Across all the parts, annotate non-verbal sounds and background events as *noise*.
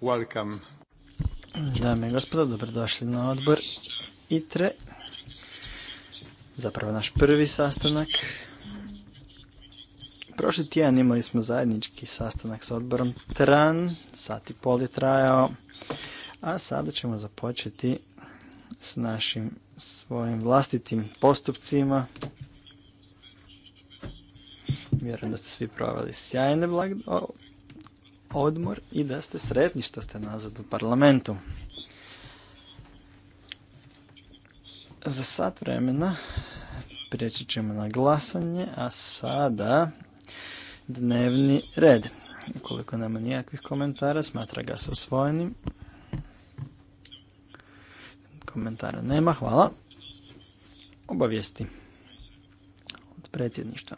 Welcome. Dame i gospodo, dobrodošli na odbor ITRE. Zapravo naš prvi sastanak. Prošli tjedan imali smo zajednički sastanak s odborom TRAN, sat i pol je trajao, a sada ćemo započeti s našim svojim vlastitim postupcima. Vjerujem da ste svi proveli sjajne blagdane odmor i da ste sretni što ste nazad u parlamentu. Za sat vremena prijeći ćemo na glasanje, a sada dnevni red. Ukoliko nema nijakvih komentara, smatra ga se osvojenim. Komentara nema, hvala. Obavijesti od predsjedništva.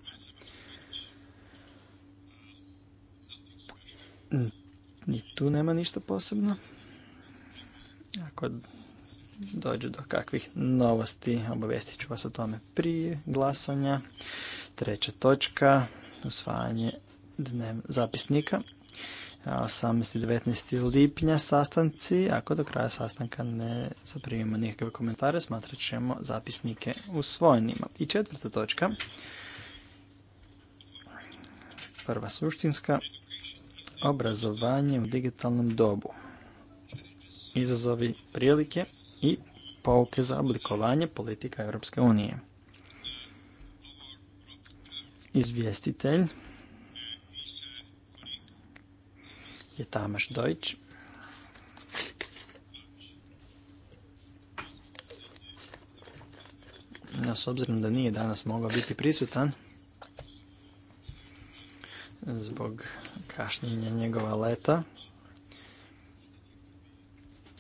Ni tu nema ništa posebno. Ako dođe do kakvih novosti, obavestit ću vas o tome prije glasanja. Treća točka, usvajanje dnev zapisnika. 18. 19. lipnja sastanci. Ako do kraja sastanka ne zaprimimo nikakve komentare, smatrat ćemo zapisnike usvojenima. I četvrta točka, prva suštinska, obrazovanje u digitalnom dobu. Izazovi, prilike i pouke za oblikovanje politika Europske unije. Izvjestitelj je Tamaš Dojč. No, s obzirom da nije danas mogao biti prisutan, zbog kašnjenja njegova leta.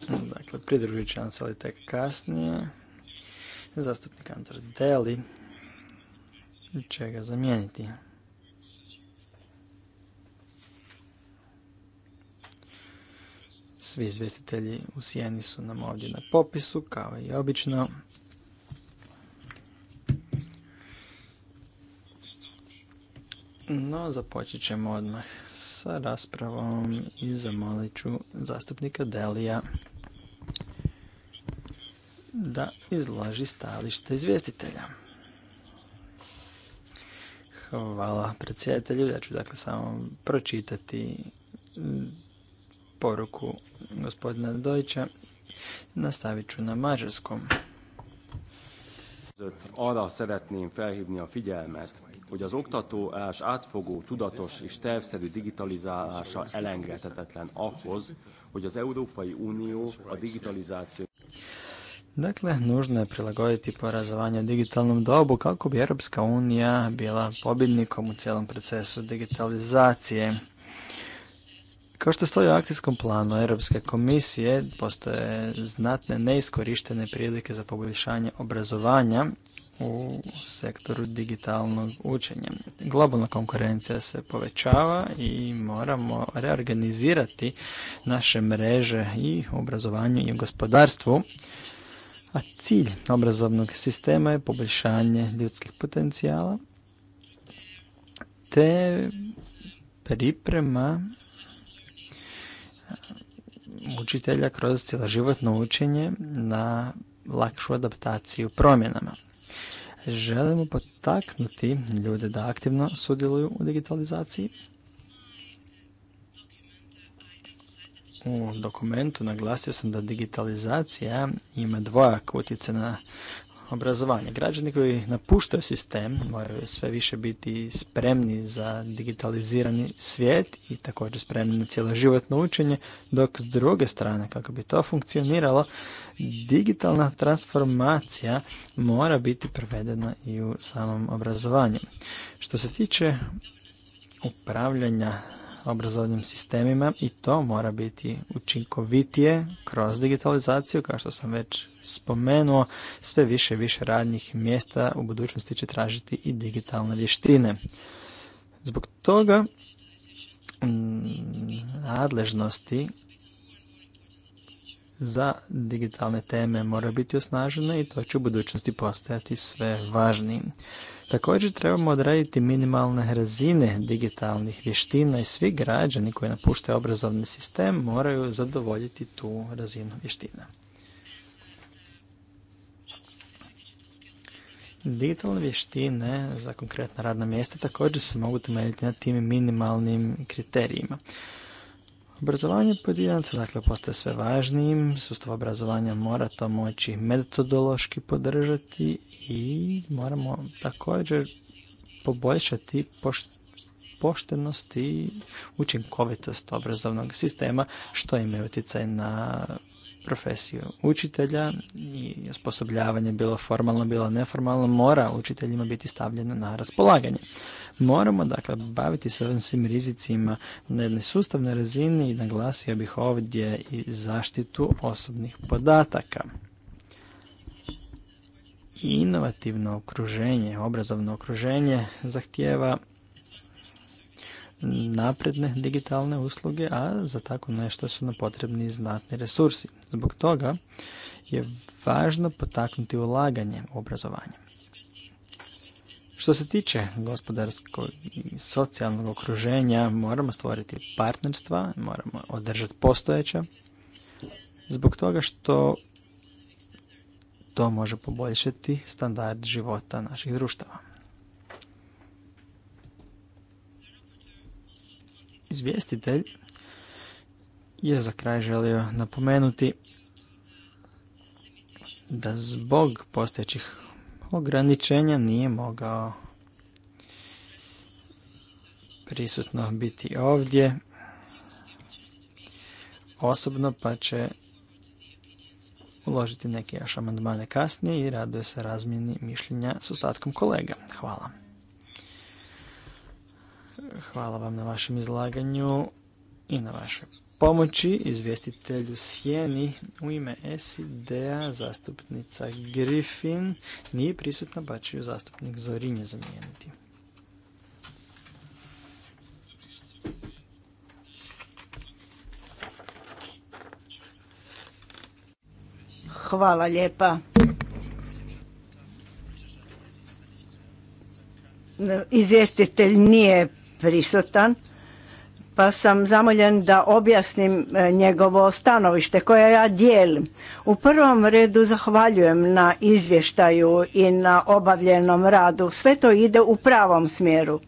Dakle, pridružit će vam se ali tek kasnije. Zastupnik Antar Deli će ga zamijeniti. Svi izvjestitelji u Sijeni su nam ovdje na popisu, kao i obično. No, započet ćemo odmah sa raspravom i zamolit ću zastupnika Delija da izloži stajalište izvjestitelja. Hvala predsjedatelju, ja ću dakle samo pročitati poruku gospodina dojića Nastavit ću na mađarskom. Arra szeretném hogy az oktatás átfogó, tudatos és tervszerű digitalizálása elengedhetetlen ahhoz, hogy Dakle, nužno je prilagoditi porazovanje digitalnom dobu kako bi Europska unija bila pobjednikom u cijelom procesu digitalizacije. Kao što stoji u akcijskom planu Europske komisije, postoje znatne neiskorištene prilike za poboljšanje obrazovanja u sektoru digitalnog učenja. Globalna konkurencija se povećava i moramo reorganizirati naše mreže i obrazovanju i gospodarstvu, a cilj obrazovnog sistema je poboljšanje ljudskih potencijala te priprema učitelja kroz životno učenje na lakšu adaptaciju promjenama. Želimo potaknuti ljude da aktivno sudjeluju u digitalizaciji. U dokumentu naglasio sam da digitalizacija ima dvojak utjecaj na obrazovanje. Građani koji napuštaju sistem moraju sve više biti spremni za digitalizirani svijet i također spremni na cijelo životno učenje, dok s druge strane, kako bi to funkcioniralo, digitalna transformacija mora biti prevedena i u samom obrazovanju. Što se tiče upravljanja obrazovnim sistemima i to mora biti učinkovitije kroz digitalizaciju, kao što sam već spomenuo, sve više i više radnih mjesta u budućnosti će tražiti i digitalne vještine. Zbog toga mm, nadležnosti za digitalne teme mora biti osnažene i to će u budućnosti postajati sve važnijim. Također trebamo odraditi minimalne razine digitalnih vještina i svi građani koji napuštaju obrazovni sistem moraju zadovoljiti tu razinu vještina. Digitalne vještine za konkretna radna mjesta također se mogu temeljiti na tim minimalnim kriterijima. Obrazovanje pojedinaca dakle, postaje sve važnijim, sustav obrazovanja mora to moći metodološki podržati i moramo također poboljšati poštenost i učinkovitost obrazovnog sistema što ima utjecaj na profesiju učitelja i osposobljavanje bilo formalno, bilo neformalno mora učiteljima biti stavljeno na raspolaganje. Moramo dakle baviti se ovim svim rizicima na jednoj sustavnoj razini i naglasio bih ovdje i zaštitu osobnih podataka. Inovativno okruženje, obrazovno okruženje zahtijeva napredne digitalne usluge, a za tako nešto su nam potrebni znatni resursi. Zbog toga je važno potaknuti ulaganje u obrazovanje. Što se tiče gospodarskog i socijalnog okruženja, moramo stvoriti partnerstva, moramo održati postojeća, zbog toga što to može poboljšati standard života naših društava. Izvjestitelj je za kraj želio napomenuti da zbog postojećih ograničenja nije mogao prisutno biti ovdje osobno pa će uložiti neke još amandmane kasnije i raduje se razmjeni mišljenja s ostatkom kolega. Hvala. Hvala vam na vašem izlaganju i na vašoj pomoći izvjestitelju Sjeni u ime SID-a zastupnica Griffin nije prisutna pa će ju zastupnik Zorinje zamijeniti. Hvala lijepa. Izvjestitelj nije prisutan pa sam zamoljen da objasnim e, njegovo stanovište koje ja dijelim. U prvom redu zahvaljujem na izvještaju i na obavljenom radu. Sve to ide u pravom smjeru.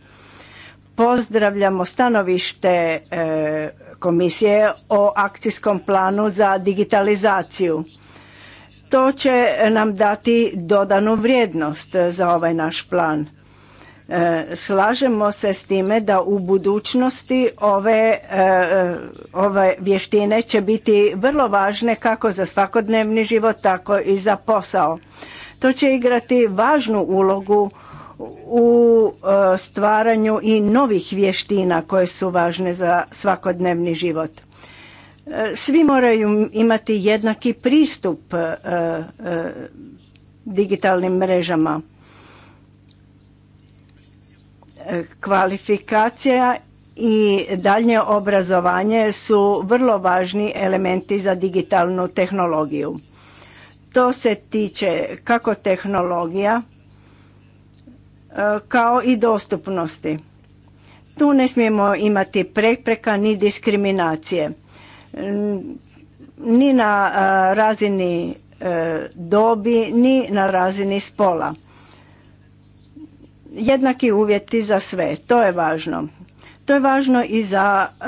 Pozdravljamo stanovište e, komisije o akcijskom planu za digitalizaciju. To će nam dati dodanu vrijednost za ovaj naš plan Slažemo se s time da u budućnosti ove, e, e, ove vještine će biti vrlo važne kako za svakodnevni život, tako i za posao. To će igrati važnu ulogu u e, stvaranju i novih vještina koje su važne za svakodnevni život. Svi moraju imati jednaki pristup digitalnim mrežama. Kvalifikacija i daljnje obrazovanje su vrlo važni elementi za digitalnu tehnologiju. To se tiče kako tehnologija e, kao i dostupnosti. Tu ne smijemo imati prepreka ni diskriminacije. Ni na e, razini e, dobi, ni na razini spola jednaki uvjeti za sve, to je važno. To je važno i za e,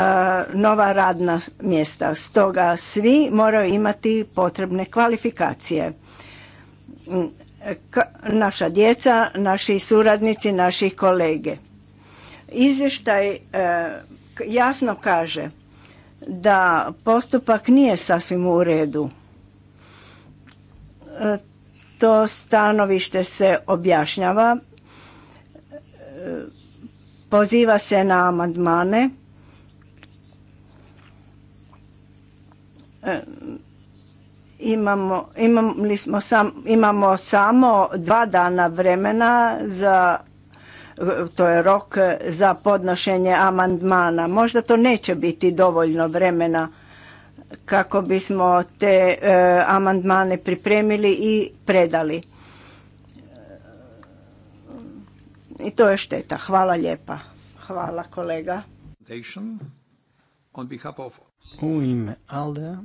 nova radna mjesta. Stoga svi moraju imati potrebne kvalifikacije. Mm, naša djeca, naši suradnici, naši kolege. Izvještaj e, jasno kaže da postupak nije sasvim u redu. E, to stanovište se objašnjava poziva se na amandmane e, imamo, samo dva dana vremena za to je rok za podnošenje amandmana. Možda to neće biti dovoljno vremena kako bismo te e, amandmane pripremili i predali. I to je šteta. Hvala lijepa. Hvala kolega. U ime Alde,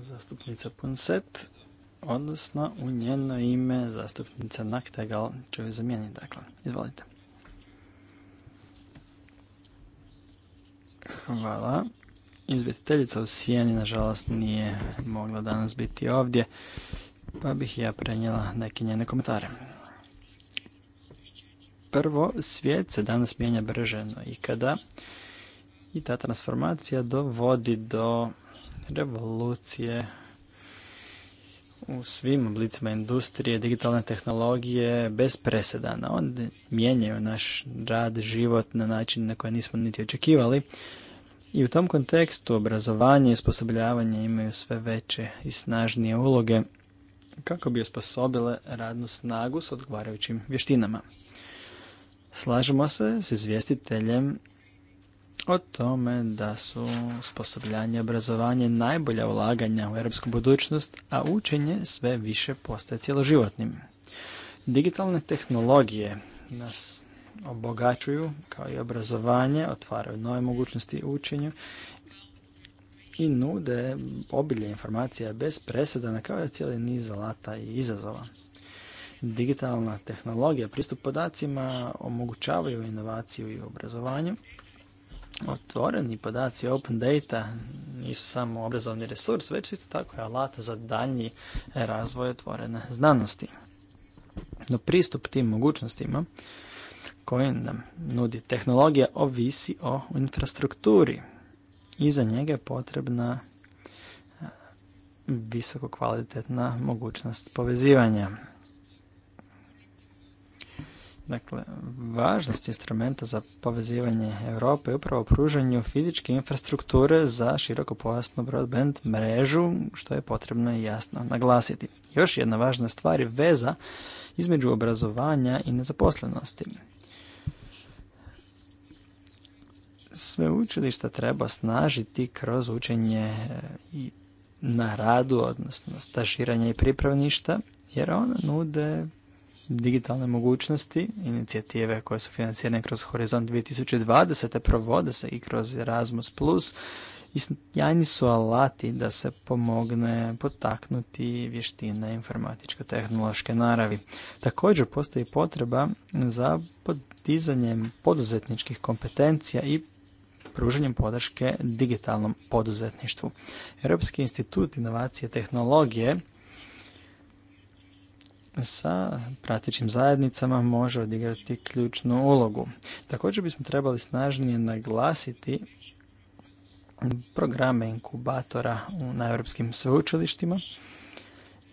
zastupnica Punset, odnosno u njeno ime zastupnica Naktegal će ju zamijeniti. Dakle, izvolite. Hvala. Izvjetiteljica u Sijeni, nažalost, nije mogla danas biti ovdje. Pa bih ja prenijela neke njene komentare. Prvo, svijet se danas mijenja brže no ikada i ta transformacija dovodi do revolucije u svim oblicima industrije, digitalne tehnologije bez presedana. Oni mijenjaju naš rad, život na način na koji nismo niti očekivali. I u tom kontekstu obrazovanje i osposobljavanje imaju sve veće i snažnije uloge kako bi osposobile radnu snagu s odgovarajućim vještinama. Slažemo se s izvjestiteljem o tome da su sposobljanje i obrazovanje najbolja ulaganja u europsku budućnost, a učenje sve više postaje cjeloživotnim. Digitalne tehnologije nas obogaćuju, kao i obrazovanje, otvaraju nove mogućnosti učenju nude obilje informacija bez presedana kao i cijeli niz alata i izazova. Digitalna tehnologija, pristup podacima omogućavaju inovaciju i obrazovanje. Otvoreni podaci Open Data nisu samo obrazovni resurs, već isto tako je alata za dalji razvoj otvorene znanosti. No pristup tim mogućnostima koje nam nudi tehnologija ovisi o infrastrukturi i za njega je potrebna e, visoko kvalitetna mogućnost povezivanja. Dakle, važnost instrumenta za povezivanje Europe je upravo pružanju fizičke infrastrukture za širokopojasnu broadband mrežu, što je potrebno jasno naglasiti. Još jedna važna stvar je veza između obrazovanja i nezaposlenosti. sveučilišta treba snažiti kroz učenje e, i na radu, odnosno staširanje i pripravništa, jer ona nude digitalne mogućnosti, inicijative koje su financirane kroz Horizont 2020. provode se i kroz Erasmus+, i jajni su alati da se pomogne potaknuti vještine informatičko-tehnološke naravi. Također postoji potreba za podizanjem poduzetničkih kompetencija i pružanjem podrške digitalnom poduzetništvu. Europski institut inovacije tehnologije sa pratećim zajednicama može odigrati ključnu ulogu. Također bismo trebali snažnije naglasiti programe inkubatora na europskim sveučilištima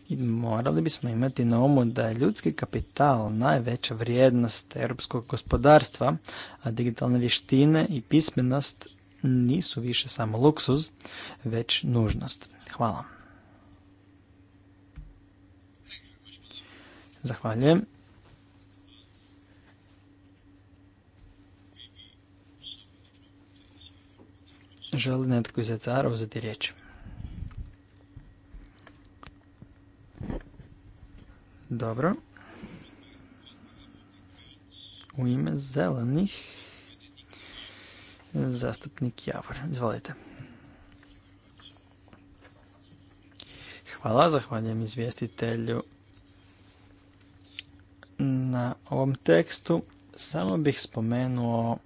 i morali bismo imati na umu da je ljudski kapital najveća vrijednost europskog gospodarstva, a digitalne vještine i pismenost nisu više samo luksuz, već nužnost. Hvala. Zahvaljujem. Želi netko iz ECR-a uzeti riječ? Dobro. U ime zelenih zastupnik Javor. Izvolite. Hvala, zahvaljujem izvjestitelju na ovom tekstu. Samo bih spomenuo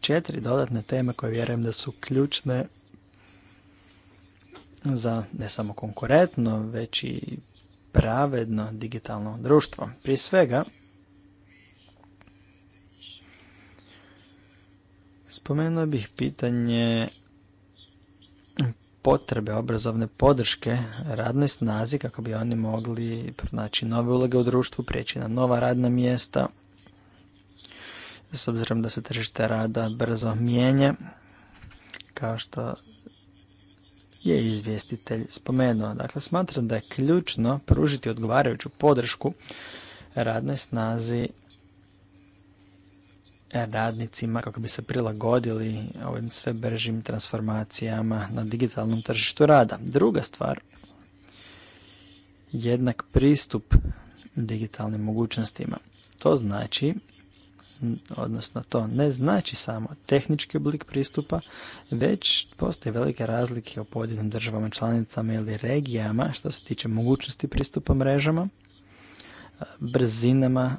četiri dodatne teme koje vjerujem da su ključne za ne samo konkurentno, već i pravedno digitalno društvo. Prije svega, spomenuo bih pitanje potrebe obrazovne podrške radnoj snazi kako bi oni mogli pronaći nove uloge u društvu, prijeći na nova radna mjesta. S obzirom da se tržište rada brzo mijenja, kao što je izvjestitelj spomenuo. Dakle, smatram da je ključno pružiti odgovarajuću podršku radnoj snazi radnicima kako bi se prilagodili ovim sve bržim transformacijama na digitalnom tržištu rada. Druga stvar, jednak pristup digitalnim mogućnostima. To znači odnosno to ne znači samo tehnički oblik pristupa, već postoje velike razlike u pojedinim državama, članicama ili regijama što se tiče mogućnosti pristupa mrežama, brzinama,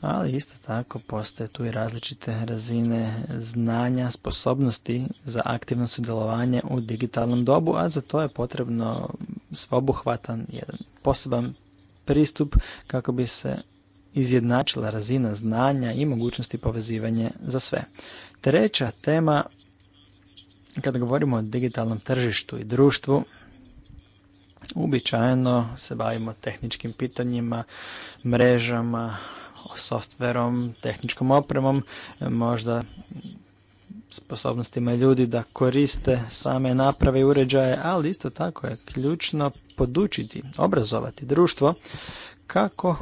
ali isto tako postoje tu i različite razine znanja, sposobnosti za aktivno sudjelovanje u digitalnom dobu, a za to je potrebno sveobuhvatan jedan poseban pristup kako bi se izjednačila razina znanja i mogućnosti povezivanja za sve. Treća tema, kada govorimo o digitalnom tržištu i društvu, uobičajeno se bavimo tehničkim pitanjima, mrežama, softverom, tehničkom opremom, možda sposobnostima ljudi da koriste same naprave i uređaje, ali isto tako je ključno podučiti, obrazovati društvo kako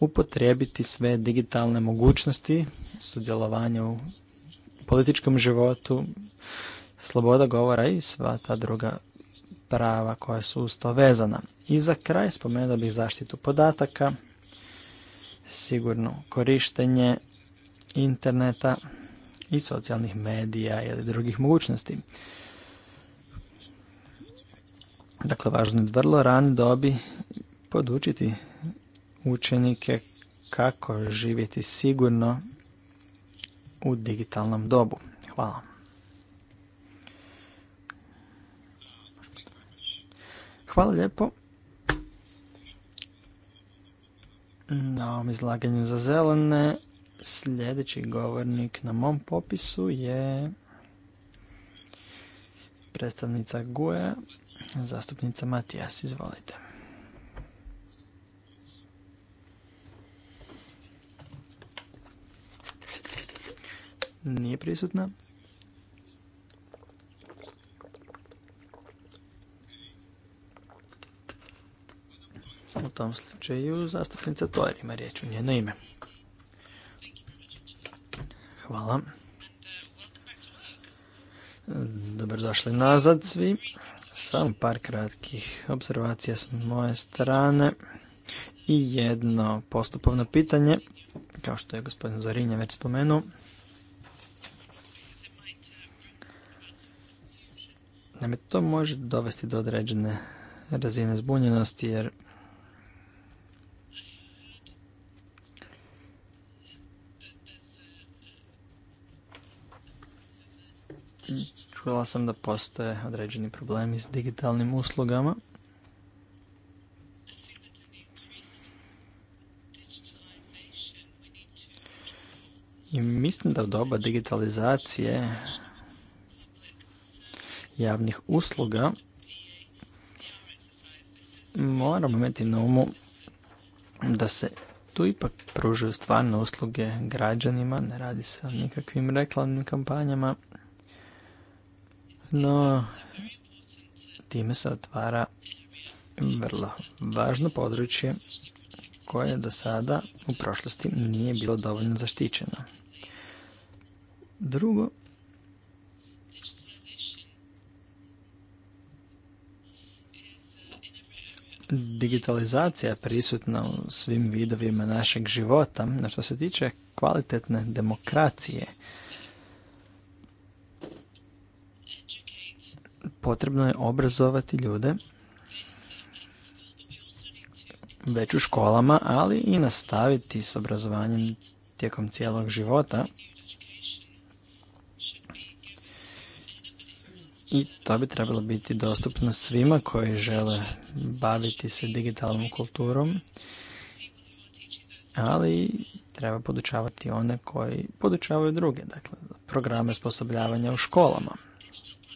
upotrijebiti sve digitalne mogućnosti sudjelovanja u političkom životu, sloboda govora i sva ta druga prava koja su uz to vezana. I za kraj spomenuo bih zaštitu podataka, sigurno korištenje interneta i socijalnih medija ili drugih mogućnosti. Dakle, važno je vrlo ran dobi podučiti učenike kako živjeti sigurno u digitalnom dobu. Hvala. Hvala lijepo na ovom izlaganju za zelene. Sljedeći govornik na mom popisu je predstavnica GUE, zastupnica Matijas. Izvolite. Nije prisutna. U tom slučaju zastupnica Tojer ima riječ u njeno ime. Hvala. došli nazad svi. Samo par kratkih observacija s moje strane i jedno postupovno pitanje, kao što je gospodin Zorinja već spomenuo. Naime, to može dovesti do određene razine zbunjenosti jer čula sam da postoje određeni problemi s digitalnim uslugama. I mislim da u doba digitalizacije javnih usluga moramo imati na umu da se tu ipak pružaju stvarne usluge građanima, ne radi se o nikakvim reklamnim kampanjama, no time se otvara vrlo važno područje koje do sada u prošlosti nije bilo dovoljno zaštićeno. Drugo, digitalizacija prisutna u svim vidovima našeg života, na što se tiče kvalitetne demokracije, potrebno je obrazovati ljude već u školama, ali i nastaviti s obrazovanjem tijekom cijelog života i to bi trebalo biti dostupno svima koji žele baviti se digitalnom kulturom, ali treba podučavati one koji podučavaju druge, dakle programe sposobljavanja u školama.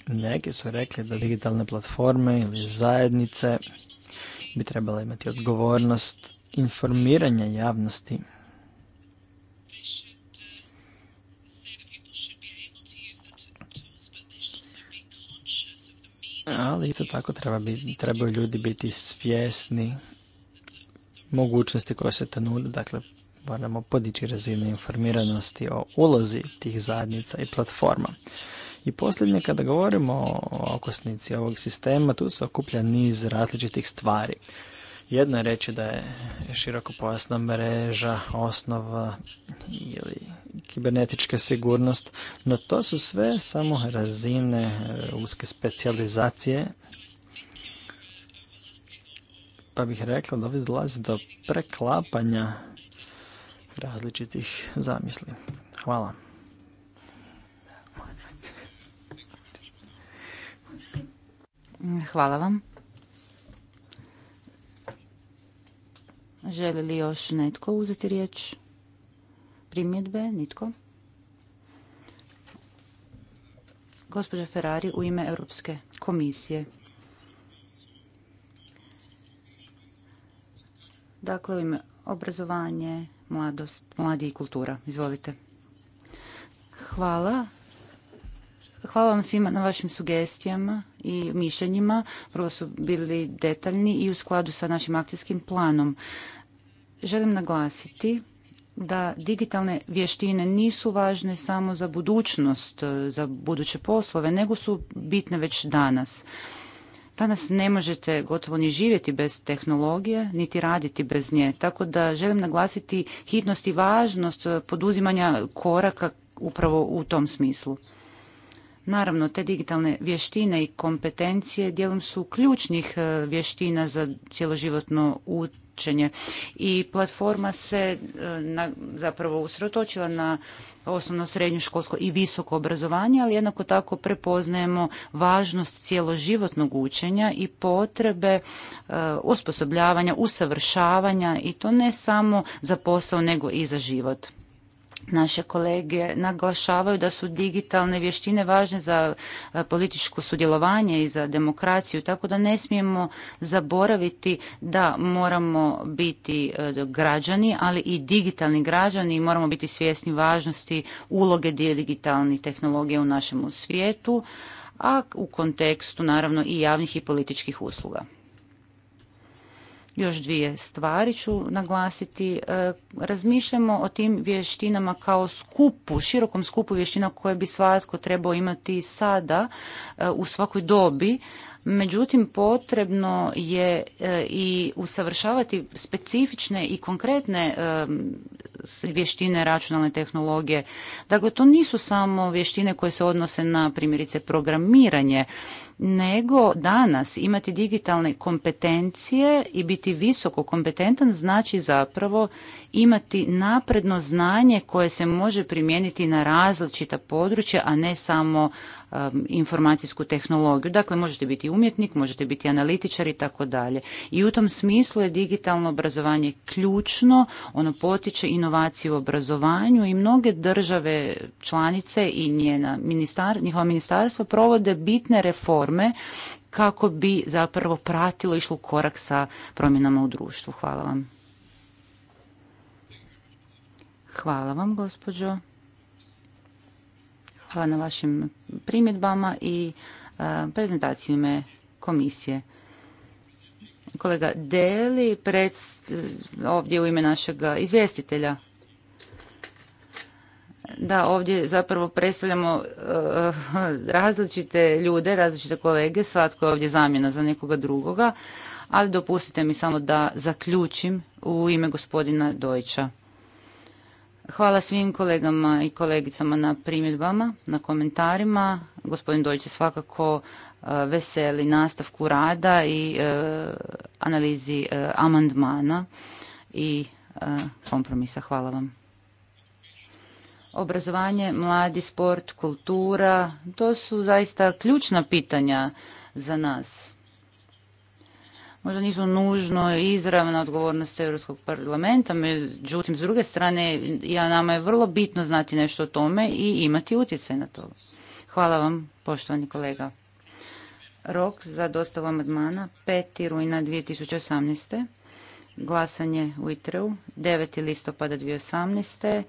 Neki su rekli da digitalne platforme ili zajednice bi trebala imati odgovornost informiranja javnosti ali isto tako treba bi, trebaju ljudi biti svjesni mogućnosti koje se te nude, dakle moramo podići razinu informiranosti o ulozi tih zajednica i platforma. I posljednje, kada govorimo o okosnici ovog sistema, tu se okuplja niz različitih stvari. Jedno je reći da je širokopojasna mreža osnova e, ili kibernetička sigurnost, no to su sve samo razine e, uske specijalizacije. Pa bih rekla da ovdje dolazi do preklapanja različitih zamisli. Hvala. Hvala vam. Želi li još netko uzeti riječ? Primjedbe? Nitko? Gospođa Ferrari u ime Europske komisije. Dakle, u ime obrazovanje, mladost, mladi i kultura. Izvolite. Hvala. Hvala vam svima na vašim sugestijama i mišljenjima. Prvo su bili detaljni i u skladu sa našim akcijskim planom. Želim naglasiti da digitalne vještine nisu važne samo za budućnost, za buduće poslove, nego su bitne već danas. Danas ne možete gotovo ni živjeti bez tehnologije, niti raditi bez nje. Tako da želim naglasiti hitnost i važnost poduzimanja koraka upravo u tom smislu. Naravno, te digitalne vještine i kompetencije dijelom su ključnih e, vještina za cjeloživotno učenje i platforma se e, zapravo usrotočila na osnovno srednju školsko i visoko obrazovanje, ali jednako tako prepoznajemo važnost cjeloživotnog učenja i potrebe usposobljavanja, e, osposobljavanja, usavršavanja i to ne samo za posao nego i za život. Naše kolege naglašavaju da su digitalne vještine važne za e, političko sudjelovanje i za demokraciju, tako da ne smijemo zaboraviti da moramo biti e, građani, ali i digitalni građani i moramo biti svjesni važnosti uloge digitalnih tehnologija u našem svijetu, a u kontekstu naravno i javnih i političkih usluga. Još dvije stvari ću naglasiti. E, razmišljamo o tim vještinama kao skupu, širokom skupu vještina koje bi svatko trebao imati sada e, u svakoj dobi međutim potrebno je e, i usavršavati specifične i konkretne e, vještine računalne tehnologije. Dakle, to nisu samo vještine koje se odnose na primjerice programiranje, nego danas imati digitalne kompetencije i biti visoko kompetentan znači zapravo imati napredno znanje koje se može primijeniti na različita područja, a ne samo Um, informacijsku tehnologiju. Dakle, možete biti umjetnik, možete biti analitičar i tako dalje. I u tom smislu je digitalno obrazovanje ključno, ono potiče inovaciju u obrazovanju i mnoge države članice i njena ministar, njihova ministarstva provode bitne reforme kako bi zapravo pratilo išlo korak sa promjenama u društvu. Hvala vam. Hvala vam, gospođo Hvala na vašim primjedbama i e, prezentaciju ime komisije. Kolega Deli, ovdje u ime našeg izvjestitelja. Da, ovdje zapravo predstavljamo e, različite ljude, različite kolege, svatko je ovdje zamjena za nekoga drugoga, ali dopustite mi samo da zaključim u ime gospodina Dojča. Hvala svim kolegama i kolegicama na primjedbama, na komentarima. Gospodin Dojić je svakako e, veseli nastavku rada i e, analizi e, amandmana i kompromisa. Hvala vam. Obrazovanje, mladi, sport, kultura, to su zaista ključna pitanja za nas možda nisu nužno izravna odgovornost Europskog parlamenta, međutim, s druge strane, ja nama je vrlo bitno znati nešto o tome i imati utjecaj na to. Hvala vam, poštovani kolega. Rok za dostavu amandmana 5. rujna 2018. Glasanje u ITREU 9. listopada 2018.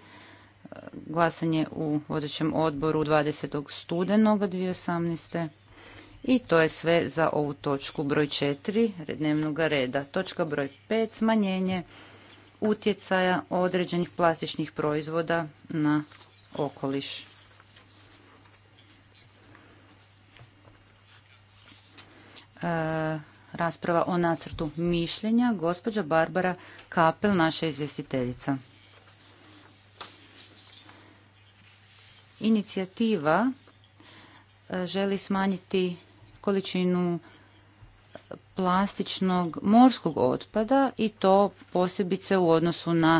Glasanje u vodećem odboru 20. studenoga 2018. I to je sve za ovu točku broj 4 dnevnog reda. Točka broj 5 smanjenje utjecaja određenih plastičnih proizvoda na okoliš. E, rasprava o nacrtu mišljenja gospođa Barbara Kapel, naša izvjestiteljica. Inicijativa e, želi smanjiti količinu plastičnog morskog otpada i to posebice u odnosu na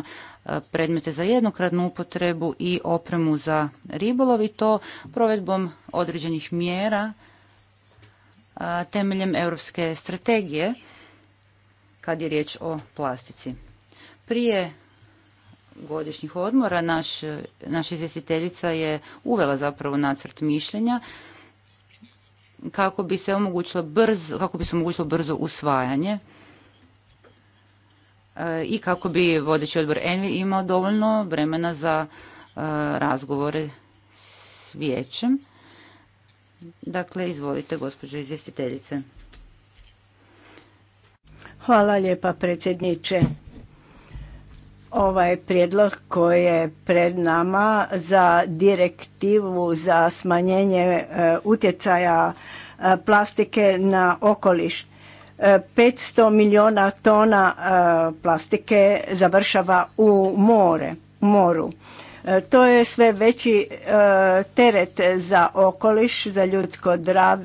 e, predmete za jednokratnu upotrebu i opremu za ribolov i to provedbom određenih mjera e, temeljem europske strategije kad je riječ o plastici. Prije godišnjih odmora naša izvjestiteljica je uvela zapravo nacrt mišljenja kako bi se omogućilo brzo, kako bi se omogućilo brzo usvajanje e, i kako bi vodeći odbor Envi imao dovoljno vremena za e, razgovore s vijećem. Dakle, izvolite gospođo izvjestiteljice. Hvala lijepa predsjedniče ovaj prijedlog koji je pred nama za direktivu za smanjenje e, utjecaja e, plastike na okoliš. 500 e, milijuna tona plastike završava u more, moru. To je sve veći teret za okoliš, za ljudsko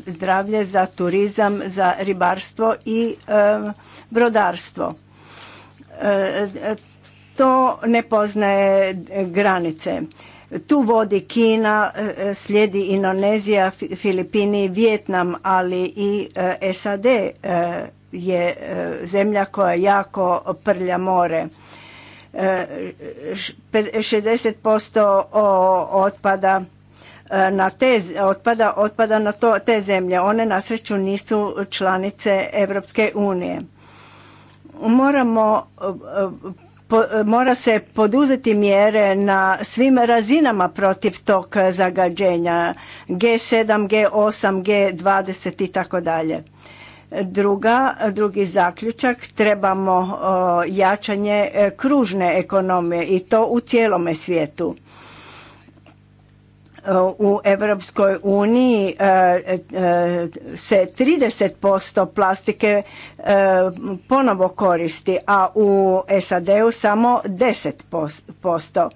zdravlje, za turizam, za ribarstvo i brodarstvo to ne poznaje e, granice. Tu vodi Kina, e, e, slijedi Indonezija, Filipini, Vjetnam, ali i SAD je zemlja koja jako prlja more. 60% otpada na te otpada otpada na to te zemlje one na sreću nisu članice Europske unije moramo mora se poduzeti mjere na svim razinama protiv tog zagađenja G7, G8, G20 i tako dalje. Druga, drugi zaključak, trebamo jačanje e, kružne ekonomije i to u cijelome svijetu u Europskoj uniji e, e, se 30% plastike e, ponovo koristi, a u SAD-u samo 10%.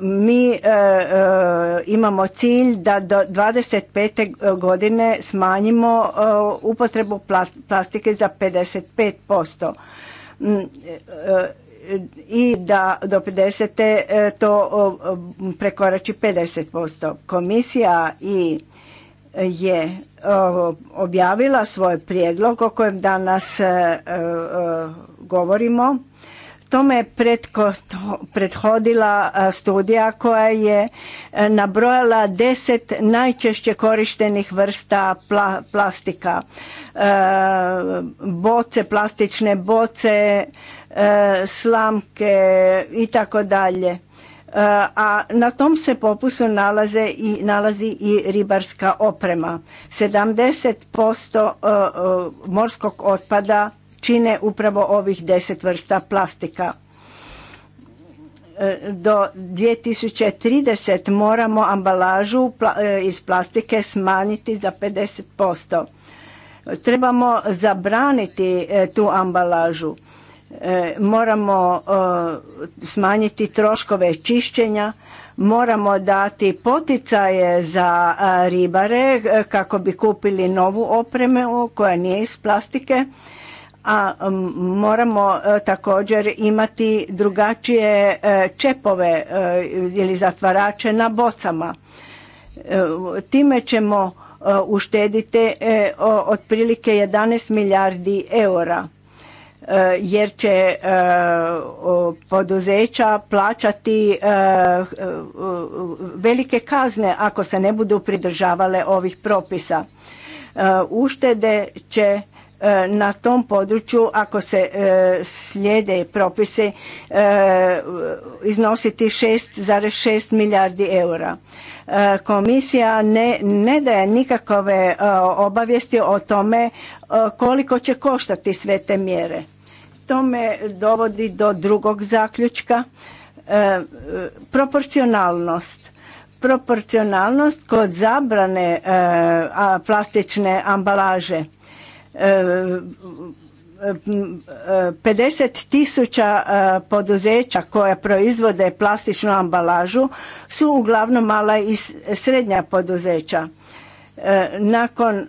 Mi imamo cilj da do 25. godine smanjimo upotrebu plastike za 55% i da do 50. E, to prekorači 50%. Komisija i e, je objavila svoj prijedlog o kojem danas e, govorimo Tome je prethodila studija koja je nabrojala deset najčešće korištenih vrsta plastika. boce, plastične boce, slamke i tako dalje. A na tom se popusu nalaze i, nalazi i ribarska oprema. 70% morskog otpada čine upravo ovih deset vrsta plastika. E, do 2030 moramo ambalažu e, iz plastike smanjiti za 50%. Trebamo zabraniti e, tu ambalažu. Moramo smanjiti troškove čišćenja, moramo dati poticaje za ribare kako bi kupili novu opremu koja nije iz plastike a moramo e, također imati drugačije e, čepove e, ili zatvarače na bocama. Time ćemo uštediti otprilike 11 milijardi eura jer će poduzeća plaćati velike kazne ako se ne budu pridržavale ovih propisa. Uštede će E, na tom području ako se e, slijede propise e, iznositi 6,6 milijardi eura. Komisija ne, daje nikakove obavijesti o tome koliko će koštati sve te mjere. To me dovodi do drugog zaključka. Proporcionalnost proporcionalnost kod zabrane plastične ambalaže 50 tisuća e, poduzeća koja proizvode plastičnu ambalažu su uglavnom mala i srednja poduzeća. E, nakon e,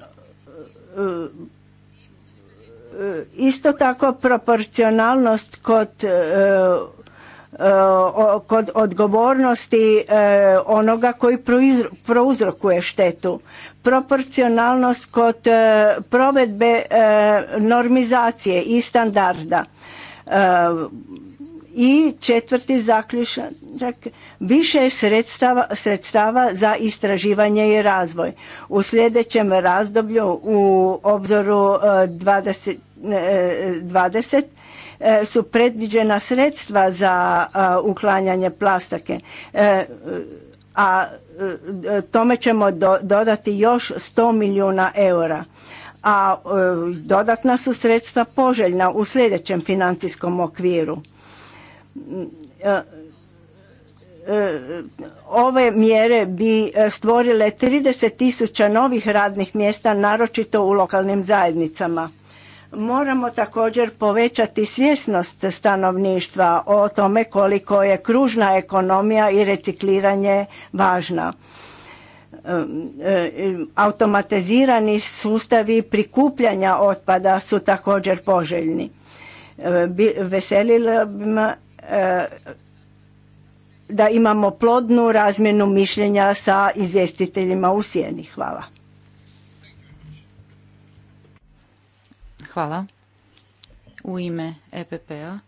isto tako proporcionalnost kod kod odgovornosti e, onoga koji prouzrokuje štetu. Proporcionalnost kod e, provedbe e, normizacije i standarda. I četvrti zaključak, više sredstava, sredstava za istraživanje i razvoj. U sljedećem razdoblju u obzoru 20, E, su predviđena sredstva za uklanjanje plastike, e, a e, tome ćemo dodati još 100 milijuna eura a dodatna su sredstva poželjna u sljedećem financijskom okviru. Ove mjere bi stvorile 30 tisuća novih radnih mjesta, naročito u lokalnim zajednicama. Moramo također povećati svjesnost stanovništva o tome koliko je kružna ekonomija i recikliranje važna. E, e, automatizirani sustavi prikupljanja otpada su također poželjni. E, veselila bi me da imamo plodnu razmjenu mišljenja sa izvjestiteljima u sjeni. Hvala. Hvala. U ime EPP-a,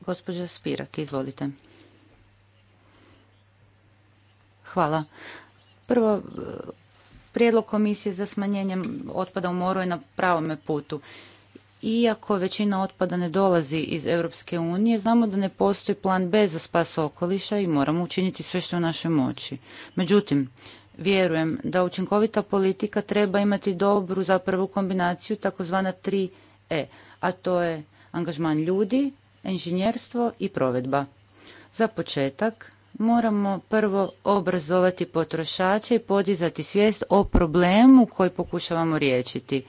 gospođa Spirak, izvolite. Hvala. Prvo, prijedlog komisije za smanjenje otpada u moru je na pravome putu. Iako većina otpada ne dolazi iz Europske unije, znamo da ne postoji plan B za spas okoliša i moramo učiniti sve što je u našoj moći. Međutim, Vjerujem da učinkovita politika treba imati dobru zapravo kombinaciju takozvana 3E, a to je angažman ljudi, inženjerstvo i provedba. Za početak moramo prvo obrazovati potrošače i podizati svijest o problemu koji pokušavamo riješiti.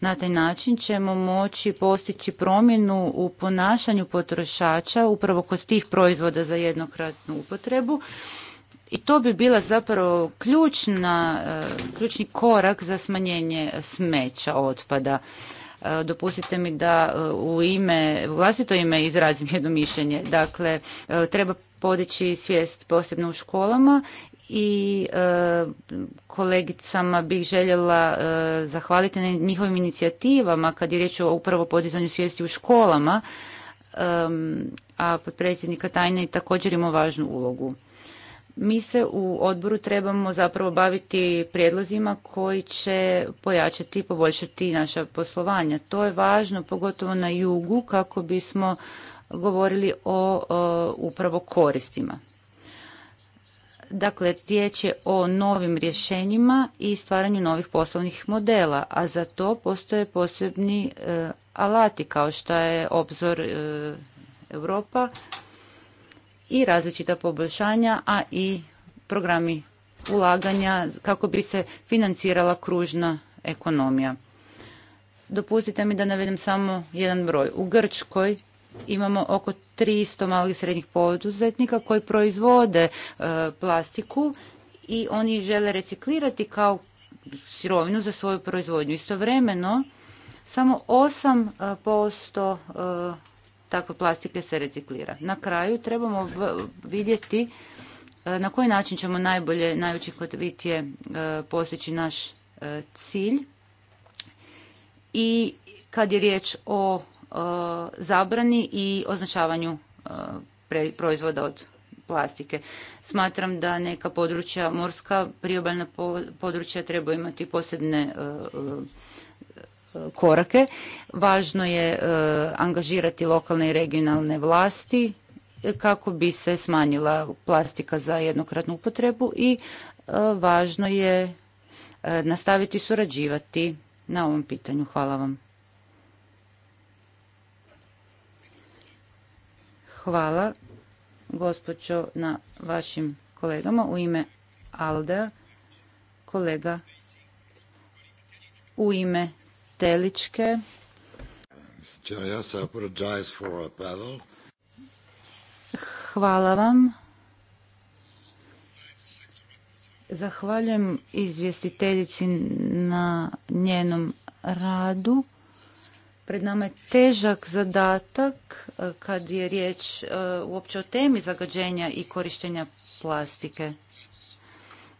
Na taj način ćemo moći postići promjenu u ponašanju potrošača upravo kod tih proizvoda za jednokratnu upotrebu i to bi bila zapravo ključna, e, ključni korak za smanjenje smeća otpada. E, dopustite mi da e, u ime, vlastito ime izrazim jedno mišljenje. Dakle, treba podići svijest posebno u školama i kolegicama bih željela zahvaliti na njihovim inicijativama kad je riječ o upravo podizanju svijesti u školama, a potpredsjednika Tajne također ima važnu ulogu mi se u odboru trebamo zapravo baviti prijedlozima koji će pojačati i poboljšati naša poslovanja. To je važno pogotovo na jugu kako bismo govorili o, upravo koristima. Dakle, riječ je o novim rješenjima i stvaranju novih poslovnih modela, a za to postoje posebni e, alati kao što je obzor e, Europa i različita poboljšanja, a i programi ulaganja kako bi se financirala kružna ekonomija. Dopustite mi da navedem samo jedan broj. U Grčkoj imamo oko 300 malih i srednjih poduzetnika koji proizvode e, plastiku i oni žele reciklirati kao sirovinu za svoju proizvodnju. Istovremeno samo 8% takve plastike se reciklira. Na kraju trebamo vidjeti e, na koji način ćemo najbolje, najučinkovitije e, postići naš e, cilj. I kad je riječ o zabrani i označavanju proizvoda od plastike. Smatram da neka područja, morska priobalna područja trebaju imati posebne E, korake. Važno je e, angažirati lokalne i regionalne vlasti e, kako bi se smanjila plastika za jednokratnu upotrebu i važno je nastaviti surađivati na ovom pitanju. Hvala vam. Hvala gospođo na vašim kolegama u ime Alda kolega u ime Teličke. Hvala vam. Zahvaljujem izvjestiteljici na njenom radu. Pred nama je težak zadatak eh, kad je riječ eh, uopće o temi zagađenja i korištenja plastike.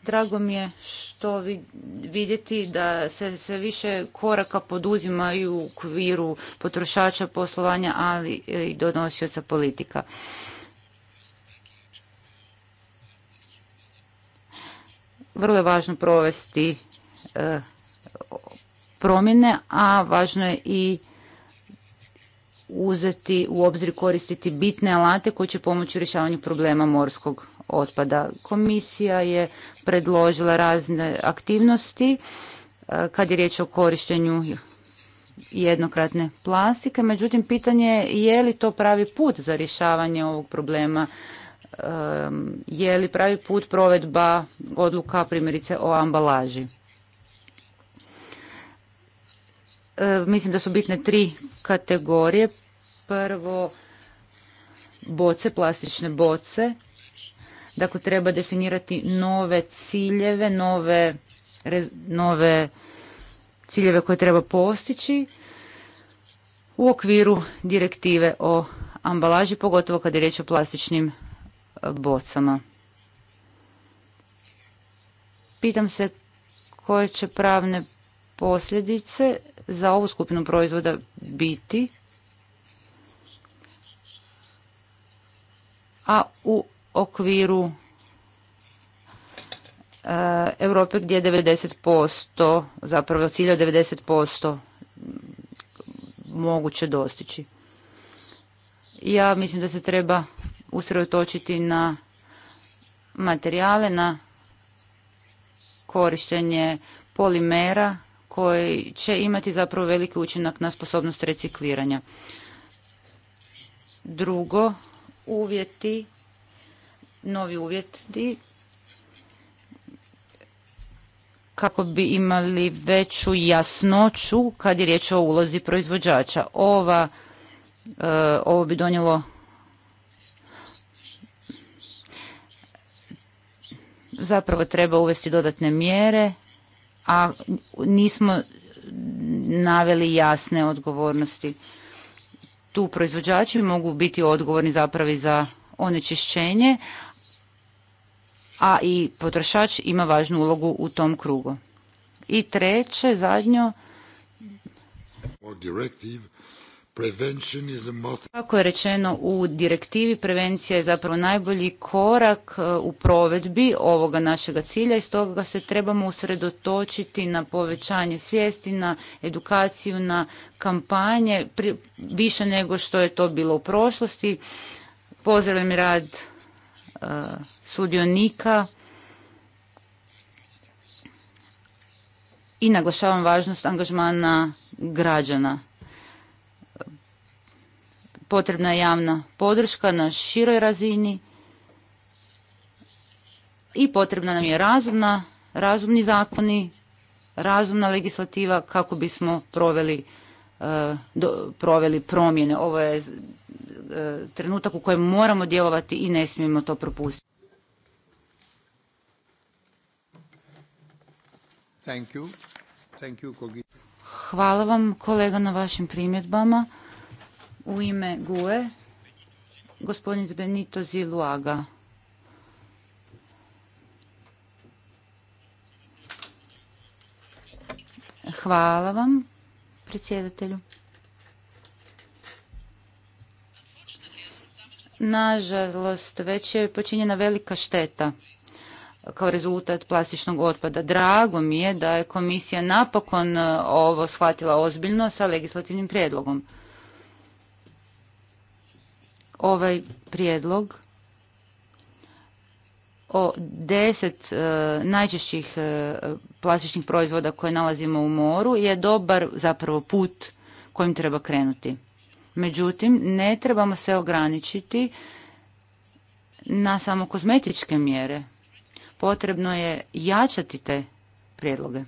Drago mi je što vidjeti da se sve više koraka poduzimaju u kviru potrošača poslovanja, ali e, i donosioca politika. Vrlo je važno provesti e, promjene, a važno je i uzeti u obzir koristiti bitne alate koji će pomoći u rješavanju problema morskog otpada. Komisija je predložila razne aktivnosti e, kad je riječ o korištenju jednokratne plastike, međutim pitanje je je li to pravi put za rješavanje ovog problema, e, je li pravi put provedba odluka primjerice o ambalaži. E, mislim da su bitne tri kategorije. Prvo, boce, plastične boce, Dakle, treba definirati nove ciljeve, nove, nove ciljeve koje treba postići u okviru direktive o ambalaži, pogotovo kad je riječ o plastičnim e, bocama. Pitam se koje će pravne posljedice za ovu skupinu proizvoda biti, a u okviru e, Europe gdje je 90%, zapravo cilja od 90% moguće dostići. Ja mislim da se treba usredotočiti na materijale, na korištenje polimera koji će imati zapravo veliki učinak na sposobnost recikliranja. Drugo, uvjeti novi uvjeti kako bi imali veću jasnoću kad je riječ o ulozi proizvođača. Ova, e, ovo bi donijelo zapravo treba uvesti dodatne mjere, a nismo naveli jasne odgovornosti. Tu proizvođači mogu biti odgovorni zapravo za onečišćenje, a i potrošač ima važnu ulogu u tom krugu. I treće, zadnjo, kako je rečeno u direktivi, prevencija je zapravo najbolji korak e, u provedbi ovoga našega cilja i stoga se trebamo usredotočiti na povećanje svijesti, na edukaciju, na kampanje, više nego što je to bilo u prošlosti. Pozdravljam rad e, sudionika i naglašavam važnost angažmana građana. Potrebna je javna podrška na široj razini i potrebna nam je razumna, razumni zakoni, razumna legislativa kako bismo proveli, e, proveli promjene. Ovo je e, trenutak u kojem moramo djelovati i ne smijemo to propustiti. Hvala vam kolega na vašim primjedbama. U ime GUE, gospodin Benito Ziluaga. Hvala vam, predsjedatelju. Nažalost, već je počinjena velika šteta kao rezultat plastičnog otpada. Drago mi je da je komisija napokon e, ovo shvatila ozbiljno sa legislativnim prijedlogom. Ovaj prijedlog o deset e, najčešćih e, plastičnih proizvoda koje nalazimo u moru je dobar zapravo put kojim treba krenuti. Međutim, ne trebamo se ograničiti na samo kozmetičke mjere potrebno je jačati te prijedloge.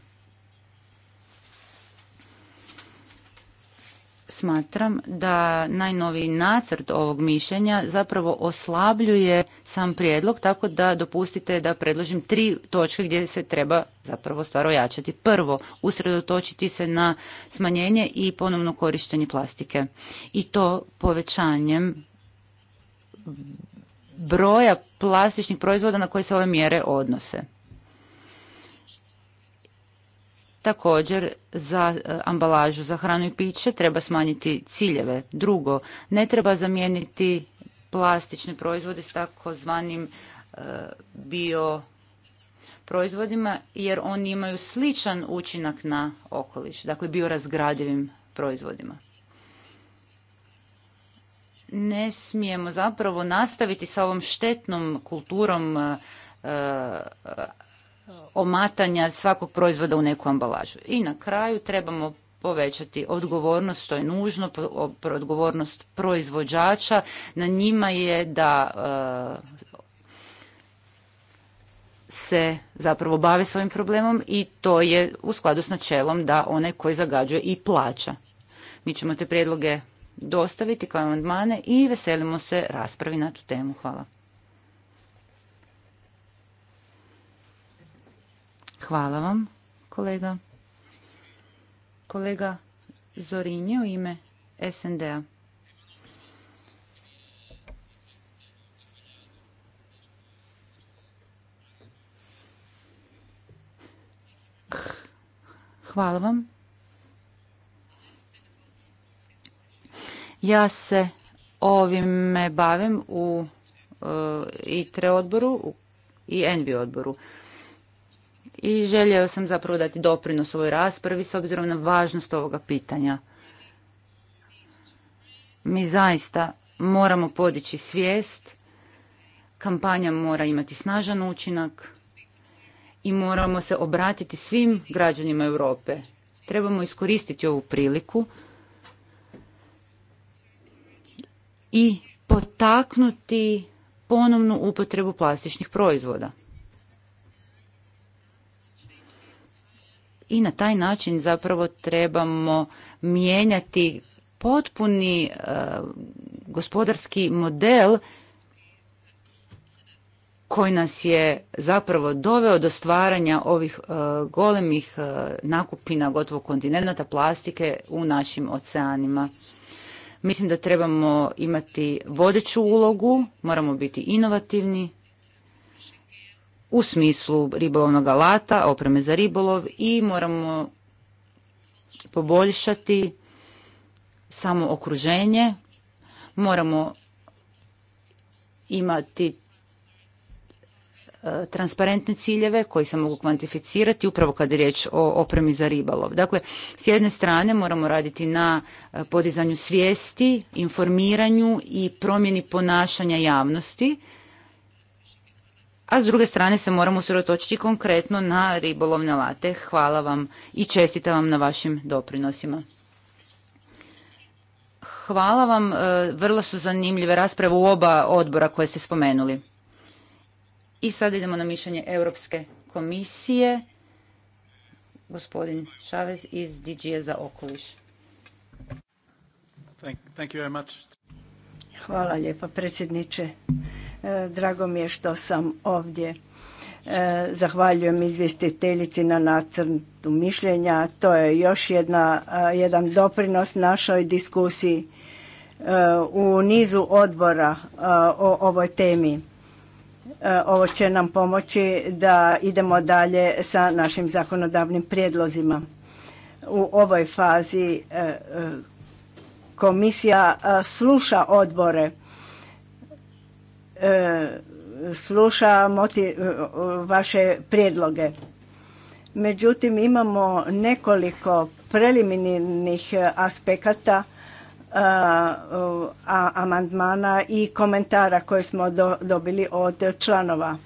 Smatram da najnoviji nacrt ovog mišljenja zapravo oslabljuje sam prijedlog, tako da dopustite da predložim tri točke gdje se treba zapravo stvar ojačati. Prvo, usredotočiti se na smanjenje i ponovno korištenje plastike. I to povećanjem broja plastičnih proizvoda na koje se ove mjere odnose. Također za e, ambalažu za hranu i piće treba smanjiti ciljeve. Drugo, ne treba zamijeniti plastične proizvode s takozvanim e, bio proizvodima jer oni imaju sličan učinak na okoliš, dakle biorazgradivim proizvodima ne smijemo zapravo nastaviti sa ovom štetnom kulturom e, e, omatanja svakog proizvoda u neku ambalažu. I na kraju trebamo povećati odgovornost, to je nužno, odgovornost proizvođača. Na njima je da e, se zapravo bave svojim problemom i to je u skladu s načelom da onaj koji zagađuje i plaća. Mi ćemo te prijedloge dostaviti kao amandmane i veselimo se raspravi na tu temu. Hvala. Hvala vam, kolega. Kolega Zorinje u ime SND-a. Hvala vam. Ja se ovime bavim u e, ITRE odboru i ENVI odboru. I željeo sam zapravo dati doprinos ovoj raspravi s obzirom na važnost ovoga pitanja. Mi zaista moramo podići svijest, kampanja mora imati snažan učinak i moramo se obratiti svim građanima Europe. Trebamo iskoristiti ovu priliku i potaknuti ponovnu upotrebu plastičnih proizvoda. I na taj način zapravo trebamo mijenjati potpuni e, gospodarski model koji nas je zapravo doveo do stvaranja ovih e, golemih e, nakupina gotovo kontinenta plastike u našim oceanima. Mislim da trebamo imati vodeću ulogu, moramo biti inovativni u smislu ribolovnog alata, opreme za ribolov i moramo poboljšati samo okruženje, moramo imati E, transparentne ciljeve koji se mogu kvantificirati upravo kad je riječ o opremi za ribalov. Dakle, s jedne strane moramo raditi na e, podizanju svijesti, informiranju i promjeni ponašanja javnosti, a s druge strane se moramo usredotočiti konkretno na ribolovne late. Hvala vam i čestitam vam na vašim doprinosima. Hvala vam, e, vrlo su zanimljive rasprave u oba odbora koje ste spomenuli. I sad idemo na mišljenje Europske komisije. Gospodin Šavez iz DG e za okoliš. Hvala lijepa predsjedniče. E, drago mi je što sam ovdje. E, zahvaljujem izvjestiteljici na nacrtu mišljenja. To je još jedna, jedan doprinos našoj diskusiji u nizu odbora o ovoj temi. E, ovo će nam pomoći da idemo dalje sa našim zakonodavnim prijedlozima. U ovoj fazi e, e, komisija sluša odbore, sluša vaše prijedloge. Međutim, imamo nekoliko preliminirnih aspekata amandmana i komentara koje smo dobili od članova.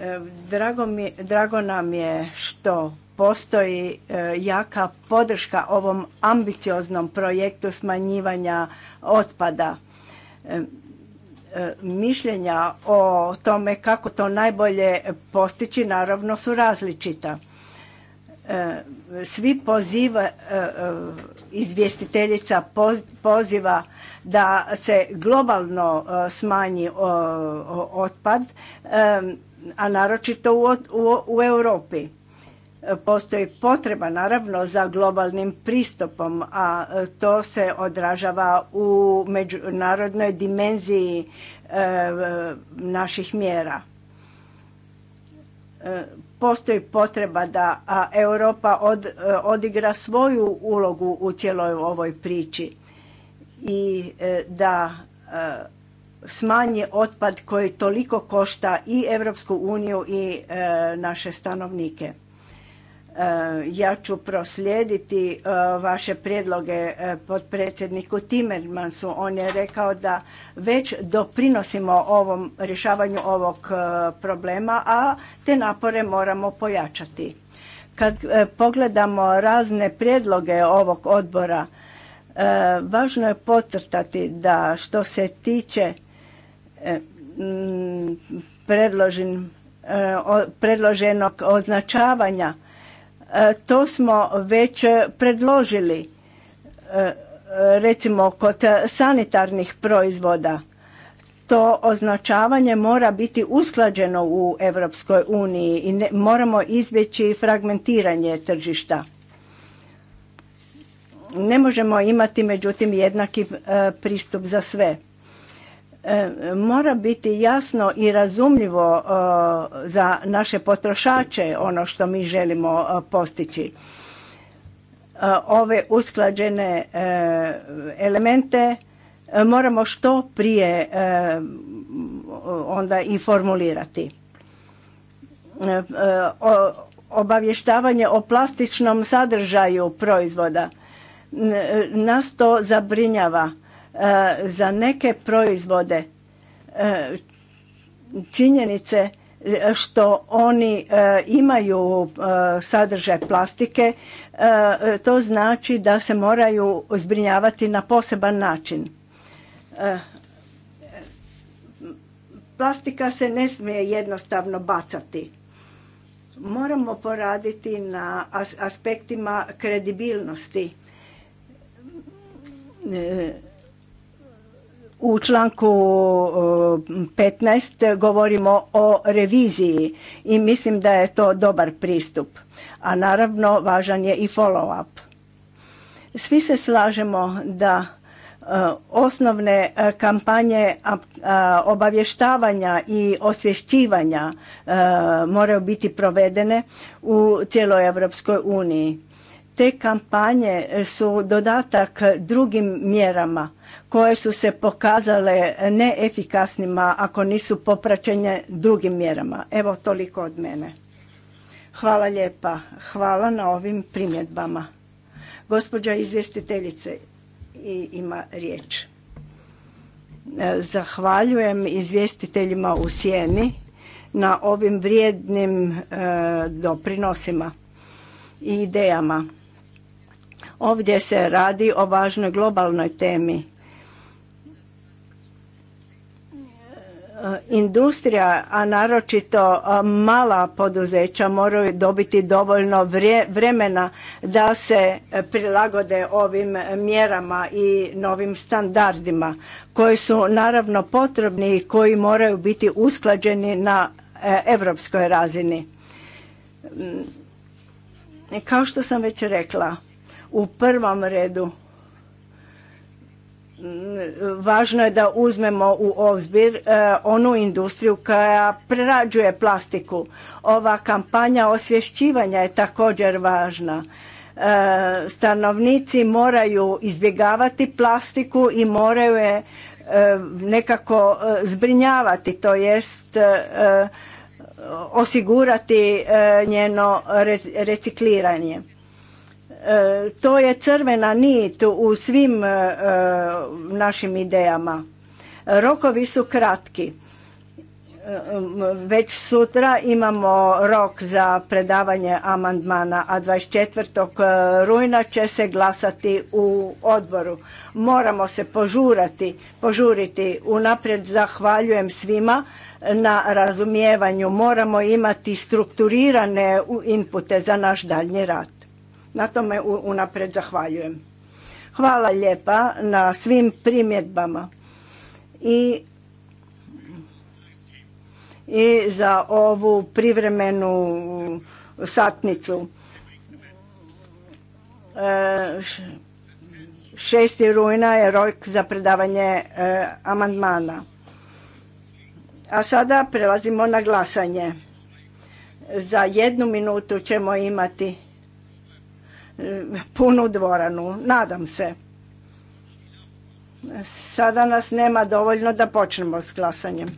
E, drago, drago nam je što postoji e, jaka podrška ovom ambicioznom projektu smanjivanja otpada. E, mišljenja o tome kako to najbolje postići naravno su različita. E, svi poziva e, e, izvjestiteljica poziva da se globalno smanji otpad a naročito u, Europi postoji potreba naravno za globalnim pristupom a to se odražava u međunarodnoj dimenziji naših mjera postoji potreba da Europa od, e, odigra svoju ulogu u cijeloj ovoj priči i e, da e, smanje otpad koji toliko košta i Europsku uniju i naše stanovnike. Eh, ja ću proslijediti eh, vaše prijedloge eh, predsjedniku Timmermansu. On je rekao da već doprinosimo ovom rješavanju ovog problema, a te napore moramo pojačati. Kad pogledamo razne prijedloge ovog odbora, važno je podcrtati da što se tiče predloženog označavanja E, to smo već predložili e, recimo kod sanitarnih proizvoda. To označavanje mora biti usklađeno u Europskoj uniji i ne, moramo izbjeći fragmentiranje tržišta. Ne možemo imati međutim jednaki e, pristup za sve. E, mora biti jasno i razumljivo e, za naše potrošače ono što mi želimo e, postići. Ove usklađene elemente moramo što prije onda i formulirati. Obavještavanje o plastičnom sadržaju proizvoda nas to zabrinjava E, za neke proizvode e, činjenice što oni e, imaju sadržaj plastike to znači da se moraju zbrinjavati na poseban način. Plastika se ne smije jednostavno bacati. Moramo poraditi na aspektima kredibilnosti u članku 15 e, govorimo o reviziji i mislim da je to dobar pristup. A naravno važan je i follow up. Svi se slažemo da e, osnovne e, kampanje obavještavanja i osvješćivanja moraju biti provedene u cijeloj Europskoj uniji. Te kampanje su dodatak drugim mjerama koje su se pokazale neefikasnima ako nisu popraćenje drugim mjerama. Evo toliko od mene. Hvala lijepa. Hvala na ovim primjedbama. Gospođa izvjestiteljice ima riječ. E, zahvaljujem izvjestiteljima u sjeni na ovim vrijednim e, doprinosima i idejama. Ovdje se radi o važnoj globalnoj temi E, industrija, a naročito e, mala poduzeća moraju dobiti dovoljno vremena da se e, prilagode ovim mjerama i novim standardima koji su naravno potrebni i koji moraju biti usklađeni na europskoj razini. Mm, kao što sam već rekla, u prvom redu važno je da uzmemo u obzir e, onu industriju koja prerađuje plastiku. Ova kampanja osvješćivanja je također važna. E, stanovnici moraju izbjegavati plastiku i moraju je e, nekako zbrinjavati, to jest osigurati njeno recikliranje. E, to je crvena nit u svim e, našim idejama. Rokovi su kratki. E, već sutra imamo rok za predavanje amandmana, a 24. rujna će se glasati u odboru. Moramo se požurati, požuriti. Unaprijed zahvaljujem svima na razumijevanju. Moramo imati strukturirane inpute za naš daljnji rad. Na tome unapred zahvaljujem. Hvala lijepa na svim primjedbama i, i za ovu privremenu satnicu. E, šesti rujna je rok za predavanje e, amandmana. A sada prelazimo na glasanje. Za jednu minutu ćemo imati punu dvoranu. Nadam se. Sada nas nema dovoljno da počnemo s glasanjem.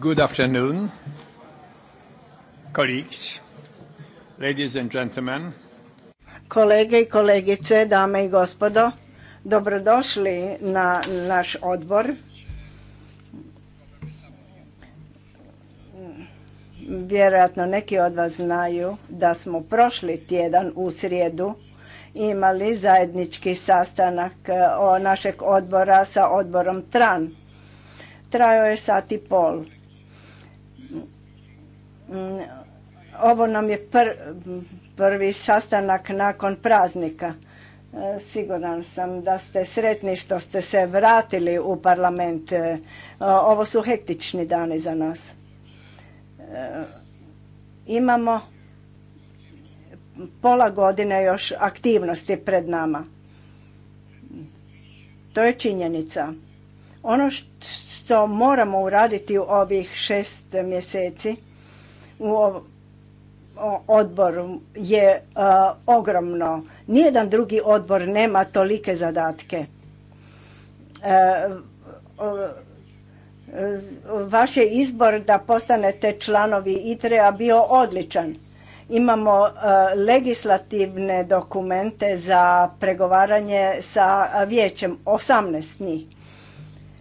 Good afternoon, colleagues, ladies and gentlemen. Kolege i kolegice, dame i gospodo, dobrodošli na naš odbor. vjerojatno neki od vas znaju da smo prošli tjedan u srijedu imali zajednički sastanak e, našeg odbora sa odborom TRAN. Trajao je sat i pol. Mm, ovo nam je prvi sastanak nakon praznika. E, siguran sam da ste sretni što ste se vratili u parlament. E, ovo su hektični dani za nas. Imamo pola godine još aktivnosti pred nama. To je činjenica. Ono što moramo uraditi u ovih šest mjeseci u odboru je e, ogromno. Nijedan drugi odbor nema tolike zadatke. E, Vaš je izbor da postanete članovi ITRE-a bio odličan. Imamo e, legislativne dokumente za pregovaranje sa vijećem, 18 njih.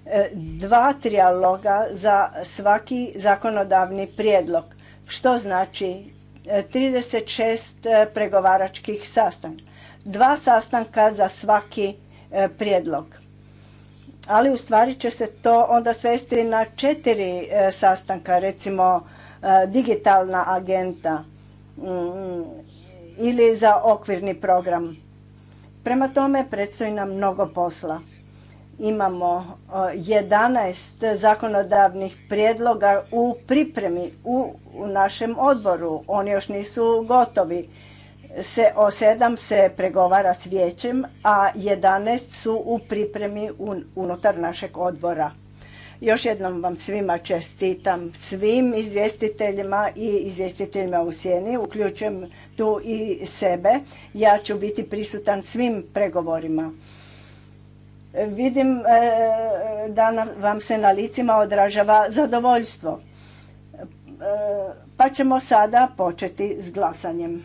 E, dva trijaloga za svaki zakonodavni prijedlog, što znači 36 e, pregovaračkih sastanka. Dva sastanka za svaki prijedlog ali u stvari će se to onda svesti na četiri e, sastanka, recimo e, digitalna agenta mm, ili za okvirni program. Prema tome predstoji nam mnogo posla. Imamo 11 e, zakonodavnih prijedloga u pripremi u našem odboru. Oni još nisu gotovi se o sedam se pregovara s vijećem, a 11 su u pripremi unutar našeg odbora. Još jednom vam svima čestitam, svim izvjestiteljima i izvjestiteljima u sjeni, uključujem tu i sebe. Ja ću biti prisutan svim pregovorima. Vidim e, da vam se na licima odražava zadovoljstvo. E, pa ćemo sada početi s glasanjem.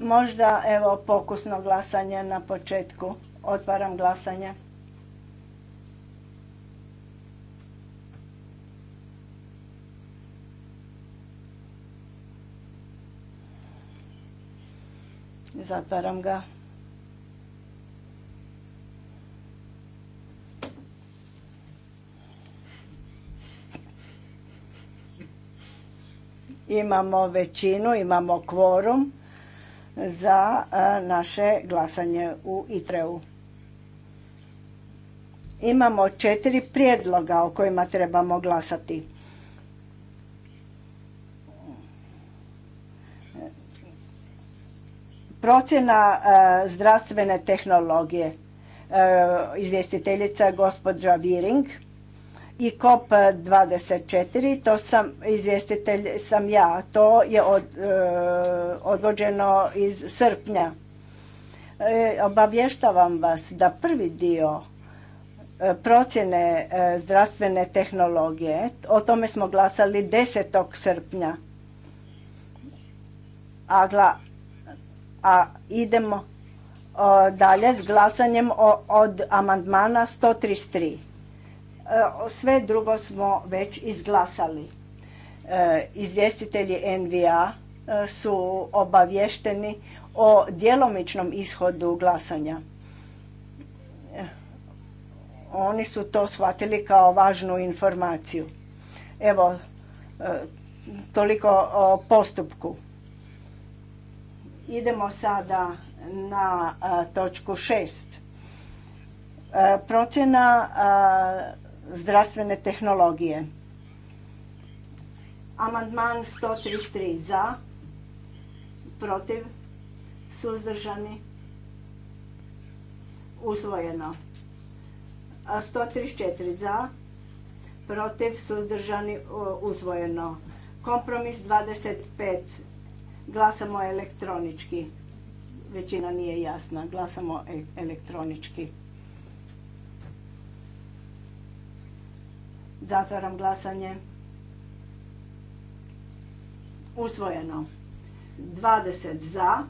Možda evo pokusno glasanje na početku. Otvaram glasanje. Zatvaram ga. Imamo većinu, imamo kvorum za e, naše glasanje u ITREU. Imamo četiri prijedloga o kojima trebamo glasati. Procjena e, zdravstvene tehnologije. E, izvjestiteljica gospođa Viring i COP24, e, to sam izvjestitelj sam ja, to je od, e, iz srpnja. E, obavještavam vas da prvi dio procjene zdravstvene tehnologije, o tome smo glasali 10. srpnja, a, idemo dalje s glasanjem od amandmana 133. E, sve drugo smo već izglasali. E, izvjestitelji NVA e, su obavješteni o djelomičnom ishodu glasanja. Oni su to shvatili kao važnu informaciju. Evo, toliko o postupku. Idemo sada na točku šest. Procjena zdravstvene tehnologije. Amandman 133 za, protiv, suzdržani, usvojeno. 134 za, protiv, suzdržani, usvojeno. Kompromis 25, glasamo elektronički. Većina nije jasna, glasamo e, elektronički. Zatvaram glasanje. Usvojeno. 20 za,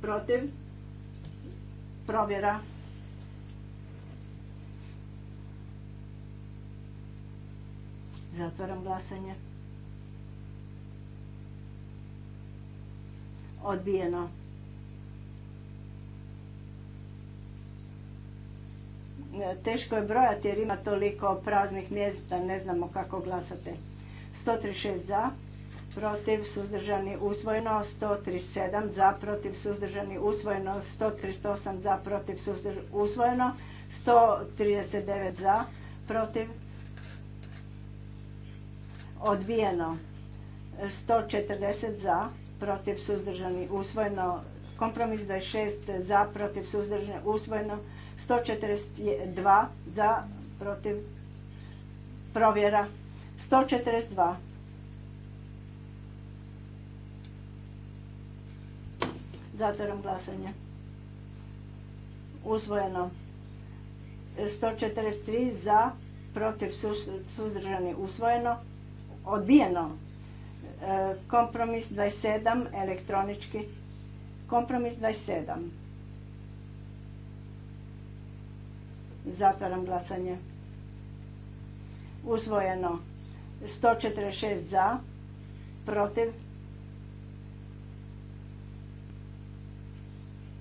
protiv, provjera. Zatvaram glasanje. Odbijeno. Teško je brojati jer ima toliko praznih mjesta, ne znamo kako glasate. 136 za, protiv, suzdržani, usvojeno. 137 za, protiv, suzdržani, usvojeno. 138 za, protiv, suzdržani, usvojeno. 139 za, protiv, odbijeno. 140 za, protiv, suzdržani, usvojeno. Kompromis 26 za, protiv, suzdržani, usvojeno. 142 za, protiv, provjera. 142. Zatvorom glasanje. Usvojeno. 143 za, protiv, suzdržani, usvojeno. Odbijeno. E, kompromis 27 elektronički. Kompromis 27. Zatvaram glasanje. Usvojeno. 146 za, protiv,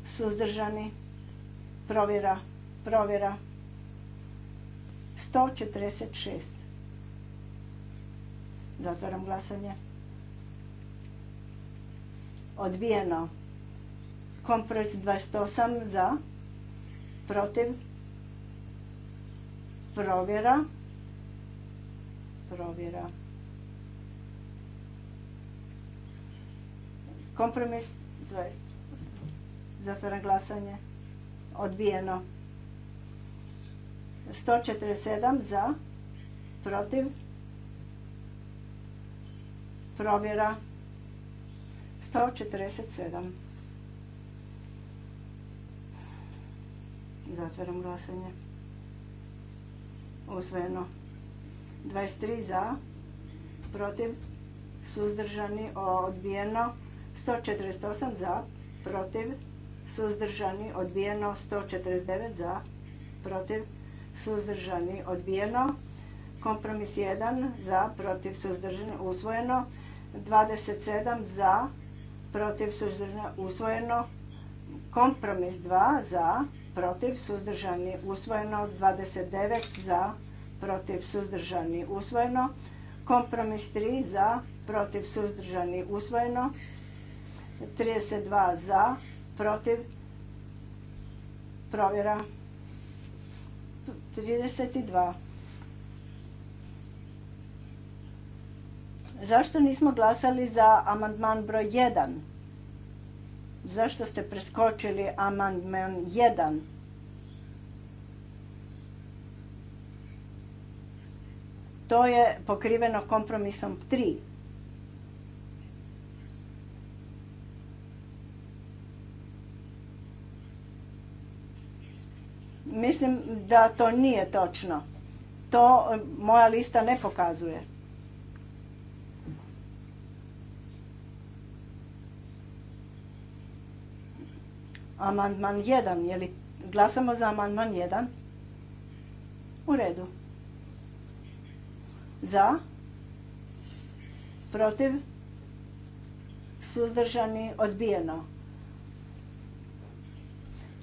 suzdržani, provjera, provjera. 146. Zatvaram glasanje. Odbijeno. Kompres 28 za, protiv, provjera provjera kompromis 20 zatvoren glasanje odbijeno 147 za protiv provjera 147 zatvaram glasanje usvojeno. 23 za, protiv, suzdržani, odbijeno. 148 za, protiv, suzdržani, odbijeno. 149 za, protiv, suzdržani, odbijeno. Kompromis 1 za, protiv, suzdržani, usvojeno. 27 za, protiv, suzdržani, usvojeno. Kompromis 2 za, protiv, suzdržani, usvojeno. 29 za, protiv, suzdržani, usvojeno. Kompromis 3 za, protiv, suzdržani, usvojeno. 32 za, protiv, provjera. 32. Zašto nismo glasali za amandman broj 1? Zašto ste preskočili amandman 1? To je pokriveno kompromisom 3. Mislim da to nije točno. To moja lista ne pokazuje. Amandman 1, je glasamo za amandman 1? U redu. Za? Protiv? Suzdržani? Odbijeno.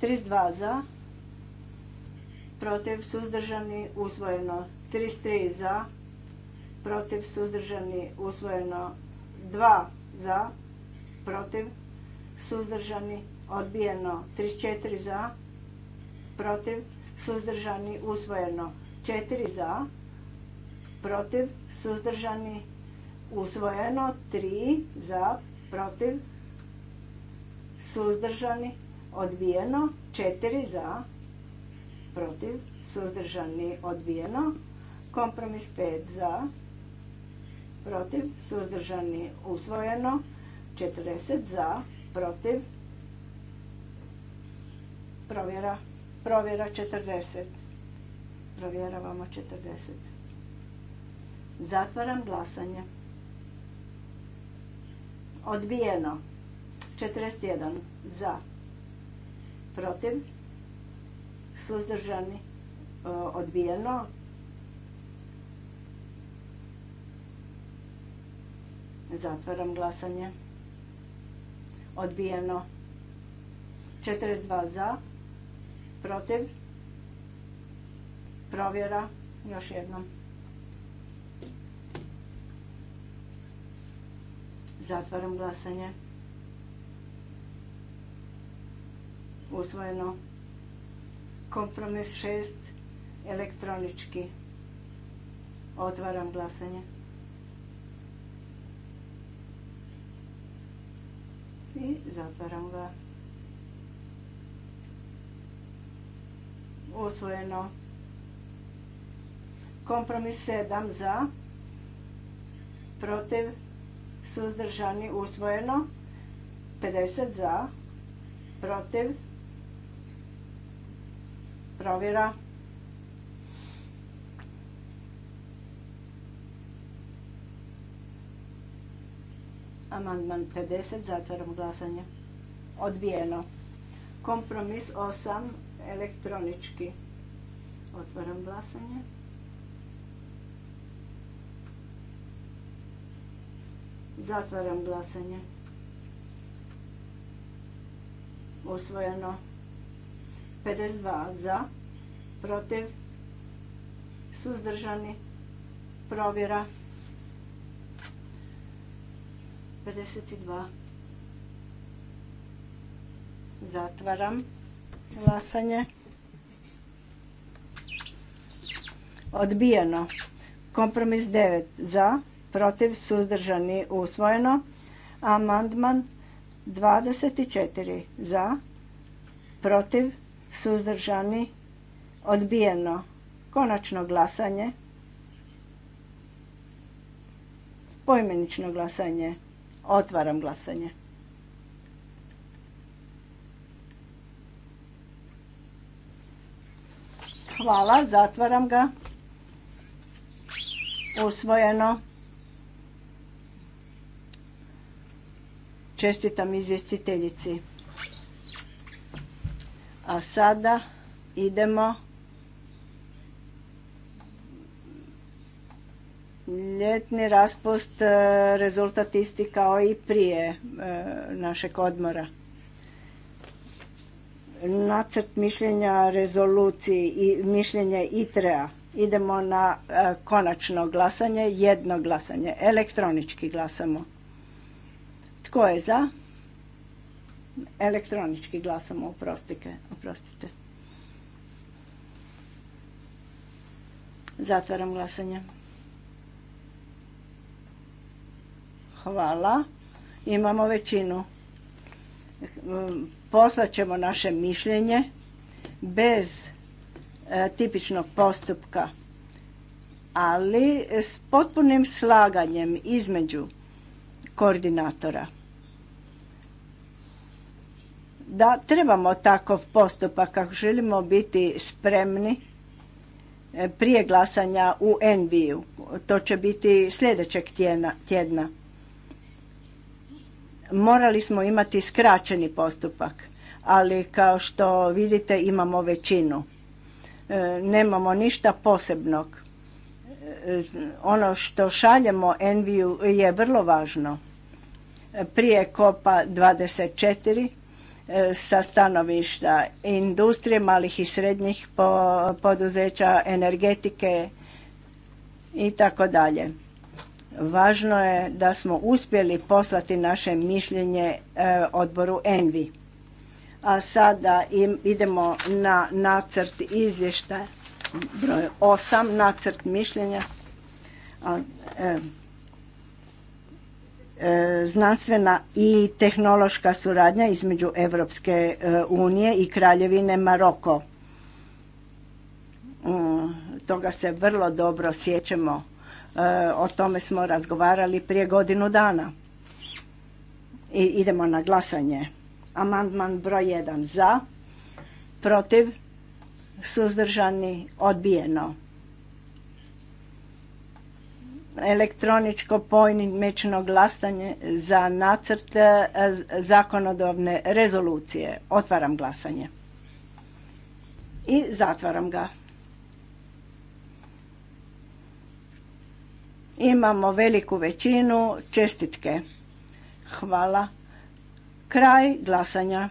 32 za. Protiv? Suzdržani? Usvojeno. 33 za. Protiv? Suzdržani? Usvojeno. 2 za. Protiv? Suzdržani? odbijeno 34 za protiv suzdržani usvojeno 4 za protiv suzdržani usvojeno 3 za protiv suzdržani odbijeno 4 za protiv suzdržani odbijeno kompromis 5 za protiv suzdržani usvojeno 40 za protiv Provjera. Provjera 40. Provjeravamo 40. Zatvaram glasanje. Odbijeno. 41 za. Protiv. Suzdržani. E, odbijeno. Zatvaram glasanje. Odbijeno. 42 za protiv, provjera, još jednom. Zatvaram glasanje. Usvojeno. Kompromis 6. Elektronički. Otvaram glasanje. I zatvaram ga. usvojeno. Kompromis 7 za, protiv, suzdržani, usvojeno. 50 za, protiv, provjera. Amandman 50, zatvaram glasanje. Odbijeno. Kompromis 8 elektronički. Otvaram glasanje. Zatvaram glasanje. Osvojeno 52 za, protiv, suzdržani, provjera 52. Zatvaram. Glasanje. Odbijeno. Kompromis 9 za, protiv, suzdržani, usvojeno. Amandman 24 za, protiv, suzdržani, odbijeno. Konačno glasanje. Poimenično glasanje. Otvaram glasanje. Hvala, zatvaram ga. Usvojeno. Čestitam izvjestiteljici. A sada idemo ljetni raspust e, rezultatisti kao i prije e, našeg odmora nacrt mišljenja rezoluciji i mišljenje ITREA. Idemo na e, konačno glasanje, jedno glasanje, elektronički glasamo. Tko je za? Elektronički glasamo, oprostite. oprostite. Zatvaram glasanje. Hvala. Imamo većinu poslat ćemo naše mišljenje bez e, tipičnog postupka, ali s potpunim slaganjem između koordinatora. Da, trebamo takav postupak ako želimo biti spremni e, prije glasanja u NBI-u, To će biti sljedećeg tjedna morali smo imati skraćeni postupak, ali kao što vidite imamo većinu. E, nemamo ništa posebnog. E, ono što šaljemo Enviju je vrlo važno. Prije Kopa 24 e, sa stanovišta industrije, malih i srednjih poduzeća, energetike i tako dalje. Važno je da smo uspjeli poslati naše mišljenje e, odboru ENVI. A sada idemo na nacrt izvještaja broj 8, nacrt mišljenja. E, e, znanstvena i tehnološka suradnja između Europske unije i Kraljevine Maroko. Mm, toga se vrlo dobro sjećamo Eh, o tome smo razgovarali prije godinu dana. I idemo na glasanje. Amandman broj 1 za, protiv, suzdržani, odbijeno. Elektroničko pojmično glasanje za nacrt eh, zakonodavne rezolucije. Otvaram glasanje. I zatvaram ga. Imamo veliku većinu. Čestitke. Hvala. Kraj glasanja.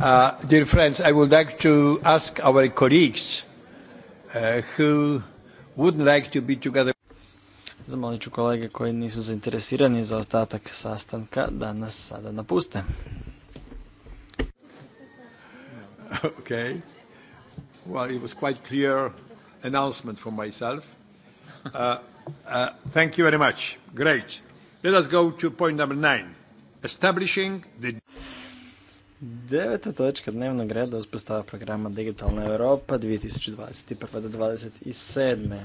Uh, dear friends, I would like to ask our colleagues uh, who wouldn't like to be together. Zamolit ću kolege koji nisu zainteresirani za ostatak sastanka da nas sada napuste. *laughs* Okay. Well, it was quite clear announcement for myself. Uh, uh, thank you very much. Great. Let us go to point number nine. Establishing the Deveta točka dnevnog reda uspostava programa Digitalna Europa 2021. do 2027.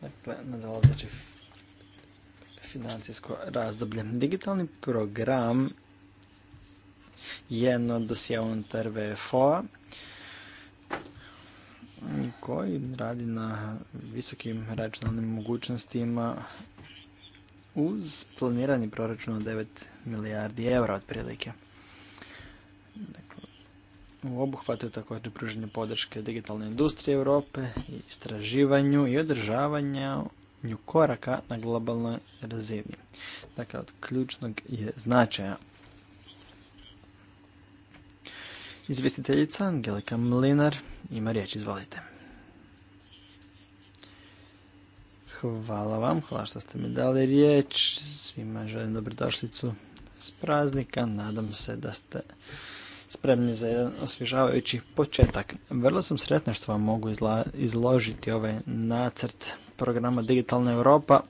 Dakle, nadalazeći financijsko razdoblje. Digitalni program je jedno dosija unutar VFO-a koji radi na visokim računalnim mogućnostima uz planirani proračun od 9 milijardi eura otprilike. Dakle, u obuhvatu je također pružanje podrške digitalne industrije Europe, istraživanju i održavanju koraka na globalnoj razini. Dakle, od ključnog je značaja. Izvjestiteljica Angelika Mlinar ima riječ, izvolite. Hvala vam, hvala što ste mi dali riječ. Svima želim dobrodošlicu s praznika. Nadam se da ste spremni za jedan osvježavajući početak. Vrlo sam sretna što vam mogu izložiti ovaj nacrt programa Digitalna Europa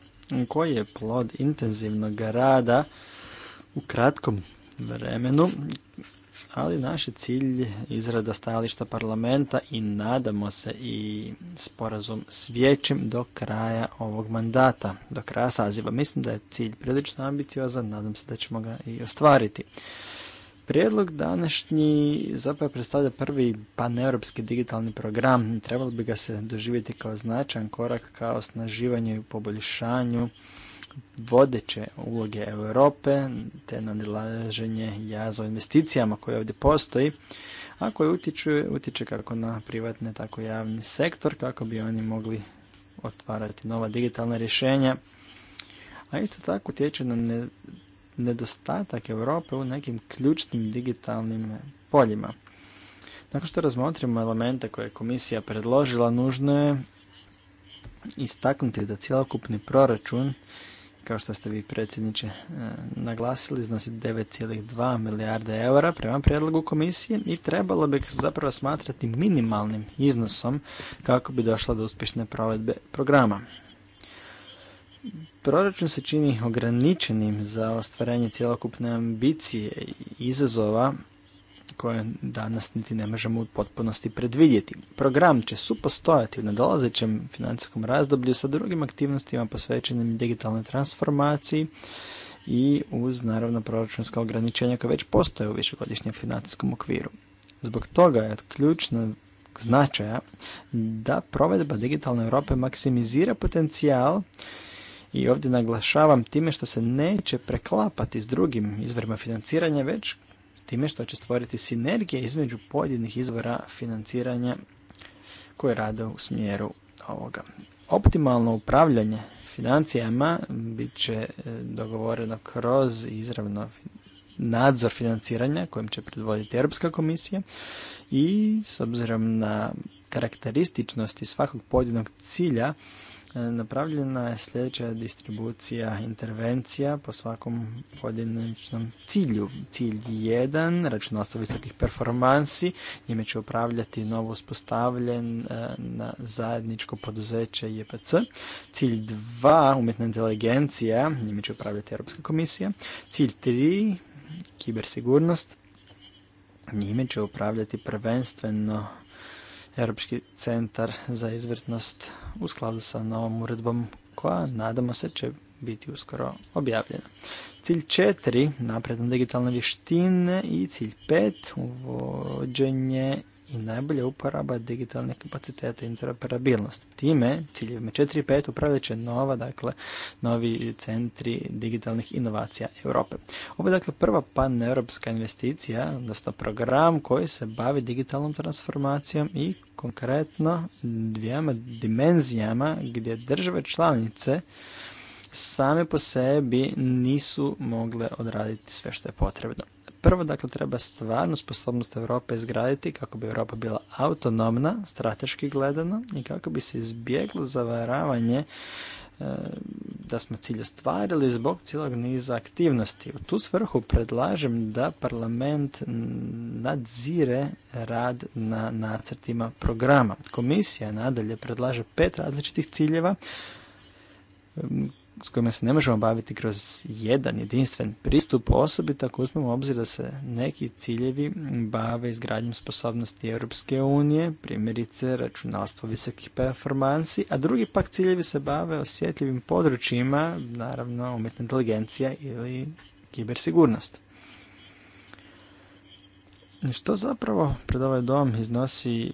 koji je plod intenzivnog rada u kratkom vremenu ali naš je cilj izrada stajališta parlamenta i nadamo se i sporazum s vijećem do kraja ovog mandata, do kraja saziva. Mislim da je cilj prilično ambiciozan, nadam se da ćemo ga i ostvariti. Prijedlog današnji zapravo predstavlja prvi paneuropski digitalni program trebalo bi ga se doživjeti kao značajan korak kao osnaživanju i poboljšanju vodeće uloge Europe, te nadilaženje jaza investicijama koje ovdje postoji, a koje utječe utiče kako na privatne, tako i javni sektor, kako bi oni mogli otvarati nova digitalna rješenja, a isto tako utječe na nedostatak Europe u nekim ključnim digitalnim poljima. Nakon što razmotrimo elemente koje je komisija predložila, nužno je istaknuti da cjelokupni proračun kao što ste vi predsjedniče e, naglasili, iznosi 9,2 milijarde eura prema prijedlogu komisije i trebalo bi zapravo smatrati minimalnim iznosom kako bi došlo do uspješne provedbe programa. Proračun se čini ograničenim za ostvarenje cjelokupne ambicije i izazova koje danas niti ne možemo u potpunosti predvidjeti. Program će supostojati u nadolazećem financijskom razdoblju sa drugim aktivnostima posvećenim digitalnoj transformaciji i uz naravno proračunska ograničenja koja već postoje u višegodišnjem financijskom okviru. Zbog toga je ključno značaja da provedba digitalne Europe maksimizira potencijal i ovdje naglašavam time što se neće preklapati s drugim izvorima financiranja, već time što će stvoriti sinergije između pojedinih izvora financiranja koje rade u smjeru ovoga. Optimalno upravljanje financijama bit će e, dogovoreno kroz izravno nadzor financiranja kojim će predvoditi Europska komisija i s obzirom na karakterističnosti svakog pojedinog cilja E, napravljena je sljedeća distribucija intervencija po svakom pojedinačnom cilju. Cilj 1, računalstvo visokih performansi, njime će upravljati novo uspostavljen e, na zajedničko poduzeće JPC. Cilj 2, umjetna inteligencija, njime će upravljati Europska komisija. Cilj 3, kibersigurnost, njime će upravljati prvenstveno Europski centar za izvrtnost u skladu sa novom uredbom koja nadamo se će biti uskoro objavljena. Cilj 4, napredno digitalne vještine i cilj pet, uvođenje i najbolja uporaba digitalnih kapaciteta i interoperabilnost. Time, ciljevima 4 i 5 upravljat nova, dakle, novi centri digitalnih inovacija Europe. Ovo je dakle prva paneuropska investicija, odnosno program koji se bavi digitalnom transformacijom i konkretno dvijema dimenzijama gdje države članice same po sebi nisu mogle odraditi sve što je potrebno. Prvo, dakle, treba stvarnu sposobnost Europe izgraditi kako bi Europa bila autonomna, strateški gledano i kako bi se izbjeglo zavaravanje e, da smo cilj ostvarili zbog cijelog niza aktivnosti. U tu svrhu predlažem da parlament nadzire rad na nacrtima programa. Komisija nadalje predlaže pet različitih ciljeva s kojima se ne možemo baviti kroz jedan jedinstven pristup, osobito ako uzmemo obzir da se neki ciljevi bave izgradnjom sposobnosti Europske unije, primjerice računalstvo visokih performansi, a drugi pak ciljevi se bave osjetljivim područjima, naravno umjetna inteligencija ili kibersigurnost što zapravo pred ovaj dom iznosi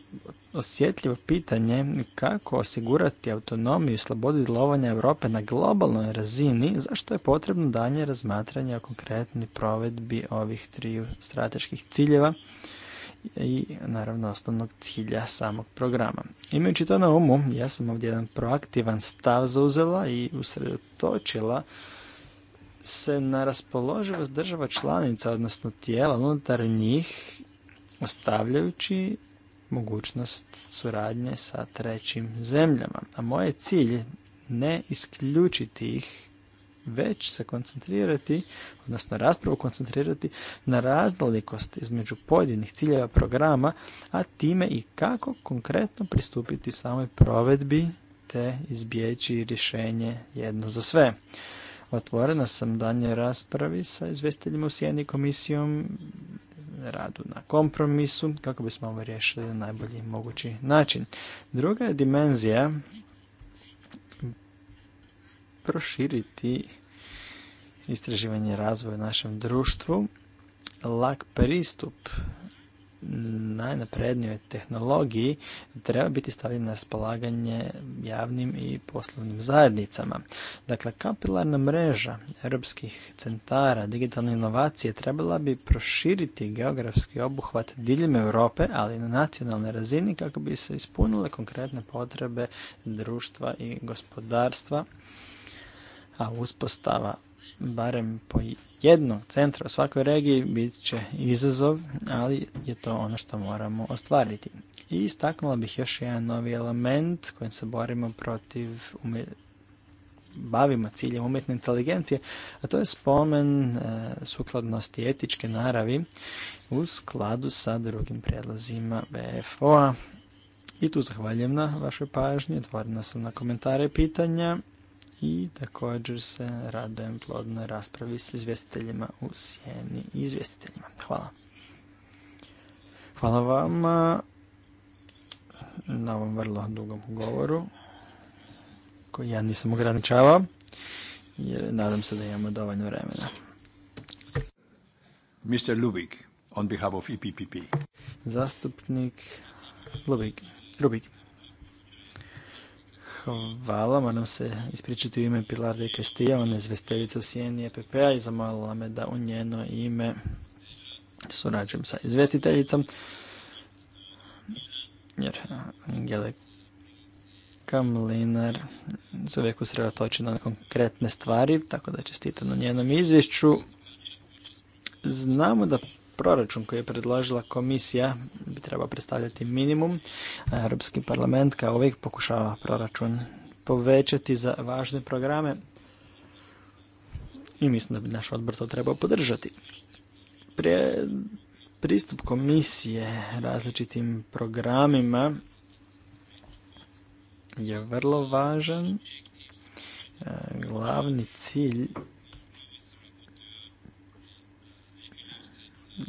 osjetljivo pitanje kako osigurati autonomiju i slobodu djelovanja Europe na globalnoj razini, zašto je potrebno danje razmatranje o konkretni provedbi ovih triju strateških ciljeva i naravno osnovnog cilja samog programa. Imajući to na umu, ja sam ovdje jedan proaktivan stav zauzela i usredotočila se na raspoloživost država članica, odnosno tijela unutar njih, ostavljajući mogućnost suradnje sa trećim zemljama. A moj je cilj ne isključiti ih, već se koncentrirati, odnosno raspravu koncentrirati na raznolikost između pojedinih ciljeva programa, a time i kako konkretno pristupiti samoj provedbi te izbjeći rješenje jedno za sve. Otvorena sam danje raspravi sa izvjestiteljima u Sijeni komisijom radu na kompromisu kako bismo ovo riješili na najbolji mogući način. Druga je dimenzija proširiti istraživanje razvoja u našem društvu, lak pristup najnaprednijoj tehnologiji treba biti stavljen na raspolaganje javnim i poslovnim zajednicama. Dakle, kapilarna mreža europskih centara digitalne inovacije trebala bi proširiti geografski obuhvat diljem Europe, ali i na nacionalnoj razini kako bi se ispunile konkretne potrebe društva i gospodarstva, a uspostava barem po jedno, centra u svakoj regiji bit će izazov, ali je to ono što moramo ostvariti. I istaknula bih još jedan novi element kojim se borimo protiv bavimo ciljem umjetne inteligencije, a to je spomen e, sukladnosti etičke naravi u skladu sa drugim prijedlozima BFO-a. I tu zahvaljujem na vašoj pažnji, otvorena sam na komentare i pitanja i također se radujem plodnoj raspravi s izvjestiteljima u sjeni i izvjestiteljima. Hvala. Hvala vam na ovom vrlo dugom govoru koji ja nisam ograničavao jer nadam se da imamo dovoljno vremena. Mr. Lubik, on behalf of EPPP. Zastupnik Lubik. Hvala, moram se ispričati u ime Pilar de Castilla, ona je u Sijeni EPP-a i zamolila me da u njeno ime surađujem sa izvestiteljicom. Jer Angele Kamlinar se uvijek usredotočena na konkretne stvari, tako da čestitam na njenom izvješću. Znamo da proračun koji je predložila komisija bi trebao predstavljati minimum. Europski parlament kao uvijek pokušava proračun povećati za važne programe i mislim da bi naš odbor to trebao podržati. Prije pristup komisije različitim programima je vrlo važan. E, glavni cilj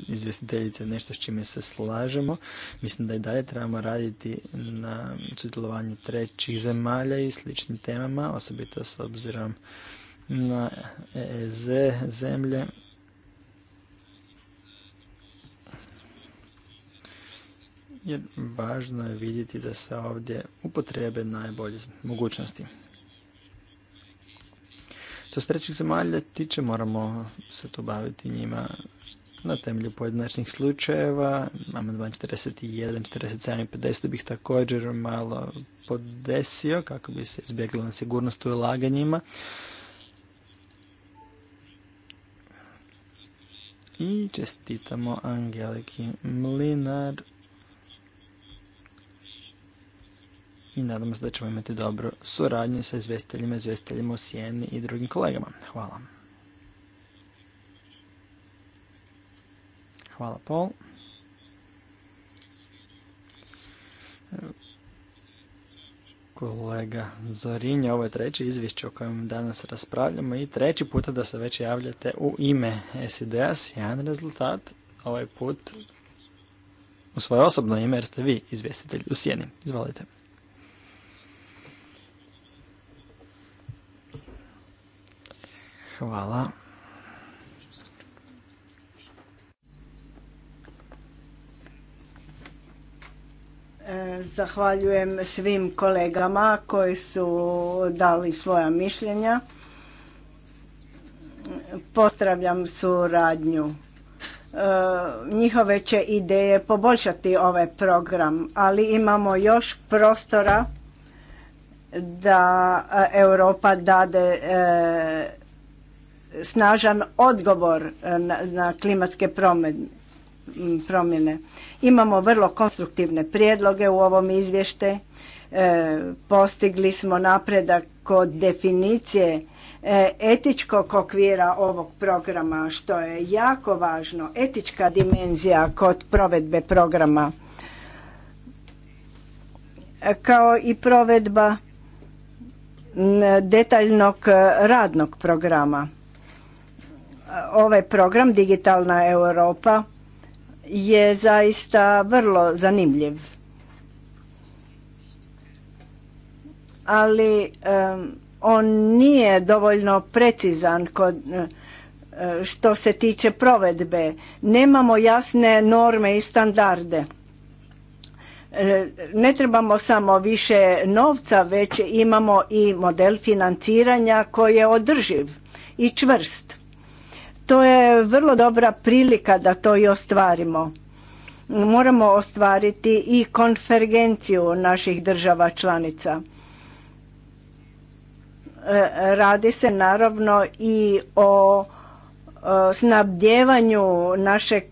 izvjestiteljice nešto s čime se slažemo. Mislim da i dalje trebamo raditi na sudjelovanju trećih zemalja i sličnim temama, osobito s obzirom na EZ e zemlje. Jer važno je vidjeti da se ovdje upotrebe najbolje mogućnosti. Što se trećih zemalja tiče, moramo se tu baviti njima na temelju pojedinačnih slučajeva, amandman 41, 47 i 50 bih također malo podesio kako bi se izbjegla na sigurnost u ulaganjima. I čestitamo Angeliki Mlinar i nadamo se da ćemo imati dobru suradnju sa izvjestiteljima, izvjestiteljima u Sijeni i drugim kolegama. Hvala. Hvala, Paul. Kolega Zorinja, ovo je treće izvješće o kojem danas raspravljamo i treći puta da se već javljate u ime SID-a. Sjajan rezultat, ovaj put u svoje osobno ime jer ste vi izvjestitelj u Sjeni. Izvolite. Hvala. E, zahvaljujem svim kolegama koji su dali svoja mišljenja. Pozdravljam suradnju. E, njihove će ideje poboljšati ovaj program, ali imamo još prostora da Europa dade e, snažan odgovor na klimatske promjene promjene. Imamo vrlo konstruktivne prijedloge u ovom izvješte. E, postigli smo napredak kod definicije e, etičkog okvira ovog programa, što je jako važno, etička dimenzija kod provedbe programa, kao i provedba detaljnog radnog programa. Ovaj program Digitalna Europa je zaista vrlo zanimljiv. Ali on nije dovoljno precizan kod eh, što se tiče provedbe. Nemamo jasne norme i standarde. Eh, ne trebamo samo više novca, već imamo i model financiranja koji je održiv i čvrst to je vrlo dobra prilika da to i ostvarimo. Moramo ostvariti i konfergenciju naših država članica. E, radi se naravno i o e, snabdjevanju našeg,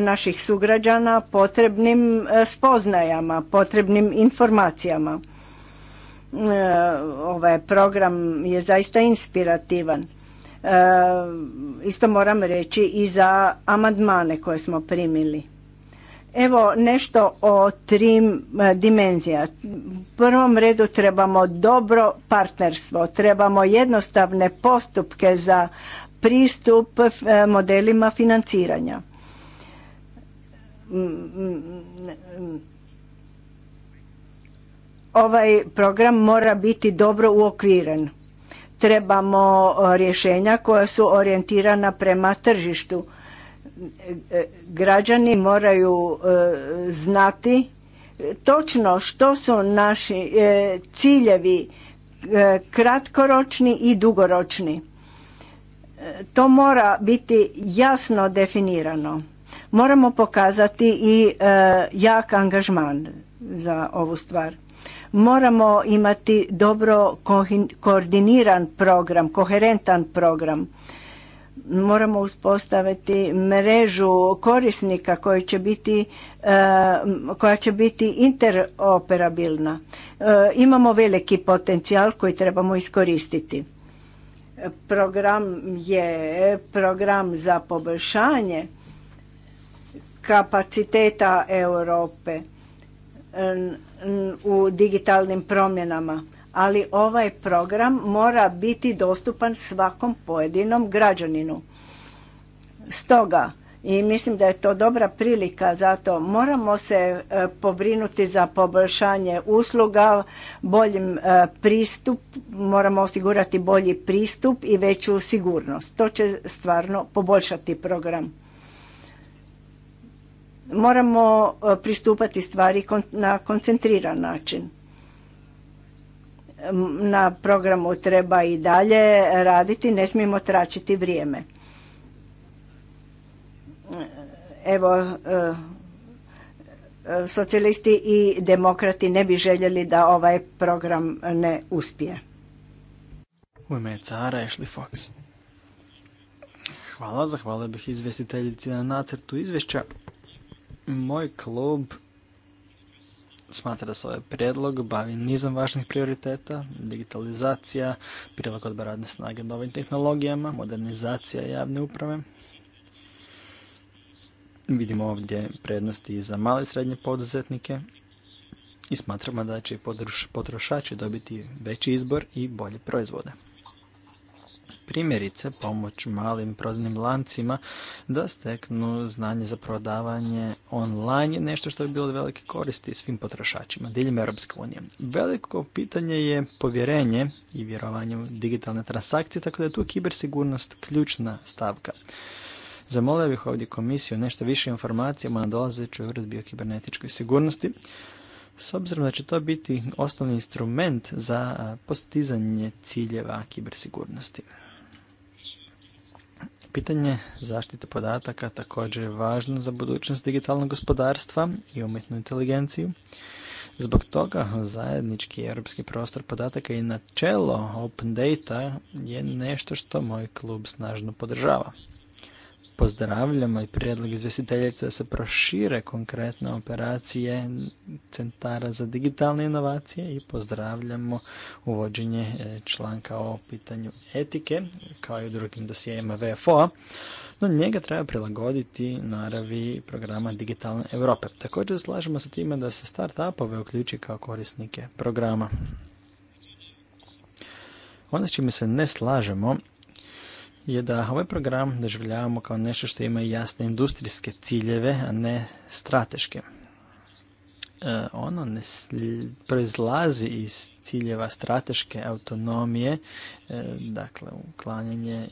naših sugrađana potrebnim e, spoznajama, potrebnim informacijama. Ovaj program je zaista inspirativan Ehm, isto moram reći i za amandmane koje smo primili. Evo nešto o tri eh, dimenzija. U prvom redu trebamo dobro partnerstvo, trebamo jednostavne postupke za pristup eh, modelima financiranja. Mm, mm, mm. Ovaj program mora biti dobro uokviren Trebamo e, rješenja koja su orijentirana prema tržištu. E, građani moraju e, znati točno što su naši ciljevi kratkoročni i dugoročni. To mora biti jasno definirano. Moramo pokazati i jak angažman za ovu stvar. Moramo imati dobro koordiniran program, koherentan program. Moramo uspostaviti mrežu korisnika koja će biti, eh, koja će biti interoperabilna. Eh, imamo veliki potencijal koji trebamo iskoristiti. Program je program za poboljšanje kapaciteta Europe u digitalnim promjenama, ali ovaj program mora biti dostupan svakom pojedinom građaninu. Stoga, i mislim da je to dobra prilika zato moramo se e, pobrinuti za poboljšanje usluga, boljim e, pristup, moramo osigurati bolji pristup i veću sigurnost. To će stvarno poboljšati program. Moramo e, pristupati stvari na koncentriran način. Na programu treba i dalje raditi, ne smijemo tračiti vrijeme. Evo, e, e, socijalisti i demokrati ne bi željeli da ovaj program ne uspije. U ime cara Ashley Fox. Hvala, zahvala bih izvjestiteljici na nacrtu izvješća. Moj klub smatra da se ovaj predlog bavi nizom važnih prioriteta, digitalizacija, prilagodba radne snage novim tehnologijama, modernizacija javne uprave. Vidimo ovdje prednosti i za male i srednje poduzetnike i smatramo da će potrošači dobiti veći izbor i bolje proizvode primjerice pomoć malim prodajnim lancima da steknu znanje za prodavanje online je nešto što bi bilo velike koristi svim potrošačima diljem Europske unije. Veliko pitanje je povjerenje i vjerovanje u digitalne transakcije, tako da je tu kibersigurnost ključna stavka. Zamolio bih ovdje komisiju nešto više informacijama o dolazećoj uredbi o kibernetičkoj sigurnosti, s obzirom da će to biti osnovni instrument za postizanje ciljeva kibersigurnosti. Pitanje zaštite podataka također je važno za budućnost digitalnog gospodarstva i umjetnu inteligenciju. Zbog toga zajednički europski prostor podataka i načelo open data je nešto što moj klub snažno podržava. Pozdravljamo i prijedlog izvjestiteljice da se prošire konkretne operacije centara za digitalne inovacije i pozdravljamo uvođenje e, članka o pitanju etike kao i u drugim dosijejima VFO-a, no njega treba prilagoditi naravi programa Digitalne Europe. Također slažemo se time da se start-upove uključi kao korisnike programa. Ono s čime se ne slažemo je da ovaj program doživljavamo kao nešto što ima jasne industrijske ciljeve, a ne strateške. E, ono ne proizlazi iz ciljeva strateške autonomije, e, dakle uklanjanje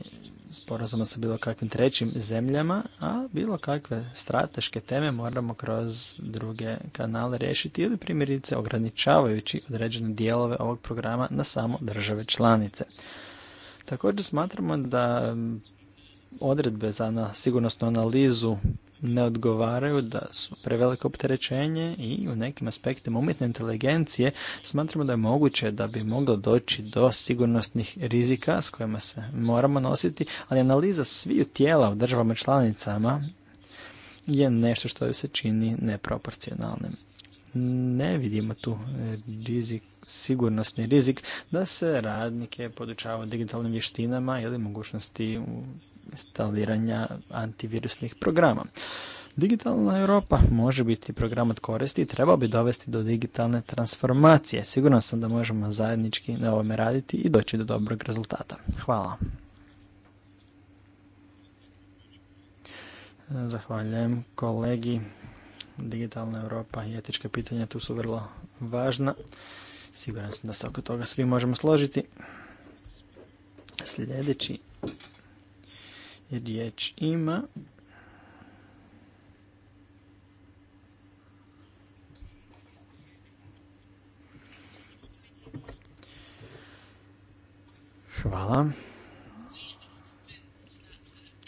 sporazuma sa bilo kakvim trećim zemljama, a bilo kakve strateške teme moramo kroz druge kanale riješiti ili primjerice ograničavajući određene dijelove ovog programa na samo države članice. Također smatramo da mm, odredbe za na sigurnosnu analizu ne odgovaraju, da su preveliko opterećenje i u nekim aspektima umjetne inteligencije smatramo da je moguće da bi moglo doći do sigurnosnih rizika s kojima se moramo nositi, ali analiza sviju tijela u državama članicama je nešto što se čini neproporcionalnim ne vidimo tu e, rizik, sigurnosni rizik da se radnike podučava digitalnim vještinama ili mogućnosti instaliranja antivirusnih programa. Digitalna Europa može biti program od koristi i treba bi dovesti do digitalne transformacije. Siguran sam da možemo zajednički na ovome raditi i doći do dobrog rezultata. Hvala. Zahvaljujem kolegi digitalna Europa i etička pitanja tu su vrlo važna. Siguran sam da se oko toga svi možemo složiti. Sljedeći riječ ima Hvala.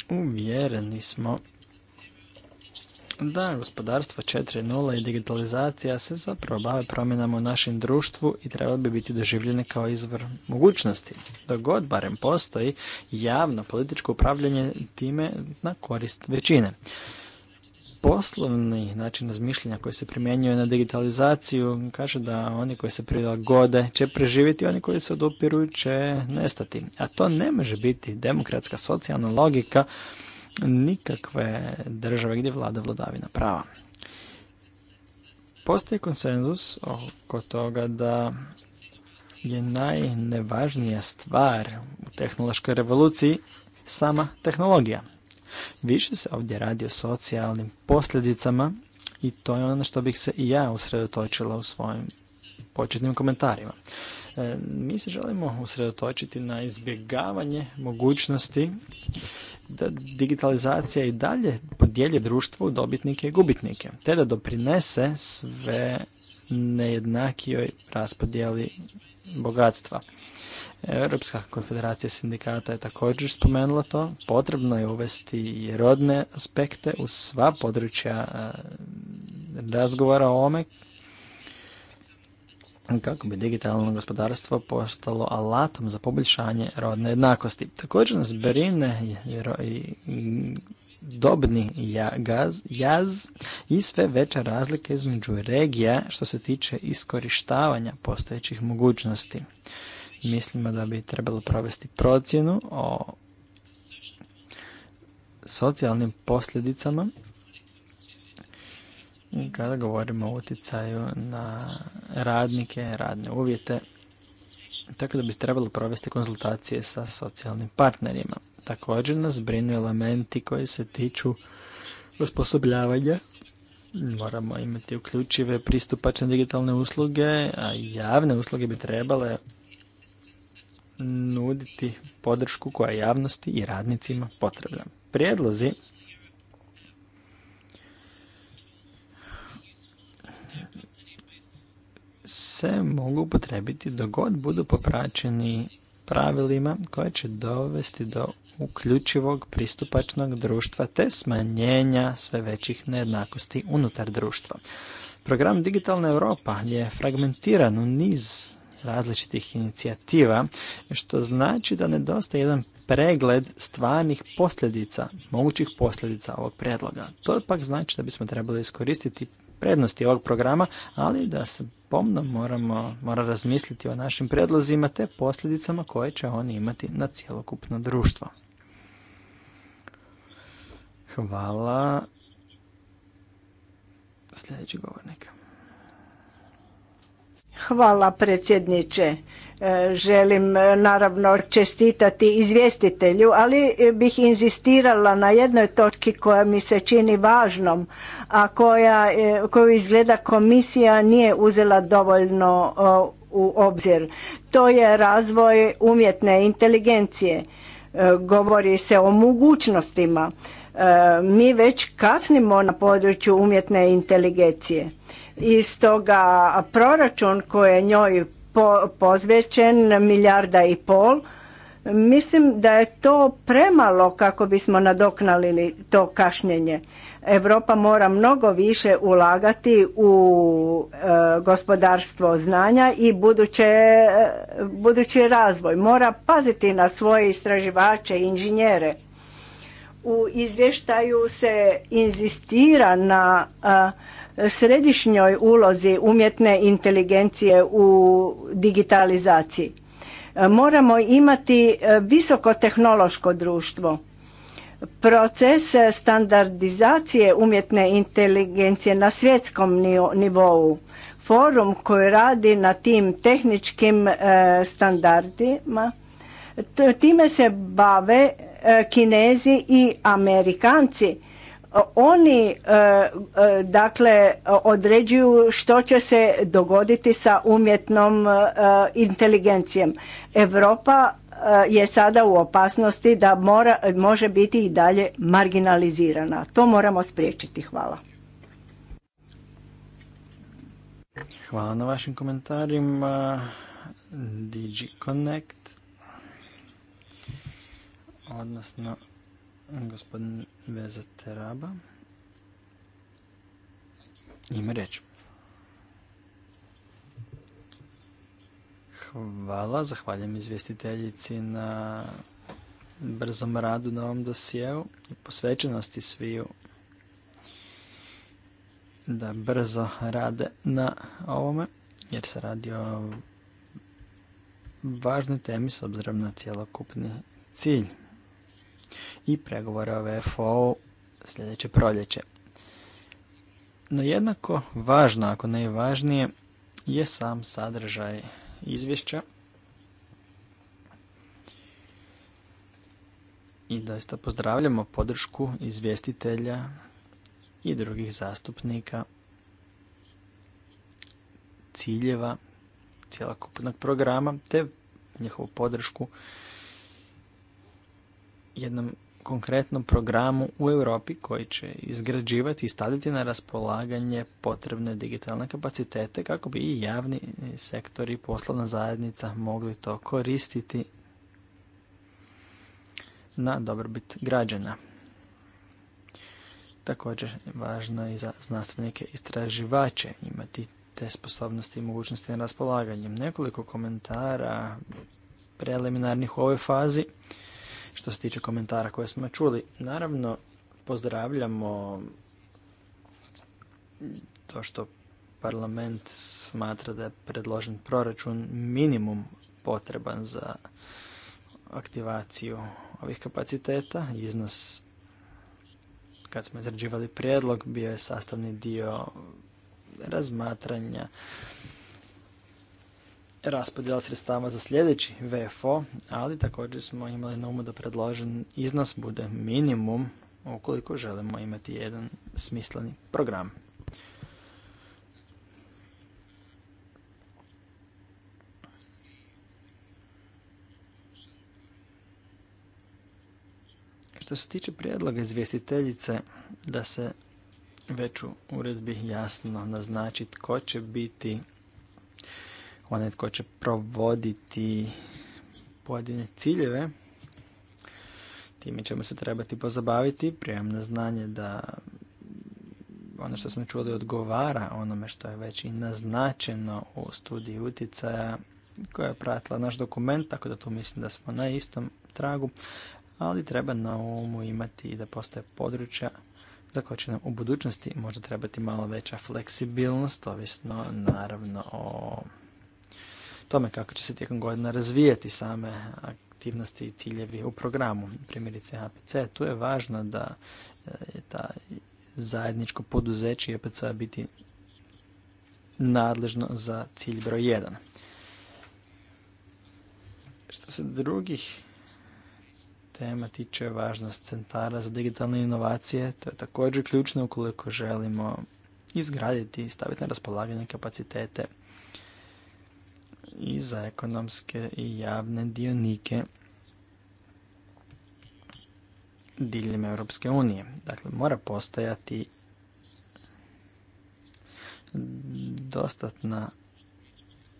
Uvjereni smo da gospodarstvo 4.0 i digitalizacija se zapravo bave promjenama u našem društvu i treba bi biti doživljene kao izvor mogućnosti. Dok god barem postoji javno političko upravljanje time na korist većine. Poslovni način razmišljanja koji se primjenjuje na digitalizaciju kaže da oni koji se prilagode će preživjeti, oni koji se odupiru će nestati. A to ne može biti demokratska socijalna logika nikakve države gdje vlada vladavina prava. Postoji konsenzus oko toga da je najnevažnija stvar u tehnološkoj revoluciji sama tehnologija. Više se ovdje radi o socijalnim posljedicama i to je ono što bih se i ja usredotočila u svojim početnim komentarima. E, mi se želimo usredotočiti na izbjegavanje mogućnosti da digitalizacija i dalje podijelje društvu u dobitnike i gubitnike, te da doprinese sve nejednakijoj raspodjeli bogatstva. Europska konfederacija sindikata je također spomenula to. Potrebno je uvesti i rodne aspekte u sva područja eh, razgovora o ome kako bi digitalno gospodarstvo postalo alatom za poboljšanje rodne jednakosti. Također nas brine dobni jaz i sve veća razlika između regija što se tiče iskorištavanja postojećih mogućnosti. Mislimo da bi trebalo provesti procjenu o socijalnim posljedicama kada govorimo o utjecaju na radnike, radne uvjete, tako da bi trebalo provesti konzultacije sa socijalnim partnerima. Također nas brinu elementi koji se tiču osposobljavanja. Moramo imati uključive pristupačne digitalne usluge, a javne usluge bi trebale nuditi podršku koja javnosti i radnicima potrebna. Prijedlozi se mogu upotrebiti dok god budu popraćeni pravilima koje će dovesti do uključivog pristupačnog društva te smanjenja sve većih nejednakosti unutar društva. Program Digitalna Europa je fragmentiran u niz različitih inicijativa, što znači da nedostaje jedan pregled stvarnih posljedica, mogućih posljedica ovog prijedloga. To pak znači da bismo trebali iskoristiti prednosti ovog programa, ali da se pomno moramo, mora razmisliti o našim predlozima te posljedicama koje će oni imati na cjelokupno društvo. Hvala. Sljedeći govornik. Hvala predsjedniče. E, želim e, naravno čestitati izvjestitelju, ali e, bih inzistirala na jednoj točki koja mi se čini važnom, a koja, koju izgleda komisija nije uzela dovoljno u obzir. To je razvoj umjetne inteligencije. Govori se o mogućnostima. Mi već kasnimo na području umjetne inteligencije i stoga proračun koji je njoj po, pozvećen milijarda i pol mislim da je to premalo kako bismo nadoknalili to kašnjenje europa mora mnogo više ulagati u e, gospodarstvo znanja i e, budući razvoj mora paziti na svoje istraživače inženjere u izvještaju se inzistira na središnjoj ulozi umjetne inteligencije u digitalizaciji. Moramo imati e, visoko tehnološko društvo. Proces e, standardizacije umjetne inteligencije na svjetskom nivou forum koji radi na tim tehničkim e, standardima time se bave Kinezi i Amerikanci oni e, e, dakle određuju što će se dogoditi sa umjetnom e, inteligencijom. Europa je sada u opasnosti da mora, može biti i dalje marginalizirana. To moramo spriječiti. Hvala. Hvala na vašim komentarima. DigiConnect odnosno gospodin Vezate raba. ima reč. Hvala, zahvaljujem izvjestiteljici na brzom radu na ovom dosjeu i posvećenosti sviju da brzo rade na ovome, jer se radi o važnoj temi s obzirom na cijelokupni cilj i pregovora o VFO sljedeće proljeće. No jednako važno, ako ne važnije, je sam sadržaj izvješća i doista pozdravljamo podršku izvjestitelja i drugih zastupnika ciljeva cjelokupnog programa te njihovu podršku jednom konkretnom programu u Europi koji će izgrađivati i staviti na raspolaganje potrebne digitalne kapacitete kako bi i javni sektor i poslovna zajednica mogli to koristiti na dobrobit građana. Također važno je i za znanstvenike istraživače imati te sposobnosti i mogućnosti na raspolaganjem. Nekoliko komentara preliminarnih u ovoj fazi što se tiče komentara koje smo čuli. Naravno, pozdravljamo to što parlament smatra da je predložen proračun minimum potreban za aktivaciju ovih kapaciteta. Iznos kad smo izrađivali prijedlog bio je sastavni dio razmatranja raspodjela sredstava za sljedeći VFO, ali također smo imali na umu da predložen iznos bude minimum ukoliko želimo imati jedan smisleni program. Što se tiče prijedloga izvjestiteljice da se već u uredbi jasno naznači tko će biti onaj tko će provoditi pojedine ciljeve. Time ćemo se trebati pozabaviti. Prijem na znanje da ono što smo čuli odgovara onome što je već i naznačeno u studiji utjecaja koja je pratila naš dokument, tako da tu mislim da smo na istom tragu, ali treba na umu imati i da postoje područja za koje će nam u budućnosti možda trebati malo veća fleksibilnost, ovisno naravno o tome kako će se tijekom godina razvijati same aktivnosti i ciljevi u programu. Primjerice APC, tu je važno da e, je ta zajedničko poduzeće a biti nadležno za cilj broj 1. Što se drugih tema tiče važnost centara za digitalne inovacije, to je također ključno ukoliko želimo izgraditi i staviti na raspolaganje kapacitete i za ekonomske i javne dionike diljem Europske unije. Dakle, mora postojati dostatna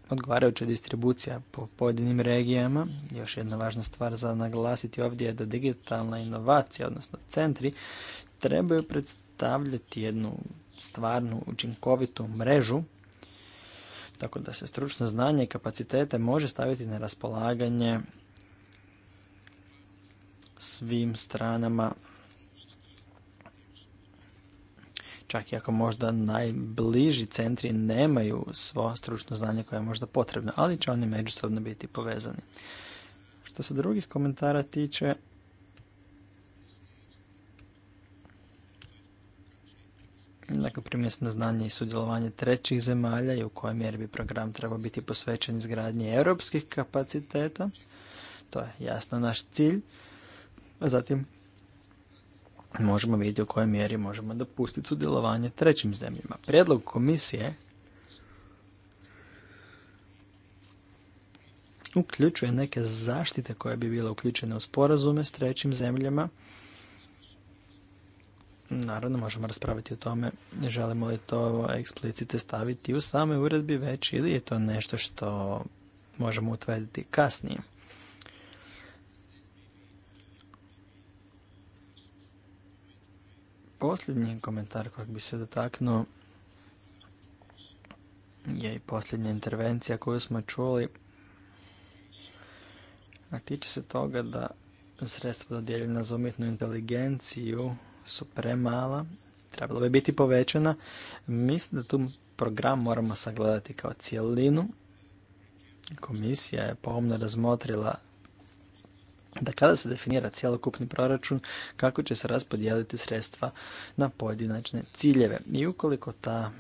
odgovarajuća distribucija po pojedinim regijama. Još jedna važna stvar za naglasiti ovdje je da digitalna inovacija, odnosno centri, trebaju predstavljati jednu stvarnu učinkovitu mrežu tako da se stručno znanje i kapacitete može staviti na raspolaganje svim stranama čak i ako možda najbliži centri nemaju svo stručno znanje koje je možda potrebno, ali će oni međusobno biti povezani. Što se drugih komentara tiče, Dakle, primio znanje i sudjelovanje trećih zemalja i u kojoj mjeri bi program trebao biti posvećen izgradnji europskih kapaciteta. To je jasno naš cilj. zatim možemo vidjeti u kojoj mjeri možemo dopustiti sudjelovanje trećim zemljama. Prijedlog komisije uključuje neke zaštite koje bi bile uključene u sporazume s trećim zemljama Naravno, možemo raspraviti o tome želimo li to eksplicite staviti u same uredbi već ili je to nešto što možemo utvrditi kasnije. Posljednji komentar kojeg bi se dotaknuo je i posljednja intervencija koju smo čuli. A tiče se toga da sredstva dodijeljena za umjetnu inteligenciju su premala, trebalo bi biti povećana. Mislim da tu program moramo sagledati kao cijelinu. Komisija je pomno razmotrila da kada se definira cjelokupni proračun, kako će se raspodijeliti sredstva na pojedinačne ciljeve. I ukoliko ta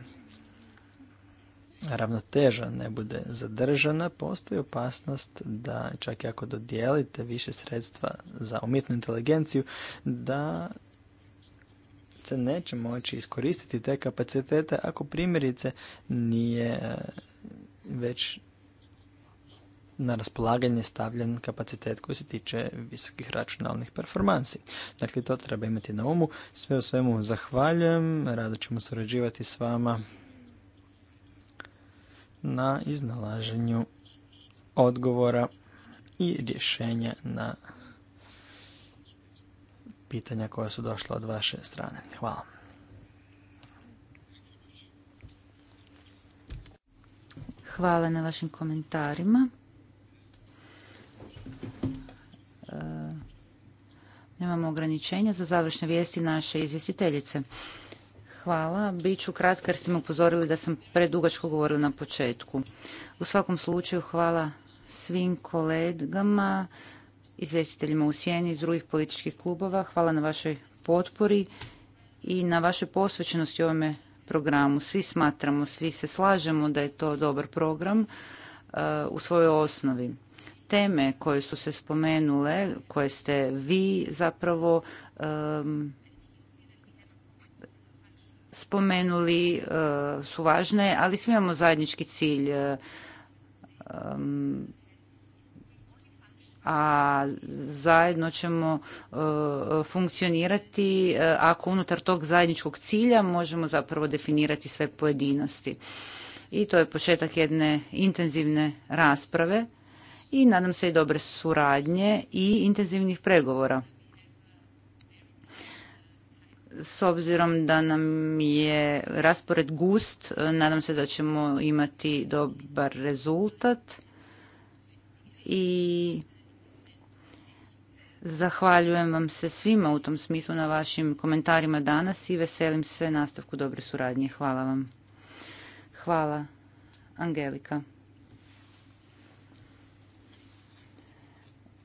ravnoteža ne bude zadržana, postoji opasnost da čak i ako dodijelite više sredstva za umjetnu inteligenciju, da se neće moći iskoristiti te kapacitete ako primjerice nije e, već na raspolaganje stavljen kapacitet koji se tiče visokih računalnih performansi. Dakle, to treba imati na umu. Sve u svemu zahvaljujem, rado ćemo surađivati s vama na iznalaženju odgovora i rješenja na pitanja koja su došla od vaše strane. Hvala. Hvala na vašim komentarima. E, nemamo ograničenja za završne vijesti naše izvjestiteljice. Hvala. Biću kratka jer ste me upozorili da sam predugačko govorila na početku. U svakom slučaju hvala svim kolegama izvjestiteljima u Sjeni iz drugih političkih klubova. Hvala na vašoj potpori i na vašoj posvećenosti ovome programu. Svi smatramo, svi se slažemo da je to dobar program e, u svojoj osnovi. Teme koje su se spomenule, koje ste vi zapravo spomenuli e, su važne, ali svi imamo zajednički cilj. E, a zajedno ćemo e, funkcionirati e, ako unutar tog zajedničkog cilja možemo zapravo definirati sve pojedinosti. I to je početak jedne intenzivne rasprave i nadam se i dobre suradnje i intenzivnih pregovora. S obzirom da nam je raspored gust, e, nadam se da ćemo imati dobar rezultat i Zahvaljujem vam se svima u tom smislu na vašim komentarima danas i veselim se nastavku dobre suradnje. Hvala vam. Hvala, Angelika.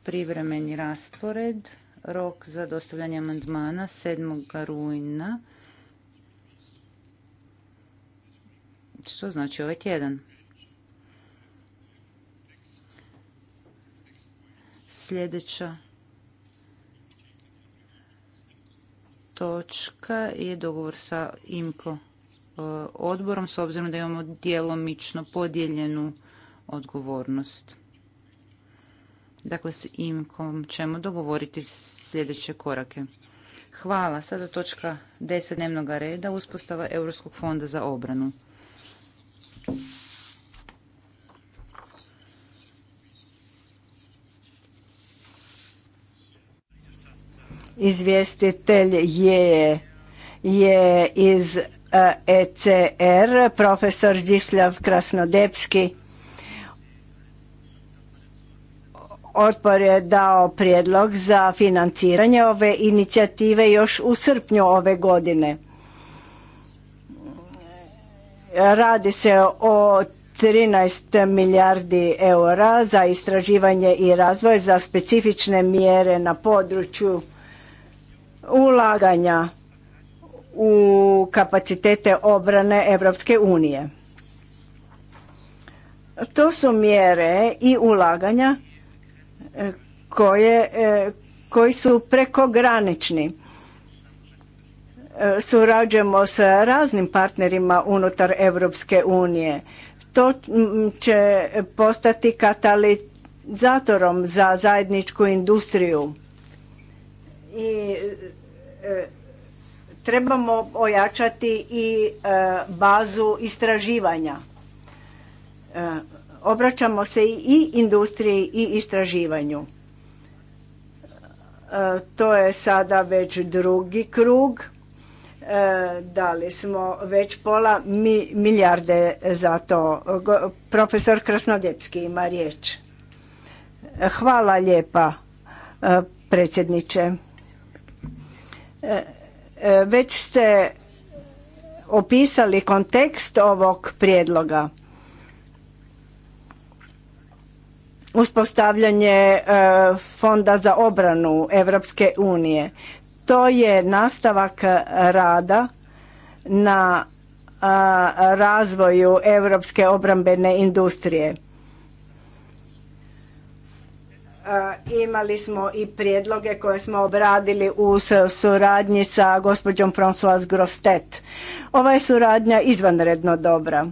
Privremeni raspored, rok za dostavljanje amandmana 7. rujna. Što znači ovaj tjedan? Sljedeća točka je dogovor sa IMKO e, odborom s obzirom da imamo djelomično podijeljenu odgovornost. Dakle, s IMKOM ćemo dogovoriti sljedeće korake. Hvala. Sada točka 10 dnevnog reda, uspostava Europskog fonda za obranu. Izvjestitelj je, je iz ECR, eh, e profesor Žislav Krasnodepski. Otpor je dao prijedlog za financiranje ove inicijative još u srpnju ove godine. Radi se o 13 milijardi eura za istraživanje i razvoj za specifične mjere na području ulaganja u kapacitete obrane Europske unije. To su mjere i ulaganja e, e, koji su prekogranični. E, surađujemo sa raznim partnerima unutar Europske unije. To će postati katalizatorom za zajedničku industriju i e, trebamo ojačati i e, bazu istraživanja. E, obraćamo se i industriji i istraživanju. To je sada već drugi krug. Dali smo već pola milijarde za to. Profesor Krasnodjepski ima riječ. Hvala lijepa predsjedniče. E, e, već ste opisali kontekst ovog prijedloga. Uspostavljanje e, fonda za obranu Europske unije. To je nastavak rada na razvoju europske obrambene industrije E, imali smo i prijedloge koje smo obradili u suradnji sa gospođom Françoise Grostet. Ova je suradnja izvanredno dobra.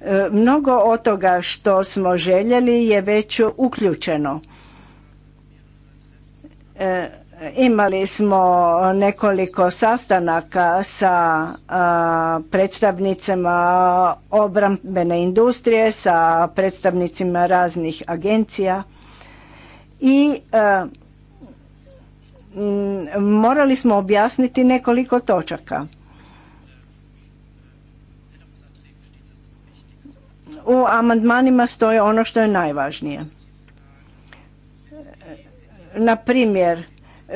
E, mnogo od toga što smo željeli je već uključeno. E, Imali smo nekoliko sastanaka sa predstavnicima obrambene industrije, sa predstavnicima raznih agencija i morali smo objasniti nekoliko točaka. U amandmanima stoje ono što je najvažnije. Na primjer,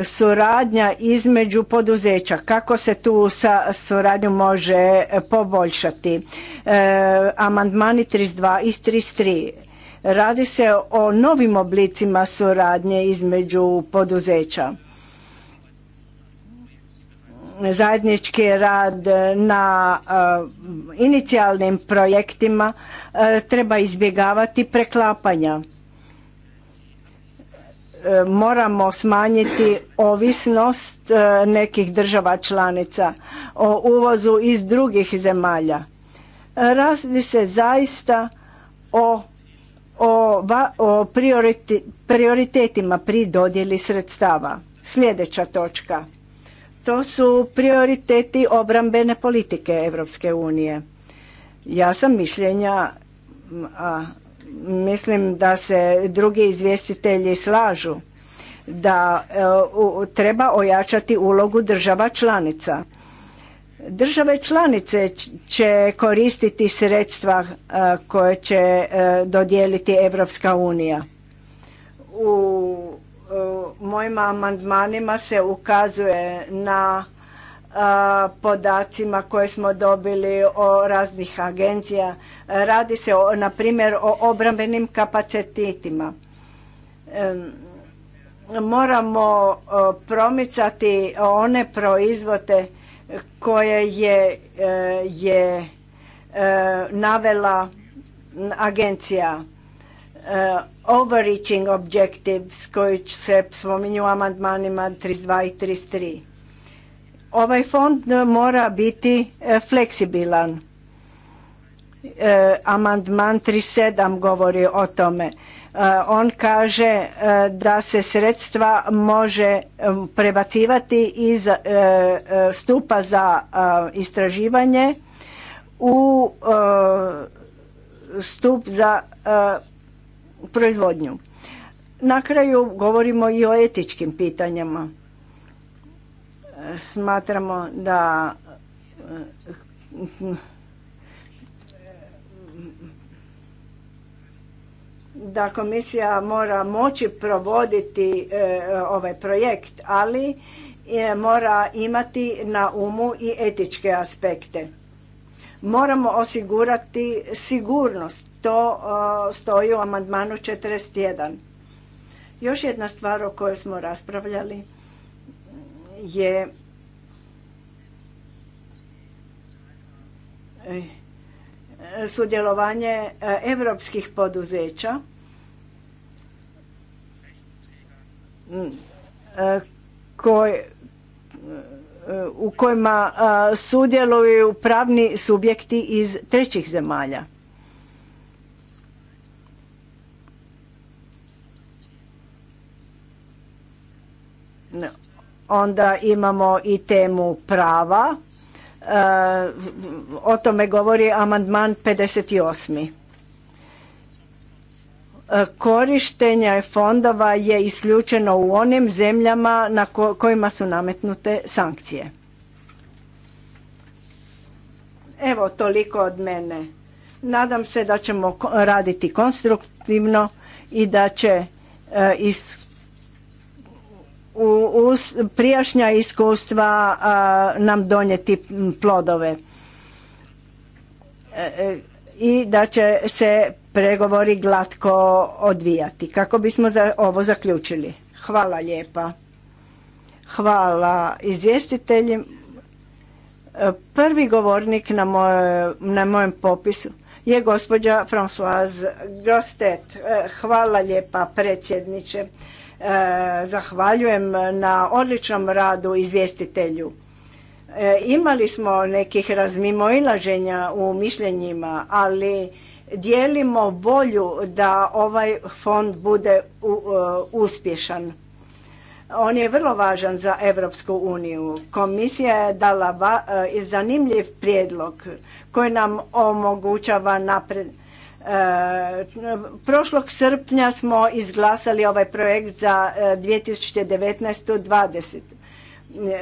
suradnja između poduzeća, kako se tu sa suradnju može poboljšati. E, amandmani 32 i 33. Radi se o novim oblicima suradnje između poduzeća. Zajednički rad na e, inicijalnim projektima e, treba izbjegavati preklapanja E, moramo smanjiti ovisnost e, nekih država članica o uvozu iz drugih zemalja. Radi se zaista o, o, prioritetima pri dodjeli sredstava. Sljedeća točka. To su prioriteti obrambene politike Europske unije. Ja sam mišljenja a, mislim da se drugi izvjestitelji slažu da e, treba ojačati ulogu država članica. Države članice će koristiti sredstva e, koje će e, dodijeliti Evropska unija. U, u mojim amandmanima se ukazuje na podacima koje smo dobili o raznih agencija. Radi se na primjer o obrambenim kapacitetima. Moramo promicati one proizvode koje je, e, je e, navela agencija e, overreaching objectives koji se spominju u amandmanima 32 i 33. Ovaj fond mora biti e, fleksibilan. E, amandman 37 govori o tome. E, on kaže e, da se sredstva može prebacivati iz stupa za istraživanje u stup za proizvodnju. Na kraju govorimo i o etičkim pitanjama. Smatramo da da komisija mora moći provoditi e, ovaj projekt, ali e, mora imati na umu i etičke aspekte. Moramo osigurati sigurnost, to e, stoji u amandmanu 41. Još jedna stvar o kojoj smo raspravljali je e, sudjelovanje europskih poduzeća e, e, u kojima sudjeluju pravni subjekti iz trećih zemalja. Onda imamo i temu prava. E, o tome govori amandman 58 e, korištenje fondova je isključeno u onim zemljama na kojima su nametnute sankcije. Evo toliko od mene. Nadam se da ćemo raditi konstruktivno i da će e, iz u prijašnja iskustva nam donijeti plodove e, e, i da će se pregovori glatko odvijati kako bismo za ovo zaključili. Hvala lijepa. Hvala izvjestitelji. E, prvi govornik na, moj, na mojem popisu je gospođa Françoise Grostet. Hvala lijepa predsjedniče. E, zahvaljujem na odličnom radu izvjestitelju. E, imali smo nekih razmimoilaženja u mišljenjima, ali dijelimo volju da ovaj fond bude e, uspješan. On je vrlo važan za Europsku uniju. Komisija je dala zanimljiv prijedlog koji nam omogućava napred E, prošlog srpnja smo izglasali ovaj projekt za 2019. E, 2020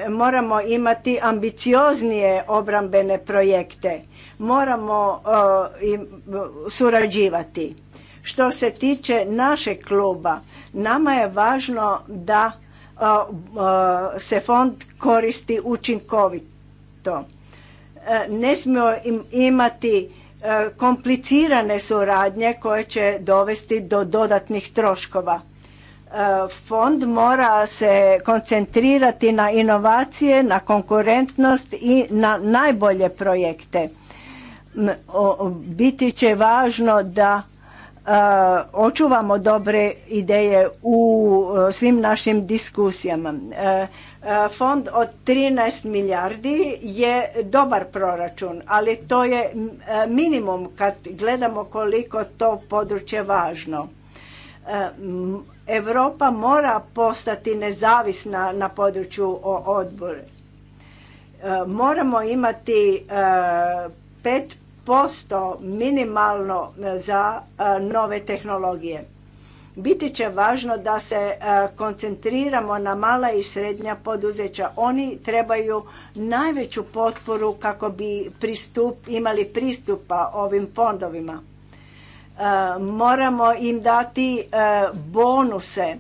e, Moramo imati ambicioznije obrambene projekte. Moramo surađivati. Što se tiče našeg kluba, nama je važno da se fond koristi učinkovito. Ne smijemo imati E, komplicirane suradnje koje će dovesti do dodatnih troškova. E, fond mora se koncentrirati na inovacije, na konkurentnost i na najbolje projekte. Biti će važno da e, očuvamo dobre ideje u svim našim diskusijama. Fond od 13 milijardi je dobar proračun, ali to je e, minimum kad gledamo koliko to područje važno. E, Europa mora postati nezavisna na području odbore. E, moramo imati 5% minimalno za nove tehnologije. Biti će važno da se e, koncentriramo na mala i srednja poduzeća. Oni trebaju najveću potporu kako bi pristup, imali pristupa ovim fondovima. E, moramo im dati e, bonuse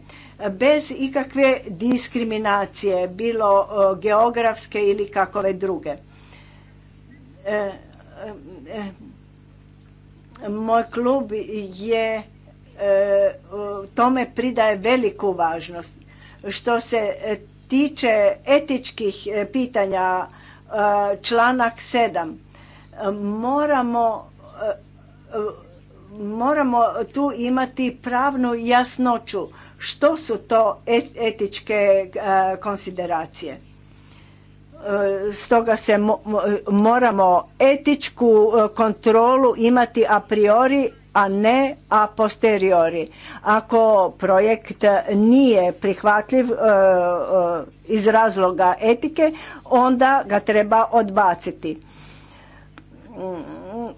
bez ikakve diskriminacije, bilo geografske ili kakove druge. Moj klub je E, tome pridaje veliku važnost. Što se e, tiče etičkih e, pitanja, članak 7. Moramo moramo tu imati pravnu jasnoću što su to etičke konsideracije. Stoga se moramo etičku kontrolu imati a priori, a ne a posteriori. Ako projekt nije prihvatljiv e, e, iz razloga etike, onda ga treba odbaciti.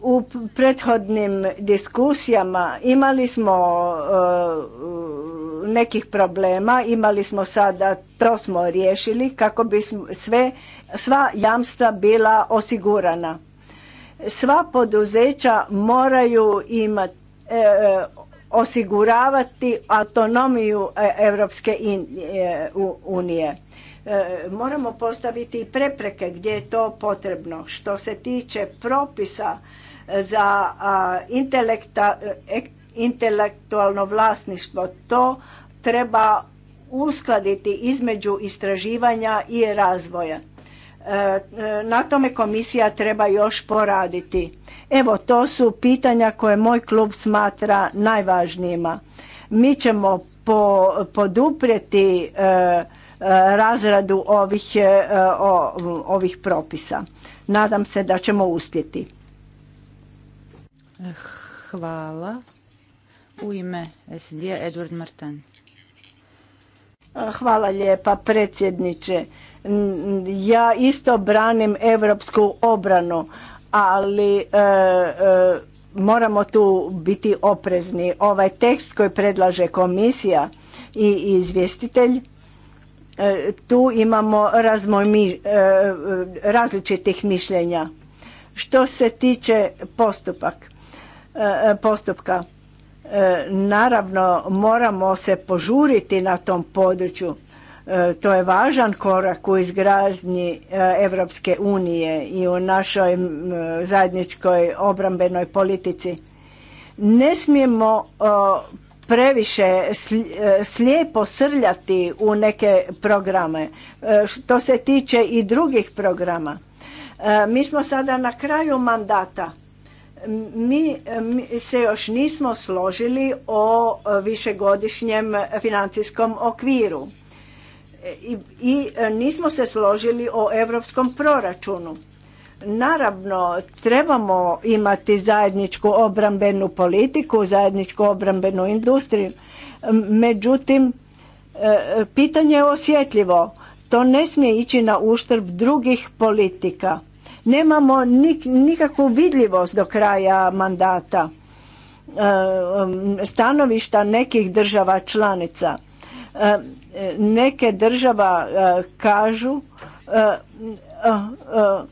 U prethodnim diskusijama imali smo e, nekih problema, imali smo sada, to smo riješili kako bi sve, sva jamstva bila osigurana Sva poduzeća moraju imati e, osiguravati autonomiju Europske e, unije. E, moramo postaviti i prepreke gdje je to potrebno. Što se tiče propisa za intelektualno vlasništvo, to treba uskladiti između istraživanja i razvoja. Na tome komisija treba još poraditi. Evo, to su pitanja koje moj klub smatra najvažnijima. Mi ćemo poduprijeti e, e, razradu ovih, e, ovih propisa. Nadam se da ćemo uspjeti. Hvala. U ime SND Edward Martin. Hvala lijepa predsjedniče. Ja isto branim europsku obranu, ali e, e, moramo tu biti oprezni. Ovaj tekst koji predlaže komisija i izvjestitelj, e, tu imamo različitih mišljenja. Što se tiče postupak, postupka, naravno moramo se požuriti na tom području E, to je važan korak u izgradnji e, Evropske unije i u našoj zajedničkoj obrambenoj politici. Ne smijemo e, previše slijepo srljati u neke programe. Što se tiče i drugih programa. Mi smo sada na kraju mandata. mi se još nismo složili o višegodišnjem financijskom okviru. E, i, i e, nismo se složili o europskom proračunu. Naravno, trebamo imati zajedničku obrambenu politiku, zajedničku obrambenu industriju. Međutim, e, pitanje je osjetljivo. To ne smije ići na uštrb drugih politika. Nemamo nikakvu vidljivost do kraja mandata stanovišta nekih država članica. Neke država e, kažu e, e,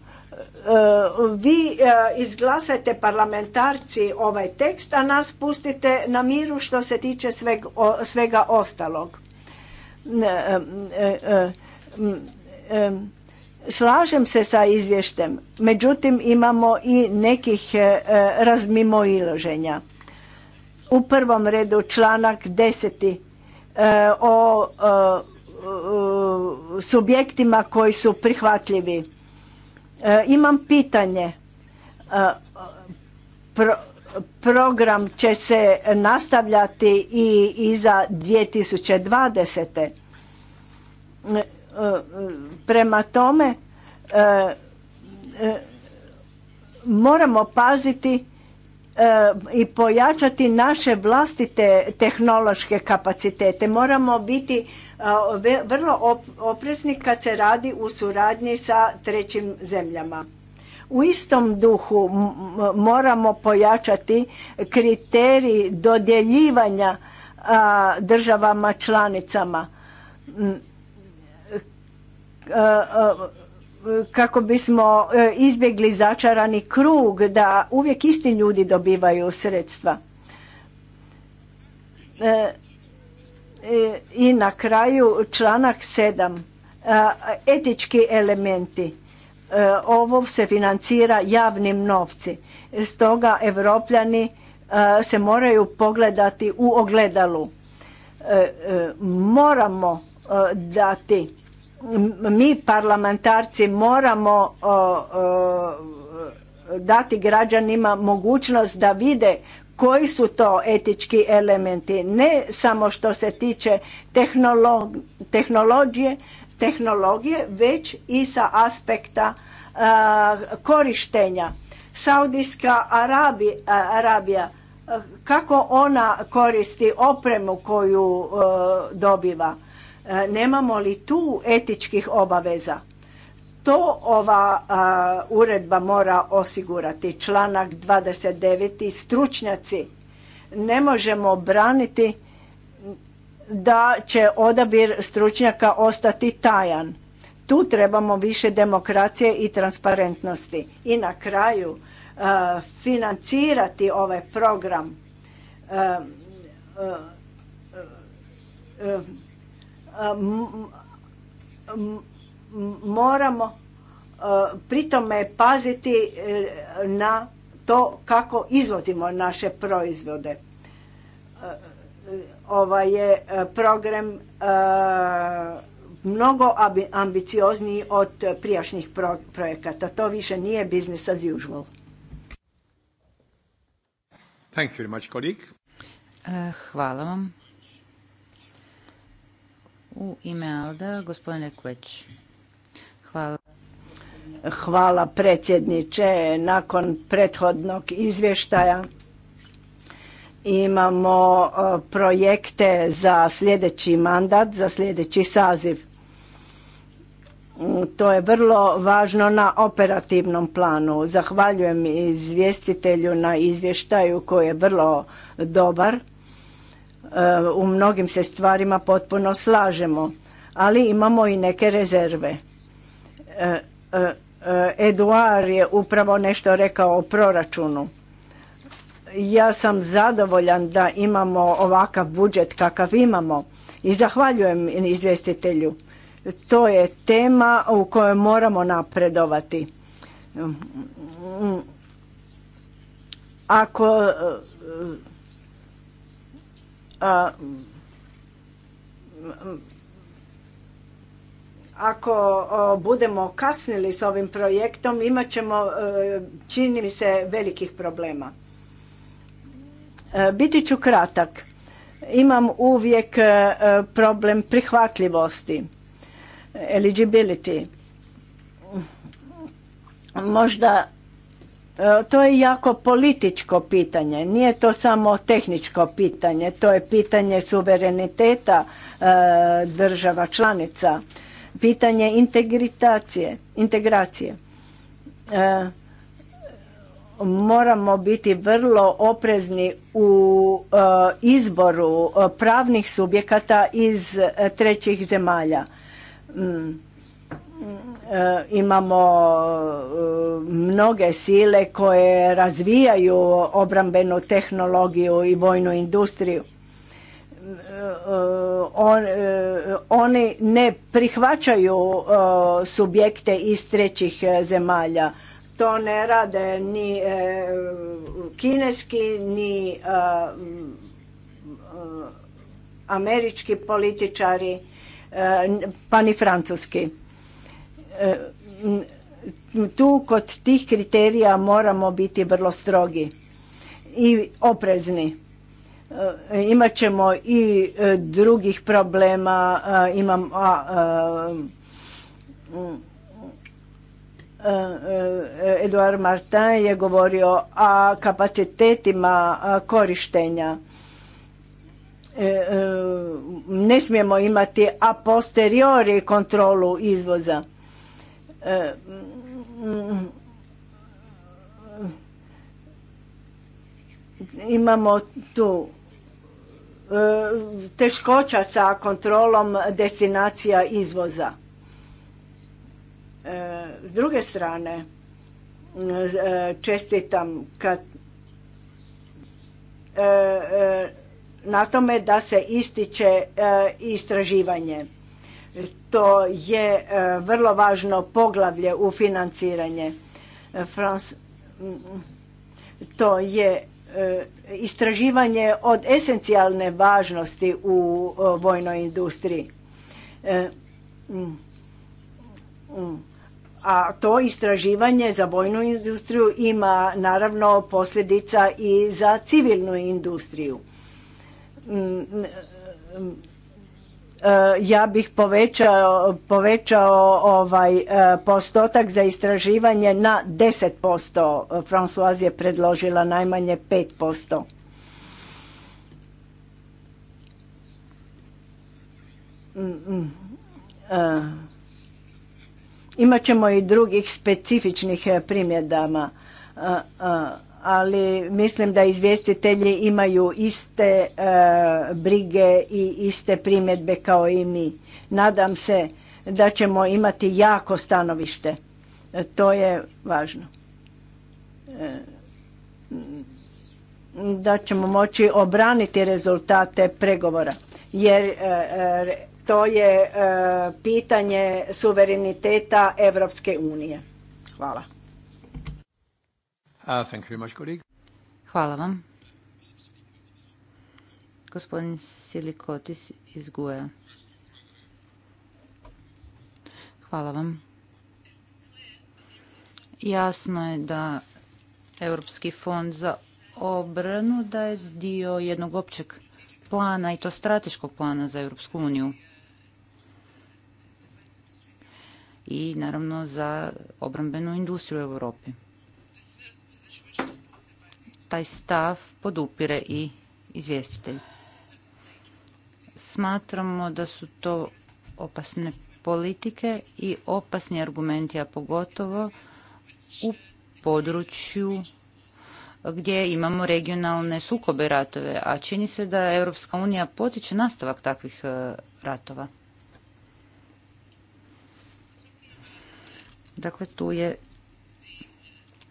vi izglasajte parlamentarci ovaj tekst, a nas pustite na miru što se tiče svega ostalog. Slažem se sa izvještem, međutim imamo i nekih razmimoiloženja. U prvom redu članak deseti E, o e, subjektima koji su prihvatljivi. E, imam pitanje. program će se nastavljati i iza 2020. Prema tome moramo paziti E, i pojačati naše vlastite tehnološke kapacitete. Moramo biti e, vrlo oprezni kad se radi u suradnji sa trećim zemljama. U istom duhu moramo pojačati kriterij dodjeljivanja e, državama članicama kako bismo e, izbjegli začarani krug da uvijek isti ljudi dobivaju sredstva. E, e, I na kraju članak 7. Etički elementi. Ovo se financira javnim novci. Stoga evropljani se moraju pogledati u ogledalu. Moramo dati mi parlamentarci moramo dati građanima mogućnost da vide koji su to etički elementi, ne samo što se tiče tehnologije, tehnologije, već i sa aspekta korištenja. Saudijska Arabija, kako ona koristi opremu koju dobiva? E, nemamo li tu etičkih obaveza? To ova e, uredba mora osigurati. Članak 29. Stručnjaci ne možemo braniti da će odabir stručnjaka ostati tajan. Tu trebamo više demokracije i transparentnosti. I na kraju e, financirati ovaj program moramo e, pritome paziti e, na to kako izvozimo naše proizvode. E, ovaj je program mnogo ambiciozniji od prijašnjih projekata. To više nije business as usual. Hvala vam. U ime Alda, Hvala. Hvala predsjedniče. Nakon prethodnog izvještaja imamo e, projekte za sljedeći mandat, za sljedeći saziv. Mm, to je vrlo važno na operativnom planu. Zahvaljujem izvjestitelju na izvještaju koji je vrlo dobar u mnogim se stvarima potpuno slažemo, ali imamo i neke rezerve. E, e, Eduard je upravo nešto rekao o proračunu. Ja sam zadovoljan da imamo ovakav budžet kakav imamo i zahvaljujem izvjestitelju. To je tema u kojoj moramo napredovati. Ako ako budemo kasnili s ovim projektom, imat ćemo, e, čini mi se, velikih problema. E, biti ću kratak. Imam uvijek e, problem prihvatljivosti, eligibility. Možda E, to je jako političko pitanje, nije to samo tehničko pitanje, to je pitanje suvereniteta e, država članica, pitanje integritacije, integracije. E, moramo biti vrlo oprezni u izboru pravnih subjekata iz trećih zemalja mm. Eh, imamo eh, mnoge sile koje razvijaju obrambenu tehnologiju i vojnu industriju. Eh, oni ne prihvaćaju subjekte iz trećih zemalja. To ne rade ni kineski, ni američki političari, pa ni francuski tu kod tih kriterija moramo biti vrlo strogi i oprezni. E, imat ćemo i e, drugih problema, e, imam a, a, Eduard Martin je govorio o kapacitetima korištenja. Ne smijemo imati a posteriori kontrolu izvoza. E, mm, mm, imamo tu e, teškoća sa kontrolom destinacija izvoza. E, s druge strane, čestitam kad na tome da se ističe istraživanje. To je e, vrlo važno poglavlje u financiranje. E, mm, to je e, istraživanje od esencijalne važnosti u vojnoj industriji. Mm, mm. A to istraživanje za vojnu industriju ima naravno posljedica i za civilnu industriju Eh, ja bih povećao, povećao ovaj eh, postotak za istraživanje na 10%. Françoise je predložila najmanje 5%. posto mm, mm. Eh, imat ćemo i drugih specifičnih primjedama ali mislim da izvjestitelji imaju iste e, brige i iste primjedbe kao i mi. Nadam se da ćemo imati jako stanovište. E, to je važno. E, da ćemo moći obraniti rezultate pregovora. Jer to je pitanje suvereniteta Evropske unije. Hvala. Uh, Hvala vam. Gospodin Silikotis iz Guja. Hvala vam. Jasno je da Europski fond za obranu da je dio jednog općeg plana i to strateškog plana za Europsku uniju. I naravno za obrambenu industriju u Europi taj stav podupire i izvjestitelj. Smatramo da su to opasne politike i opasni argumenti, a pogotovo u području gdje imamo regionalne sukobe ratove, a čini se da Europska unija potiče nastavak takvih e, ratova. Dakle, tu je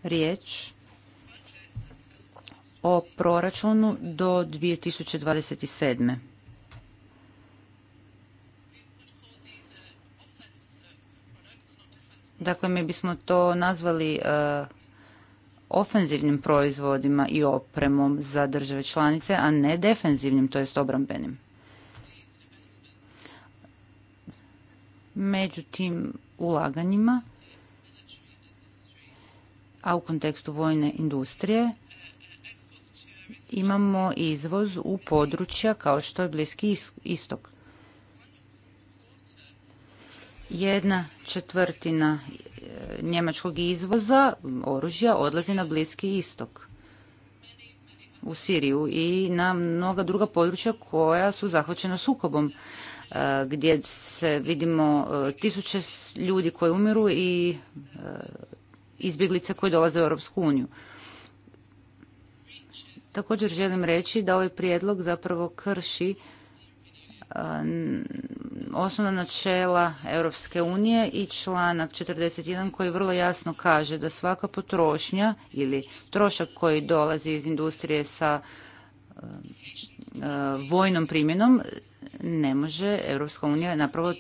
riječ o proračunu do 2027. Dakle, mi bismo to nazvali e, ofenzivnim proizvodima i opremom za države članice, a ne defenzivnim, to jest obrambenim. Među tim ulaganjima, a u kontekstu vojne industrije, imamo izvoz u područja kao što je Bliski istok. Jedna četvrtina e, njemačkog izvoza oružja odlazi na Bliski istok u Siriju i na mnoga druga područja koja su zahvaćena sukobom e, gdje se vidimo e, tisuće ljudi koji umiru i izbjeglice koji dolaze u Europsku uniju. Također želim reći da ovaj prijedlog zapravo krši e, osnovna načela Europske unije i članak 41 koji vrlo jasno kaže da svaka potrošnja ili trošak koji dolazi iz industrije sa e, e, vojnom primjenom ne može Europska unija napravo,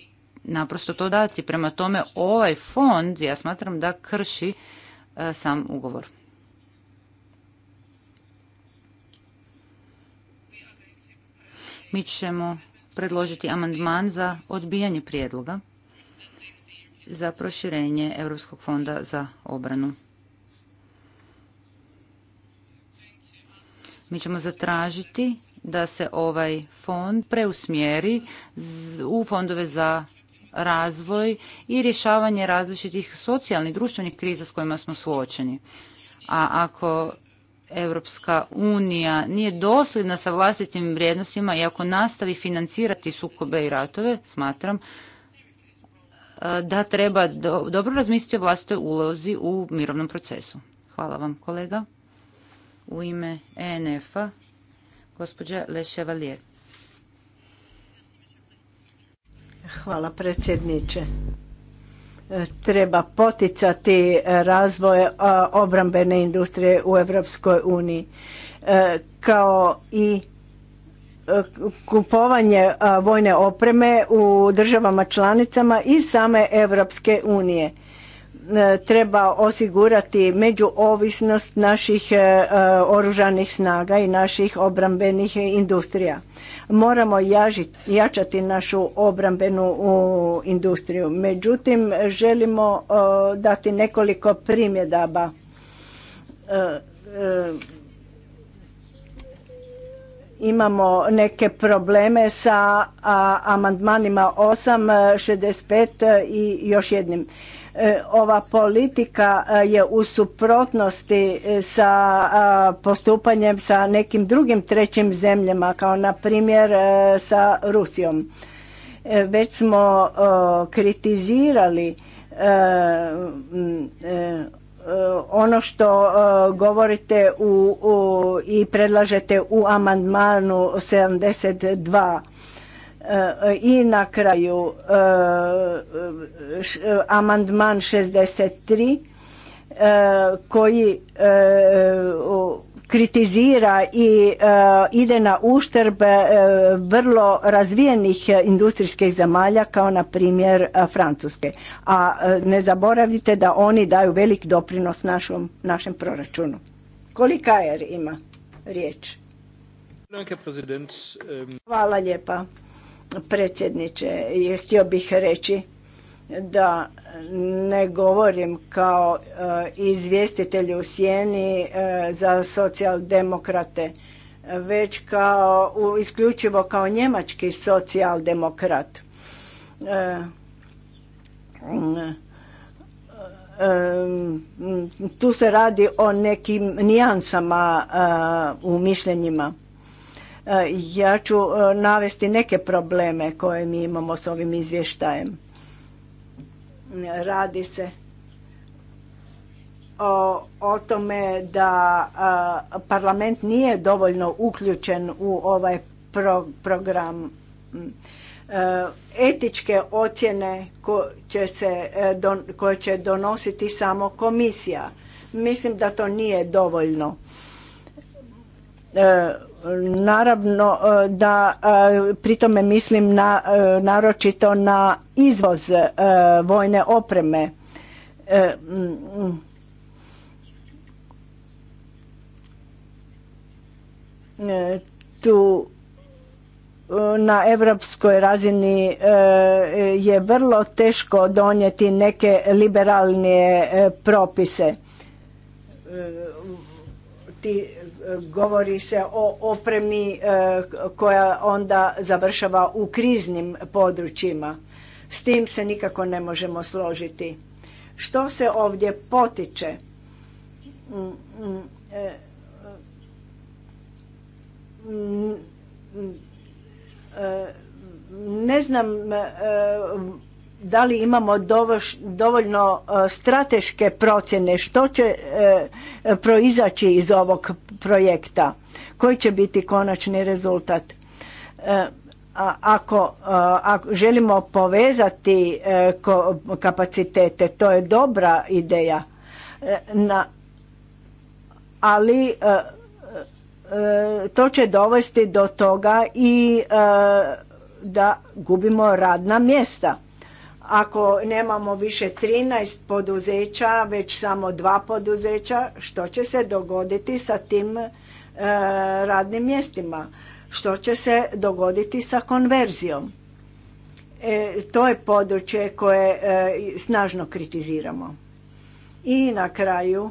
naprosto to dati. Prema tome ovaj fond ja smatram da krši sam ugovor. Mi ćemo predložiti amandman za odbijanje prijedloga za proširenje Europskog fonda za obranu. Mi ćemo zatražiti da se ovaj fond preusmjeri u fondove za razvoj i rješavanje različitih socijalnih društvenih kriza s kojima smo suočeni. A ako Europska unija nije dosljedna sa vlastitim vrijednostima i ako nastavi financirati sukobe i ratove, smatram e, da treba dobro razmisliti o vlastitoj ulozi u mirovnom procesu. Hvala vam kolega. U ime ENF-a gospođa Le Hvala predsjedniče treba poticati e, razvoj e, obrambene industrije u Europskoj uniji e, kao i kupovanje vojne opreme u državama članicama i same Europske unije E, treba osigurati međuovisnost naših e, e, oružanih snaga i naših obrambenih industrija. Moramo jačati našu obrambenu industriju. Međutim, želimo dati nekoliko primjedaba imamo neke probleme sa amandmanima 8, 65 i još jednim. E, ova politika e, je u suprotnosti e, sa postupanjem sa nekim drugim trećim zemljama kao na primjer sa Rusijom. Već smo kritizirali ono što govorite i predlažete u amandmanu 72 i na kraju e, amandman 63 e, koji e, kritizira i ide na uštrb vrlo razvijenih industrijskih zemalja kao na primjer Francuske. A ne zaboravite da oni daju velik doprinos našom, našem proračunu. Kolika je er ima riječ? Hvala lijepa predsjedniče. Htio bih reći da ne govorim kao e, izvjestitelj u sjeni e, za socijaldemokrate, već kao, isključivo kao njemački socijaldemokrat. E, tu se radi o nekim nijansama u mišljenjima Eh, ja ću eh, navesti neke probleme koje mi imamo s ovim izvještajem. Radi se o, tome da eh, parlament nije dovoljno uključen u ovaj program mm, etičke ocjene će se, koje će donositi samo komisija. Mislim da to nije dovoljno. Naravno e, da e, pri tome mislim na, e, naročito na izvoz vojne opreme. Mm, tu na europskoj razini je vrlo teško donijeti neke liberalnije propise. Ti govori se o opremi e, koja onda završava u kriznim područjima. S tim se nikako ne možemo složiti. Što se ovdje potiče? Mm, mm, e, mm, e, ne znam da li imamo dovoljno e, strateške procjene što će e, proizaći iz ovog projekta, koji će biti konačni rezultat. E, ako, ako želimo povezati kapacitete, to je dobra ideja, na, ali to će dovesti do toga i da gubimo radna mjesta. Ako nemamo više 13 poduzeća, već samo dva poduzeća, što će se dogoditi sa tim e, radnim mjestima? Što će se dogoditi sa konverzijom? E, to je područje koje e, snažno kritiziramo. I na kraju,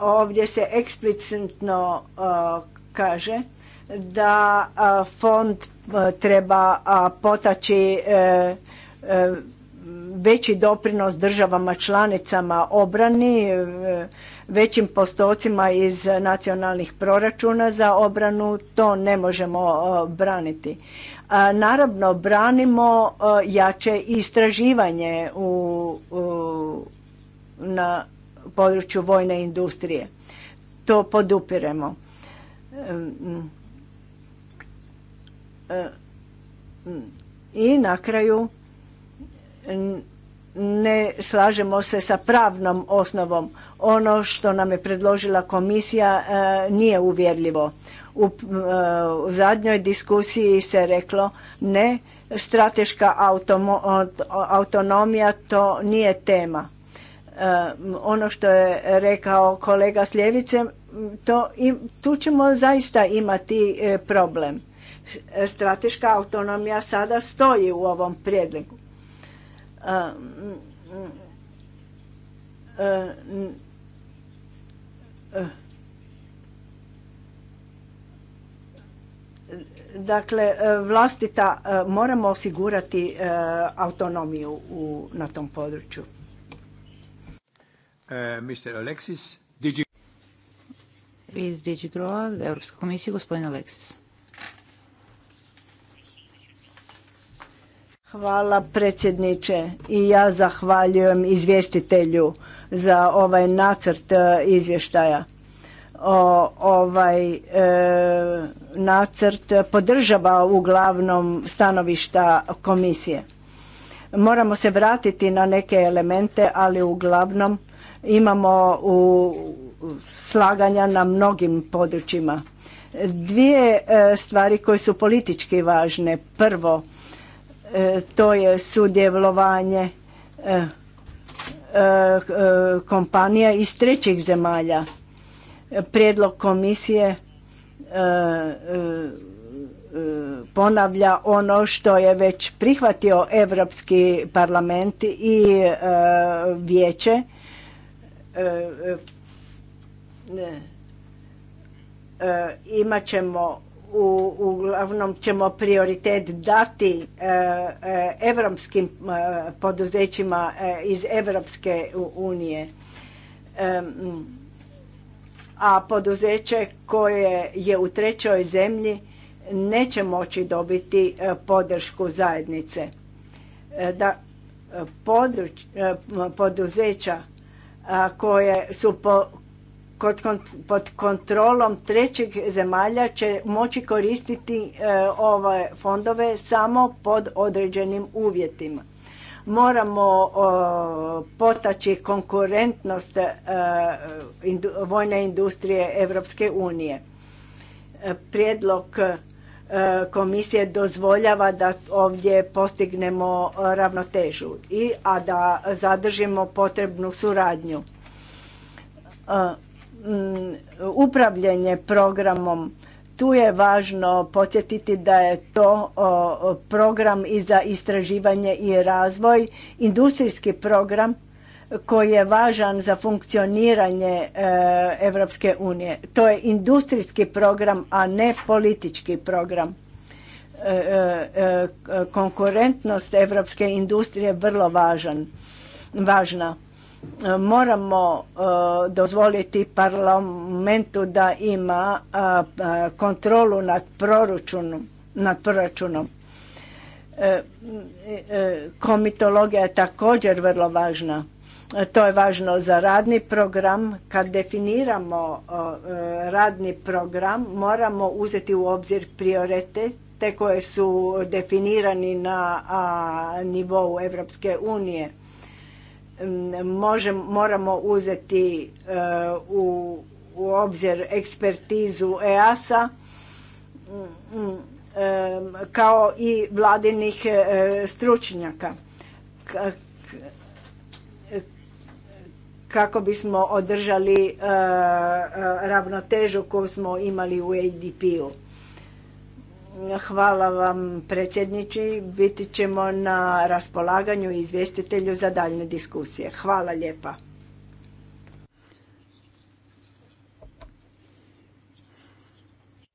ovdje se eksplicitno kaže da fond treba potaći veći doprinos državama članicama obrani, većim postocima iz nacionalnih proračuna za obranu, to ne možemo e, braniti. E, naravno, branimo e, jače istraživanje u, na području vojne industrije. To podupiremo. Mm, mm. I na kraju, ne slažemo se sa pravnom osnovom. Ono što nam je predložila komisija e, nije uvjerljivo. E, u, zadnjoj diskusiji se reklo ne, strateška autonomija to nije tema. E, ono što je rekao kolega s to tu ćemo zaista imati problem. Strateška autonomija sada stoji u ovom prijedlogu Dakle, vlastita, moramo osigurati e, autonomiju na tom području. E, Mr. Alexis, Digi... Iz DigiGroa, Europska komisija, gospodin Alexis. Hvala predsjedniče i ja zahvaljujem izvjestitelju za ovaj nacrt e, izvještaja. ovaj e, nacrt podržava uglavnom stanovišta komisije. Moramo se vratiti na neke elemente, ali uglavnom imamo u slaganja na mnogim područjima. Dvije e, stvari koje su politički važne. Prvo, E, to je sudjelovanje e, e, kompanija iz trećih zemalja. Prijedlog komisije ponavlja ono što je već prihvatio Europski parlament i vijeće imat ćemo uglavnom ćemo prioritet dati europskim e, e, poduzećima e, iz Evropske unije. A poduzeće koje je u trećoj zemlji neće moći dobiti podršku zajednice. Da poduzeća koje su po, pod kontrolom trećeg zemalja će moći koristiti e, ove fondove samo pod određenim uvjetima. Moramo potaći konkurentnost e, vojne industrije Europske unije. E, prijedlog komisije dozvoljava da ovdje postignemo ravnotežu i a da zadržimo potrebnu suradnju. Mm, upravljanje programom. Tu je važno podsjetiti da je to program i za istraživanje i razvoj, industrijski program koji je važan za funkcioniranje Europske unije. To je industrijski program, a ne politički program. E, e, e, konkurentnost europske industrije je vrlo važan, važna. E, moramo e, dozvoliti parlamentu da ima e, kontrolu nad proračunom. Nad proračunom. Komitologija je također vrlo važna. To je važno za radni program. Kad definiramo radni program moramo uzeti u obzir te koje su definirani na nivou Europske unije moramo uzeti e, u, u obzir ekspertizu EASA e, kao i vladinih e, stručnjaka kako bismo održali ravnotežu koju smo imali u ADP-u. Hvala vam predsjedniči, biti ćemo na raspolaganju i izvjestitelju za daljne diskusije. Hvala lijepa.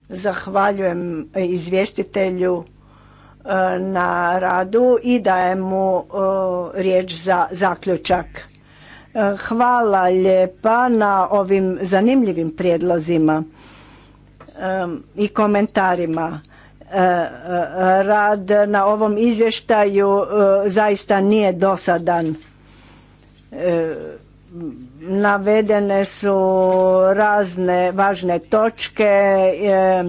Zahvaljujem izvjestitelju e, na radu i dajem mu e, riječ za zaključak. E, hvala lijepa na ovim zanimljivim prijedlozima i komentarima Rad na ovom izvještaju e, zaista nije dosadan. E, navedene su razne važne točke, e,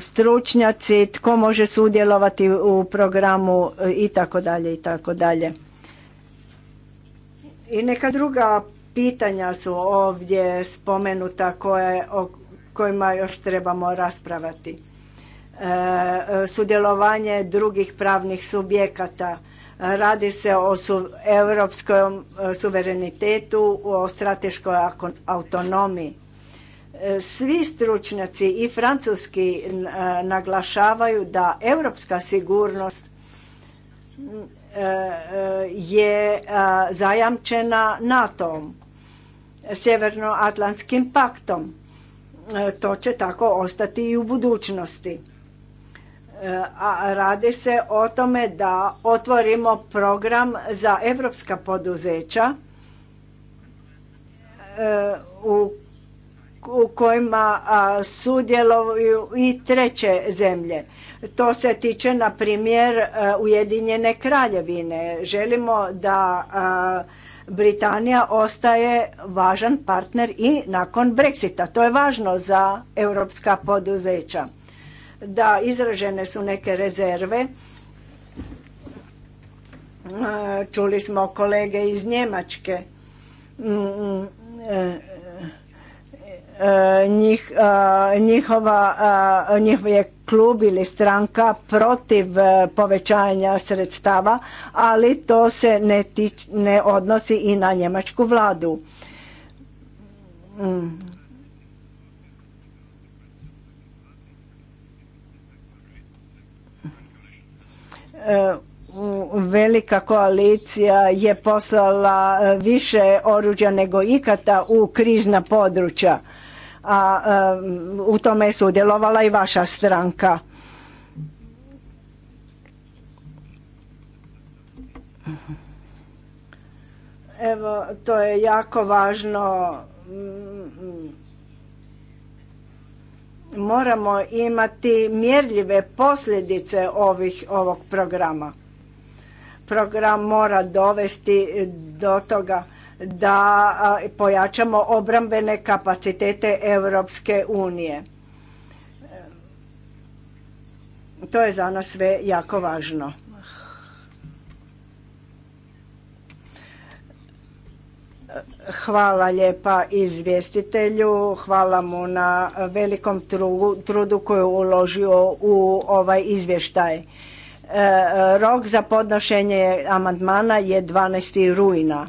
stručnjaci, tko može sudjelovati u programu i tako dalje i tako dalje. I neka druga pitanja su ovdje spomenuta koje, o kojima još trebamo raspravati. E, sudjelovanje drugih pravnih subjekata. Radi se o europskom e, suverenitetu, o strateškoj autonomiji. E, svi stručnjaci i francuski naglašavaju da europska sigurnost je zajamčena NATO-om, Sjevernoatlantskim paktom. To će tako ostati i u budućnosti. Eh, a radi se o tome da otvorimo program za evropska poduzeća eh, u, u kojima sudjeluju i treće zemlje. To se tiče, na primjer, eh, Ujedinjene kraljevine. Želimo da Britanija ostaje važan partner i nakon Brexita. To je važno za europska poduzeća da izražene su neke rezerve. Čuli smo kolege iz Njemačke. Mm, mm, e, e, njih, njihova, njihov je klub ili stranka protiv e, povećanja sredstava, ali to se ne, ne odnosi i na njemačku vladu. Mm. velika koalicija je poslala e, više oruđa nego ikada u krizna područja a e, u tome je sudjelovala i vaša stranka evo to je jako važno moramo imati mjerljive posljedice ovih, ovog programa. Program mora dovesti do toga da pojačamo obrambene kapacitete Europske unije. To je za nas sve jako važno. Hvala lijepa izvjestitelju, hvala mu na velikom trudu koju uložio u ovaj izvještaj. E, rok za podnošenje amandmana je 12. rujna.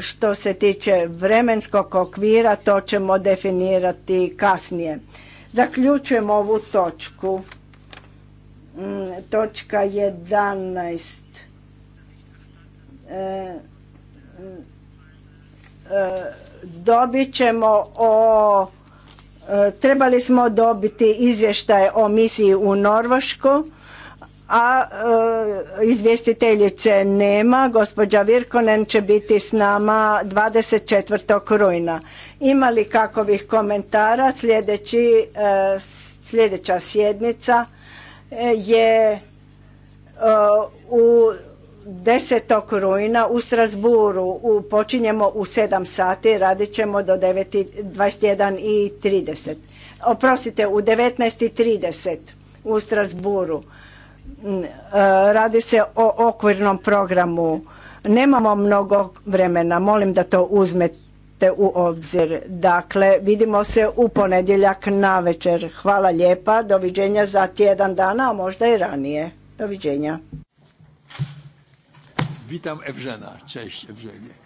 Što se tiče vremenskog okvira, to ćemo definirati kasnije. Zaključujemo ovu točku. Mm, točka 11 dobit ćemo o trebali smo dobiti izvještaj o misiji u Norvašku a e, izvjestiteljice nema. Gospođa Virkonen će biti s nama 24. rujna. Ima li kakvih komentara? Sljedeći, e, sljedeća sjednica e, je u 10. rujna u Strasburu u, počinjemo u 7 sati, radit ćemo do 9, 21 i 30. Oprostite, u 19.30 u Strasburu. Mm, e, radi se o okvirnom programu. Nemamo mnogo vremena, molim da to uzmete u obzir. Dakle, vidimo se u ponedjeljak na večer. Hvala lijepa, doviđenja za tjedan dana, a možda i ranije. Doviđenja. Witam Ewżena. Cześć Ewżenie.